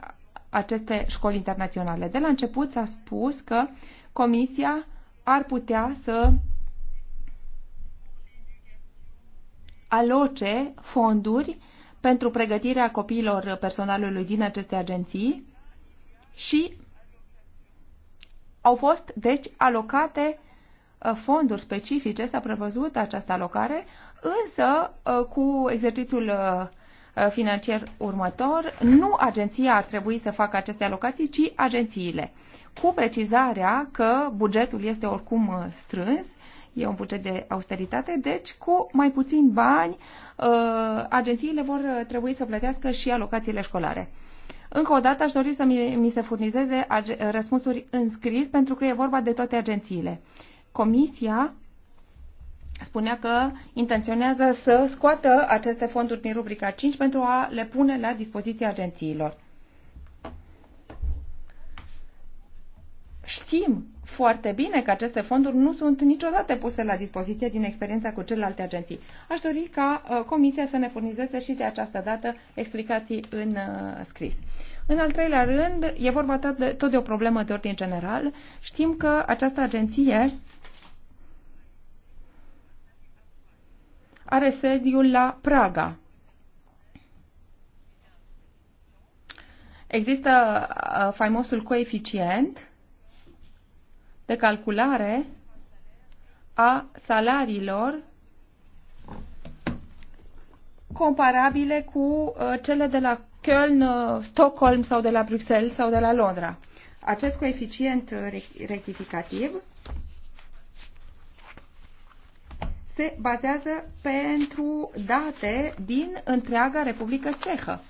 aceste școli internaționale. De la început s-a spus că Comisia ar putea să aloce fonduri pentru pregătirea copiilor personalului din aceste agenții și au fost, deci, alocate uh, fonduri specifice, s-a prevăzut această alocare, însă uh, cu exercițiul uh, financiar următor, nu agenția ar trebui să facă aceste alocații, ci agențiile. Cu precizarea că bugetul este oricum strâns E un buget de austeritate, deci cu mai puțin bani uh, agențiile vor uh, trebui să plătească și alocațiile școlare. Încă o dată aș dori să mi, se furnizeze răspunsuri în scris pentru că e vorba de toate agențiile. Comisia spunea că intenționează să scoată aceste fonduri din rubrica 5 pentru a le pune la dispoziția agențiilor. Știm foarte bine că aceste fonduri nu sunt niciodată puse la dispoziție din experiența cu celelalte agenții. Aș dori ca uh, Comisia să ne furnizeze și de această dată explicații în uh, scris. În al treilea rând, e vorba tot de o problemă de ordin general. Știm că această agenție are sediul la Praga, Există uh, faimosul coeficient de calculare a salariilor comparabile cu uh, cele de la Köln, uh, Stockholm sau de la Bruxelles sau de la Londra. Acest coeficient uh, rectificativ se bazează pentru date din întreaga Republică Cehă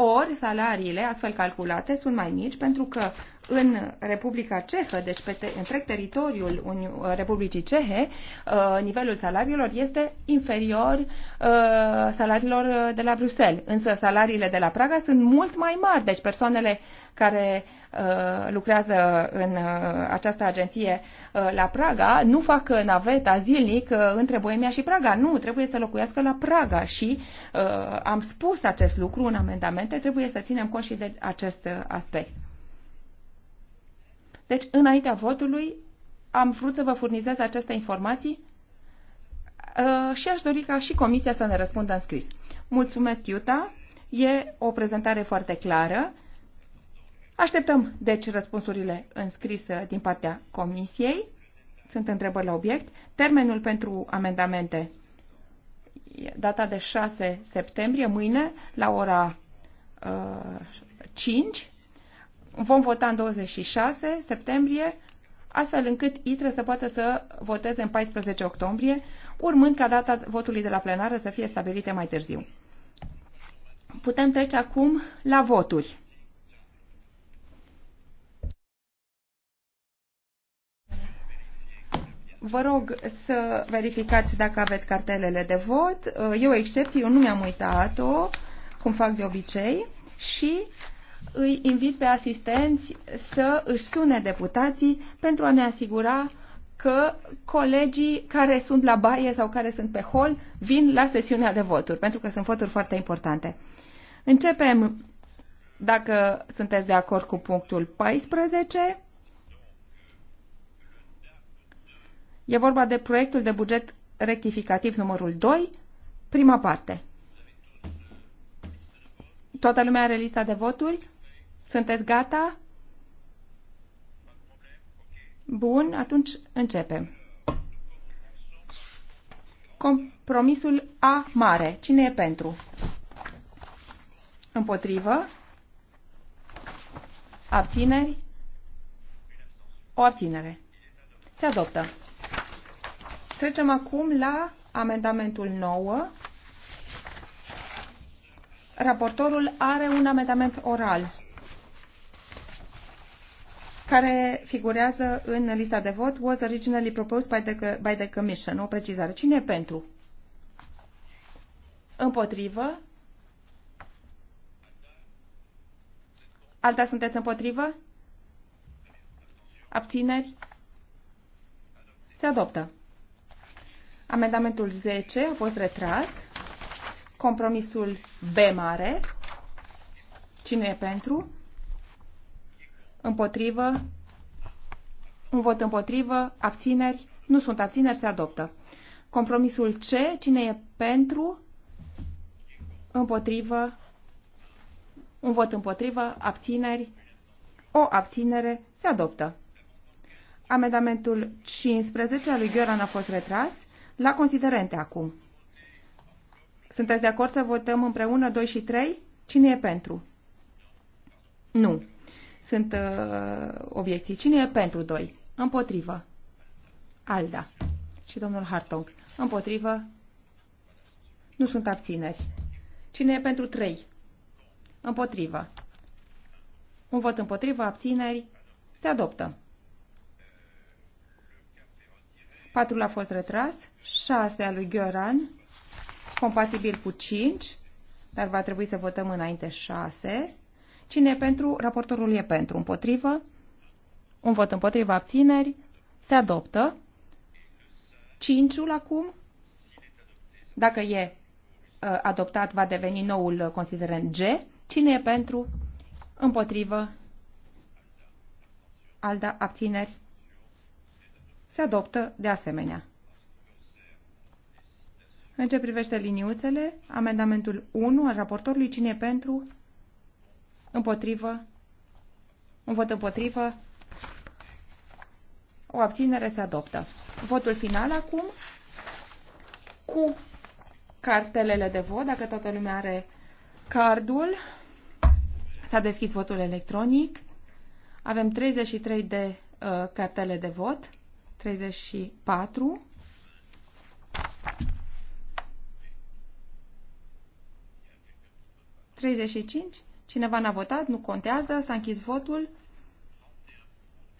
ori salariile astfel calculate sunt mai mici pentru că în Republica Cehă, deci pe te- întreg teritoriul Uni- Republicii Cehe, uh, nivelul salariilor este inferior uh, salariilor uh, de la Bruxelles. Însă salariile de la Praga sunt mult mai mari, deci persoanele care uh, lucrează în uh, această agenție uh, la Praga nu fac naveta zilnic între Boemia și Praga. Nu, trebuie să locuiască la Praga și am spus acest lucru în amendamente, trebuie să ținem cont și de acest aspect. Deci, înaintea votului, am vrut să vă furnizez aceste informații și aș dori ca și comisia să ne răspundă în scris. Mulțumesc, Iuta. E o prezentare foarte clară Așteptăm, deci, răspunsurile înscrise uh, din partea Comisiei. Sunt întrebări la obiect. Termenul pentru amendamente data de 6 septembrie, mâine, la ora uh, 5. Vom vota în 26 septembrie, astfel încât ITRE să poată să voteze în 14 octombrie, urmând ca data votului de la plenară să fie stabilită mai târziu. Putem trece acum la voturi. Vă rog să verificați dacă aveți cartelele de vot. Eu excepție, eu nu mi-am uitat-o, cum fac de obicei, și îi invit pe asistenți să își sune deputații pentru a ne asigura că colegii care sunt la baie sau care sunt pe hol vin la sesiunea de voturi, pentru că sunt voturi foarte importante. Începem, dacă sunteți de acord cu punctul 14, E vorba de proiectul de buget rectificativ numărul 2, prima parte. Toată lumea are lista de voturi? Sunteți gata? Bun, atunci începem. Compromisul A mare. Cine e pentru? Împotrivă? Abțineri? O abținere. Se adoptă. Trecem acum la amendamentul 9. Raportorul are un amendament oral care figurează în lista de vot was originally proposed by the, by the Commission. O precizare. Cine e pentru? Împotrivă? Alta sunteți împotrivă? Abțineri? Se adoptă. Amendamentul 10 a fost retras. Compromisul B mare. Cine e pentru? Împotrivă? Un vot împotrivă? Abțineri? Nu sunt abțineri, se adoptă. Compromisul C, cine e pentru? Împotrivă? Un vot împotrivă? Abțineri? O abținere? Se adoptă. Amendamentul 15 al lui Gheoran a fost retras. La considerente acum. Sunteți de acord să votăm împreună 2 și 3? Cine e pentru? Nu. Sunt uh, obiecții. Cine e pentru 2? Împotrivă. Alda. Și domnul Hartong. Împotrivă. Nu sunt abțineri. Cine e pentru 3? Împotrivă. Un vot împotrivă, abțineri. Se adoptă. Patrul a fost retras. 6 al lui Gioran, compatibil cu 5, dar va trebui să votăm înainte 6. Cine e pentru? Raportorul e pentru. Împotrivă? Un vot împotriva abțineri. Se adoptă. 5-ul acum, dacă e uh, adoptat, va deveni noul considerent G. Cine e pentru? Împotrivă? Alda, abțineri? Se adoptă de asemenea. În ce privește liniuțele, amendamentul 1 al raportorului, cine pentru, împotrivă, un vot împotrivă, o abținere se adoptă. Votul final acum, cu cartelele de vot, dacă toată lumea are cardul, s-a deschis votul electronic, avem 33 de uh, cartele de vot, 34 35. Cineva n-a votat, nu contează, s-a închis votul.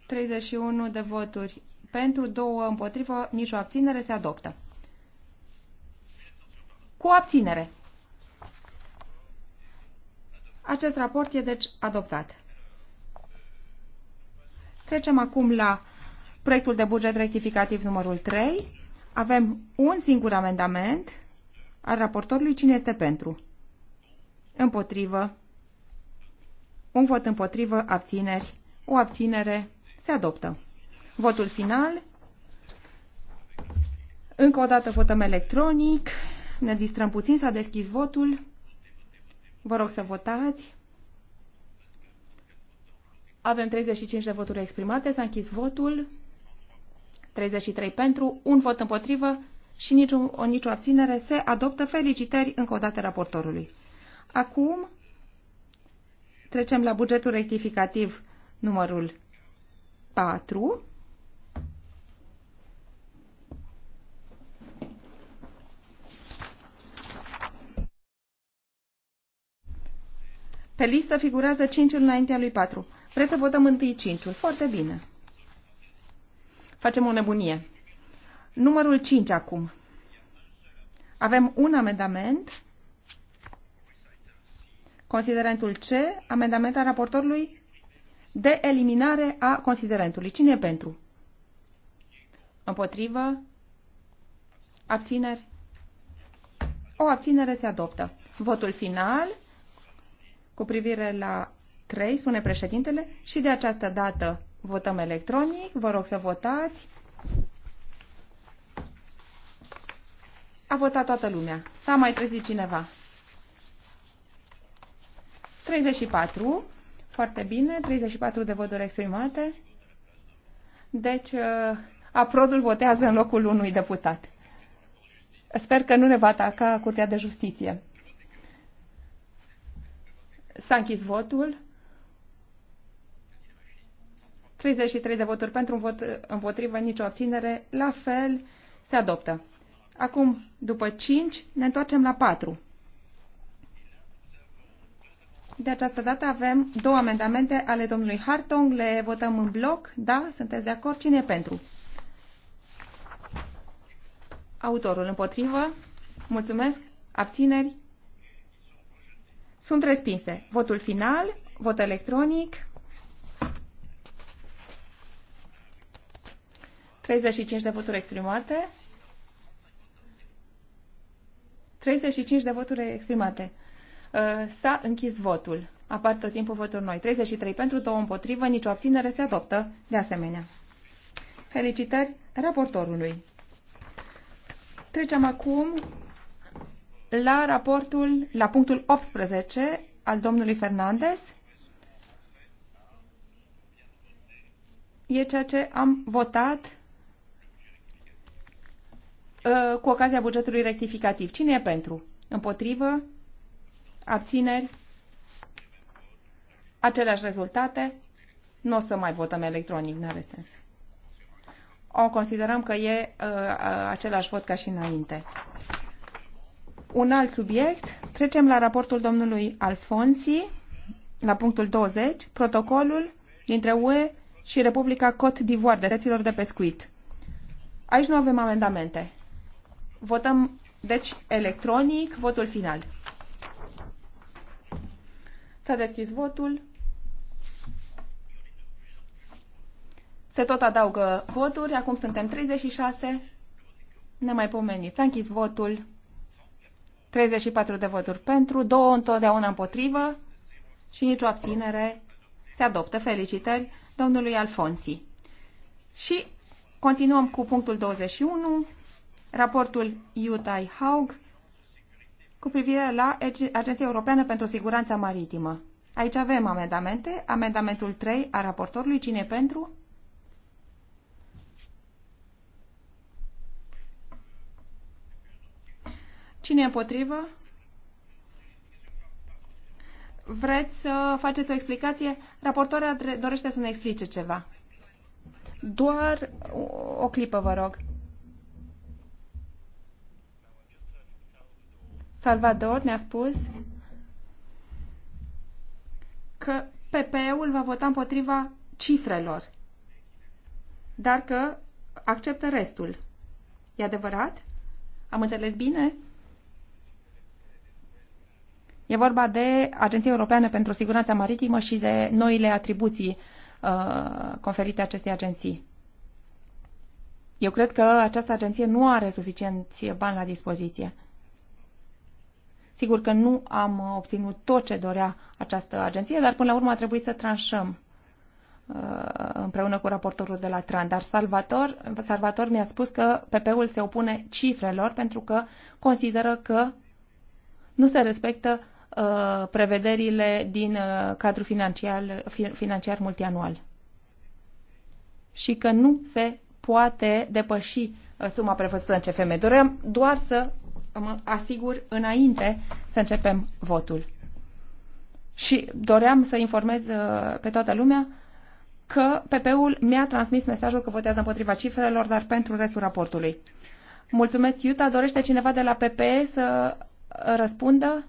31 de voturi pentru, două împotrivă, nicio abținere se adoptă. Cu abținere. Acest raport e deci adoptat. Trecem acum la proiectul de buget rectificativ numărul 3. Avem un singur amendament al raportorului. Cine este pentru? împotrivă, un vot împotrivă, abțineri, o abținere, se adoptă. Votul final, încă o dată votăm electronic, ne distrăm puțin, s-a deschis votul, vă rog să votați. Avem 35 de voturi exprimate, s-a închis votul, 33 pentru, un vot împotrivă și nicio, o, nicio abținere se adoptă. Felicitări încă o dată raportorului. Acum trecem la bugetul rectificativ numărul 4. Pe listă figurează 5 înaintea lui 4. Vreți să votăm întâi 5 -ul. Foarte bine. Facem o nebunie. Numărul 5 acum. Avem un amendament Considerentul C, amendamentul raportorului de eliminare a considerentului. Cine e pentru? Împotrivă? Abțineri? O abținere se adoptă. Votul final, cu privire la 3, spune președintele, și de această dată votăm electronic. Vă rog să votați. A votat toată lumea. S-a mai trezit cineva. 34. Foarte bine. 34 de voturi exprimate. Deci, uh, aprodul votează în locul unui deputat. Sper că nu ne va ataca Curtea de Justiție. S-a închis votul. 33 de voturi pentru un vot împotrivă, nicio abținere. La fel, se adoptă. Acum, după 5, ne întoarcem la 4. De această dată avem două amendamente ale domnului Hartong. Le votăm în bloc. Da? Sunteți de acord? Cine e pentru? Autorul împotrivă. Mulțumesc. Abțineri. Sunt respinse. Votul final, vot electronic. 35 de voturi exprimate. 35 de voturi exprimate. Uh, s-a închis votul. Apar tot timpul voturi noi. 33 pentru, 2 împotrivă, nicio abținere se adoptă de asemenea. Felicitări raportorului. Trecem acum la raportul, la punctul 18 al domnului Fernandez. E ceea ce am votat uh, cu ocazia bugetului rectificativ. Cine e pentru? Împotrivă? Abțineri? Aceleași rezultate? Nu o să mai votăm electronic, nu are sens. O considerăm că e uh, uh, același vot ca și înainte. Un alt subiect. Trecem la raportul domnului Alfonsi, la punctul 20, protocolul dintre UE și Republica Cot d'Ivoire, dreptăților de pescuit. Aici nu avem amendamente. Votăm, deci, electronic, votul final. Să deschis votul. Se tot adaugă voturi. Acum suntem 36. Nemaipomenit. S-a închis votul. 34 de voturi pentru, două întotdeauna împotrivă și nicio abținere. Se adoptă. Felicitări domnului Alfonsi. Și continuăm cu punctul 21, raportul utah Haug, cu privire la Agenția Europeană pentru Siguranța Maritimă. Aici avem amendamente. Amendamentul 3 a raportorului. Cine pentru? Cine împotrivă? Vreți să faceți o explicație? Raportoarea dorește să ne explice ceva. Doar o clipă, vă rog. Salvador ne-a spus că PPE-ul va vota împotriva cifrelor, dar că acceptă restul. E adevărat? Am înțeles bine? E vorba de Agenția Europeană pentru Siguranța Maritimă și de noile atribuții uh, conferite acestei agenții. Eu cred că această agenție nu are suficienți bani la dispoziție. Sigur că nu am uh, obținut tot ce dorea această agenție, dar până la urmă a trebuit să tranșăm uh, împreună cu raportorul de la Tran. Dar Salvator, Salvator mi-a spus că PP-ul se opune cifrelor pentru că consideră că nu se respectă uh, prevederile din cadrul financiar, financiar multianual și că nu se poate depăși suma prevăzută în CFM. Doream doar să mă asigur înainte să începem votul. Și doream să informez uh, pe toată lumea că PP-ul mi-a transmis mesajul că votează împotriva cifrelor, dar pentru restul raportului. Mulțumesc, Iuta. Dorește cineva de la PP să răspundă?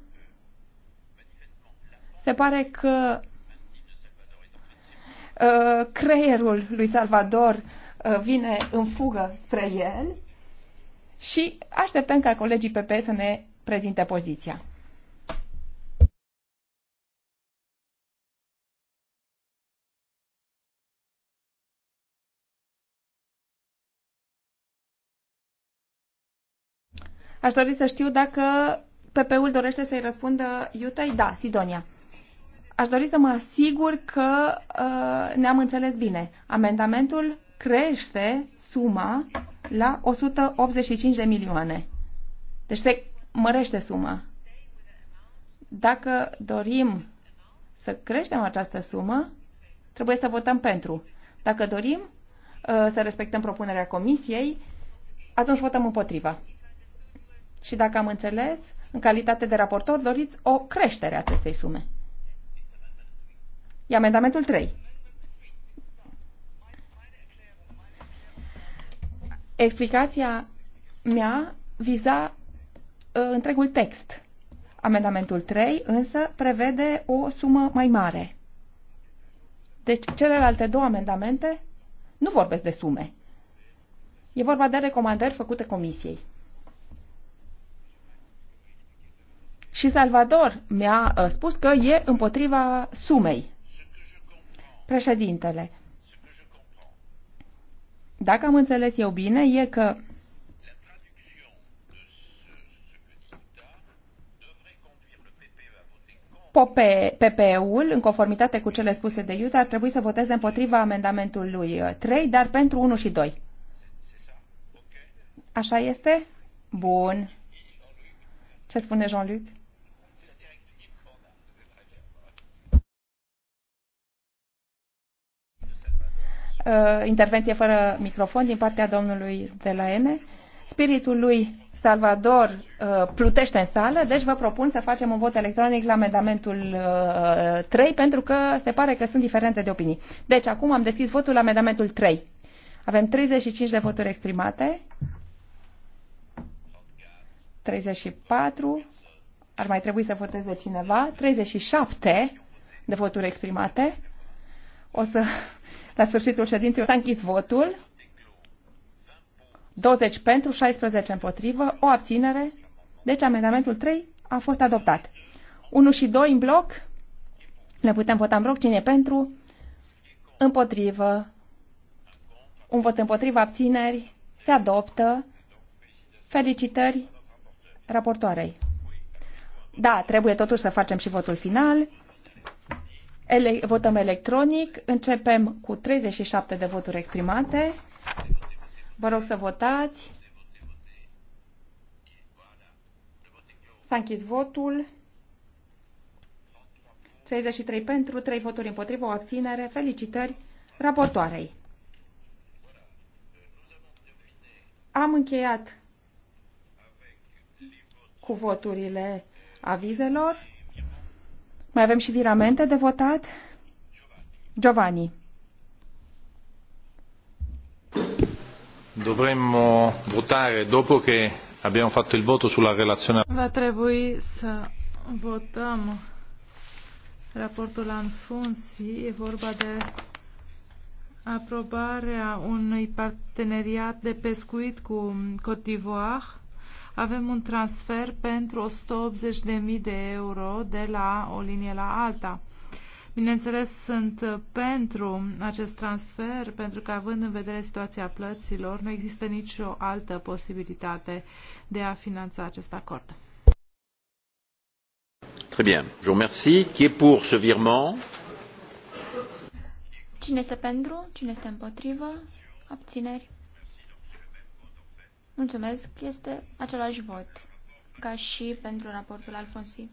Se pare că uh, creierul lui Salvador uh, vine în fugă spre el și așteptăm ca colegii PP să ne prezinte poziția. Aș dori să știu dacă PP-ul dorește să-i răspundă Iutei. Da, Sidonia. Aș dori să mă asigur că uh, ne-am înțeles bine. Amendamentul crește suma la 185 de milioane. Deci se mărește suma. Dacă dorim să creștem această sumă, trebuie să votăm pentru. Dacă dorim uh, să respectăm propunerea comisiei, atunci votăm împotriva. Și dacă am înțeles, în calitate de raportor, doriți o creștere a acestei sume. E amendamentul 3. Explicația mea viza uh, întregul text. Amendamentul 3 însă prevede o sumă mai mare. Deci celelalte două amendamente nu vorbesc de sume. E vorba de recomandări făcute comisiei. Și Salvador mi-a uh, spus că e împotriva sumei. Președintele, dacă am înțeles eu bine, e că PPE-ul, în conformitate cu cele spuse de Iuta, ar trebui să voteze împotriva amendamentului 3, uh, dar pentru 1 și 2. Așa este? Bun. Ce spune Jean-Luc? uh, intervenție fără microfon din partea domnului de la ENE. Spiritul lui Salvador uh, plutește în sală, deci vă propun să facem un vot electronic la amendamentul uh, 3, pentru că se pare că sunt diferente de opinii. Deci acum am deschis votul la amendamentul 3. Avem 35 de voturi exprimate, 34, ar mai trebui să voteze cineva, 37 de voturi exprimate. O să la sfârșitul ședinței s-a închis votul. 20 pentru, 16 împotrivă, o abținere. Deci amendamentul 3 a fost adoptat. 1 și 2 în bloc. Le putem vota în bloc. Cine e pentru? Împotrivă. Un vot împotrivă, abțineri. Se adoptă. Felicitări raportoarei. Da, trebuie totuși să facem și votul final. Ele- votăm electronic. Începem cu 37 de voturi exprimate. Vă rog să votați. S-a închis votul. 33 pentru, 3 voturi împotrivă, o abținere. Felicitări raportoarei. Am încheiat cu voturile avizelor. Mai avem și viramente de votat. Giovanni. Dovremmo votare dopo che abbiamo fatto il voto sulla relazione. Va trebui să votăm raportul Anfunsi. E vorba de aprobarea unui parteneriat de pescuit cu Cote d'Ivoire avem un transfer pentru 180.000 de euro de la o linie la alta. Bineînțeles, sunt pentru acest transfer, pentru că având în vedere situația plăților, nu există nicio altă posibilitate de a finanța acest acord. Très bien. Je vous remercie. Qui est pour ce virement Cine este pentru? Cine este împotrivă? Abțineri? Mulțumesc. Este același vot ca și pentru raportul Alfonsi.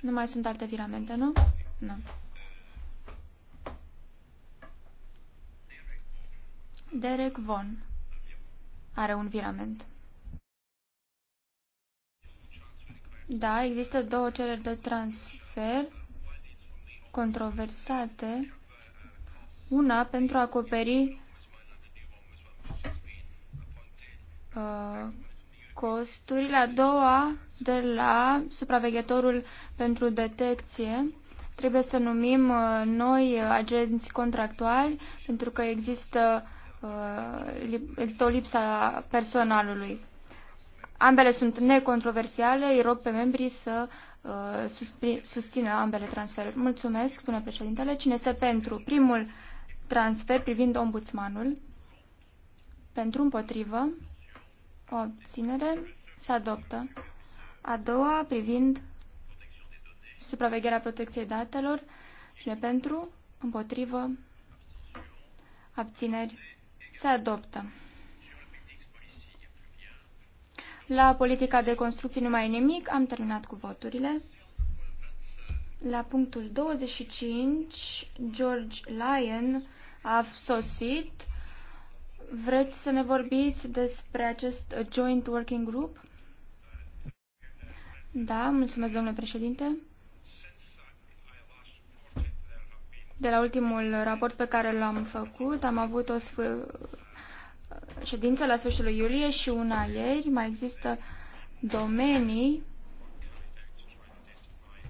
Nu mai sunt alte viramente, nu? Nu. Derek Von are un virament. Da, există două cereri de transfer controversate. Una pentru a acoperi costurile, a doua de la supraveghetorul pentru detecție. Trebuie să numim uh, noi agenți contractuali pentru că există, uh, există o lipsă a personalului. Ambele sunt necontroversiale, îi rog pe membrii să uh, susțină ambele transferuri. Mulțumesc, spune președintele. Cine este pentru primul transfer privind ombudsmanul? Pentru împotrivă o obținere se adoptă. A doua, privind supravegherea protecției datelor, și ne pentru, împotrivă, abțineri, se adoptă. La politica de construcții nu mai e nimic, am terminat cu voturile. La punctul 25, George Lyon a sosit Vreți să ne vorbiți despre acest Joint Working Group? Da, mulțumesc, domnule președinte. De la ultimul raport pe care l-am făcut, am avut o ședință la sfârșitul iulie și una ieri. Mai există domenii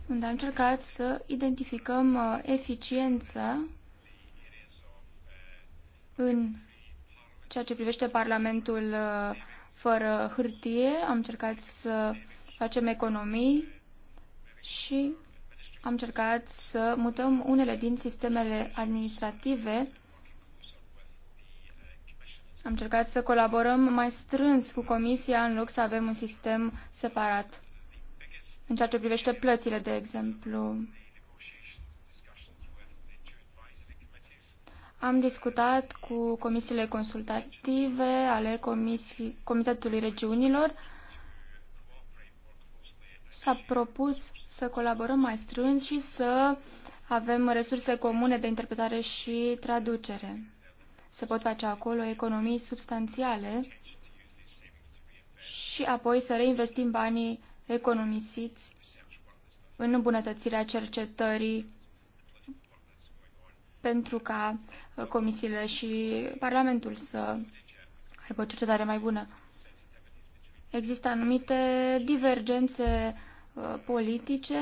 unde am încercat să identificăm uh, eficiența în ceea ce privește Parlamentul uh, fără hârtie, am încercat să facem economii și am încercat să mutăm unele din sistemele administrative. Am încercat să colaborăm mai strâns cu Comisia în loc să avem un sistem separat. În ceea ce privește plățile, de exemplu, Am discutat cu comisiile consultative ale comisii, Comitetului Regiunilor. S-a propus să colaborăm mai strâns și să avem resurse comune de interpretare și traducere. Se pot face acolo economii substanțiale și apoi să reinvestim banii economisiți în îmbunătățirea cercetării pentru ca uh, comisiile și Parlamentul să aibă o cercetare mai bună. Există anumite divergențe uh, politice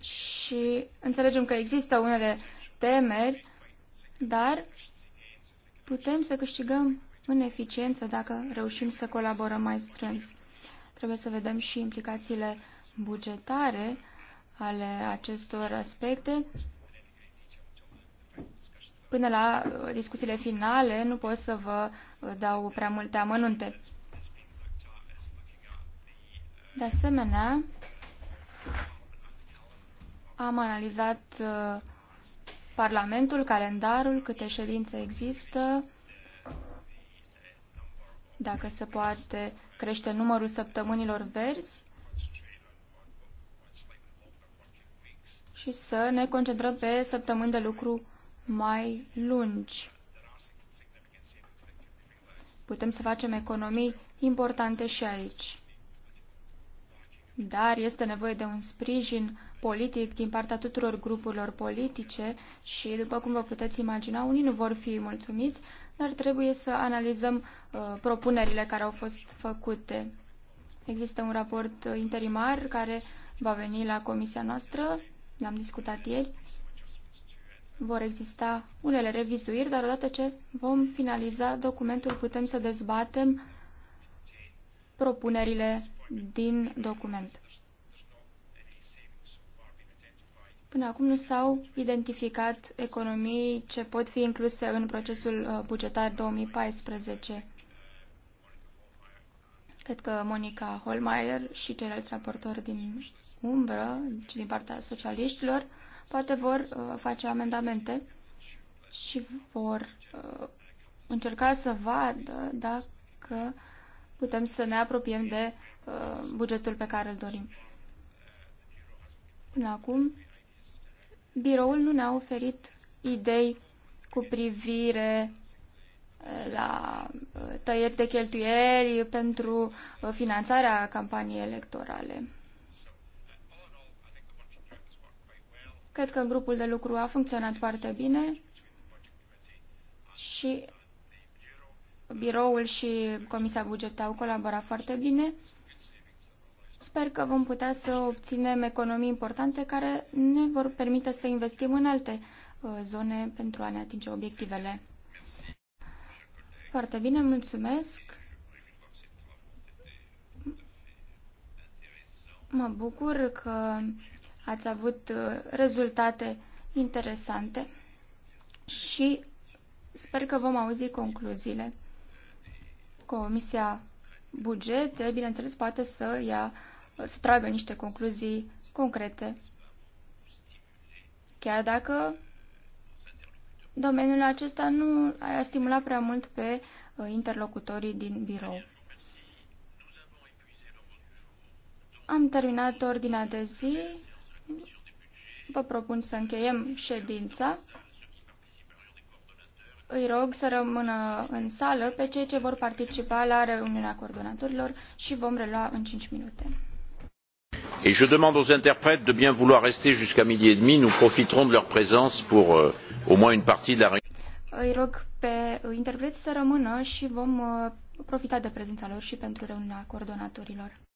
și înțelegem că există unele temeri, dar putem să câștigăm în eficiență dacă reușim să colaborăm mai strâns. Trebuie să vedem și implicațiile bugetare ale acestor aspecte. Până la uh, discuțiile finale nu pot să vă uh, dau prea multe amănunte. De asemenea, am analizat uh, Parlamentul, calendarul, câte ședințe există, dacă se poate crește numărul săptămânilor verzi și să ne concentrăm pe săptămâni de lucru mai lungi. Putem să facem economii importante și aici. Dar este nevoie de un sprijin politic din partea tuturor grupurilor politice și, după cum vă puteți imagina, unii nu vor fi mulțumiți, dar trebuie să analizăm uh, propunerile care au fost făcute. Există un raport interimar care va veni la comisia noastră l-am discutat ieri, vor exista unele revizuiri, dar odată ce vom finaliza documentul, putem să dezbatem propunerile din document. Până acum nu s-au identificat economii ce pot fi incluse în procesul uh, bugetar 2014. Cred că Monica Holmeier și ceilalți raportori din umbră, din partea socialiștilor, poate vor uh, face amendamente și vor uh, încerca să vadă dacă putem să ne apropiem de uh, bugetul pe care îl dorim. Până acum, biroul nu ne-a oferit idei cu privire la tăieri de cheltuieli pentru finanțarea campaniei electorale. Cred că grupul de lucru a funcționat foarte bine și biroul și Comisia Buget au colaborat foarte bine. Sper că vom putea să obținem economii importante care ne vor permite să investim în alte uh, zone pentru a ne atinge obiectivele. Foarte bine, mulțumesc. Mă bucur că ați avut uh, rezultate interesante și sper că vom auzi concluziile. Comisia Bugete, eh, bineînțeles, poate să, ia, să tragă niște concluzii concrete, chiar dacă domeniul acesta nu a stimulat prea mult pe eh, interlocutorii din birou. Am terminat ordinea de zi vă propun să încheiem ședința. Îi rog să rămână în sală pe cei ce vor participa la reuniunea coordonatorilor și vom relua în 5 minute. Et je demande aux interprètes de bien vouloir rester jusqu'à midi et demi. Nous profiterons de leur présence pour euh, au moins une partie de la réunion. Îi rog pe interpreți să rămână și vom uh, profita de prezența lor și pentru reuniunea coordonatorilor.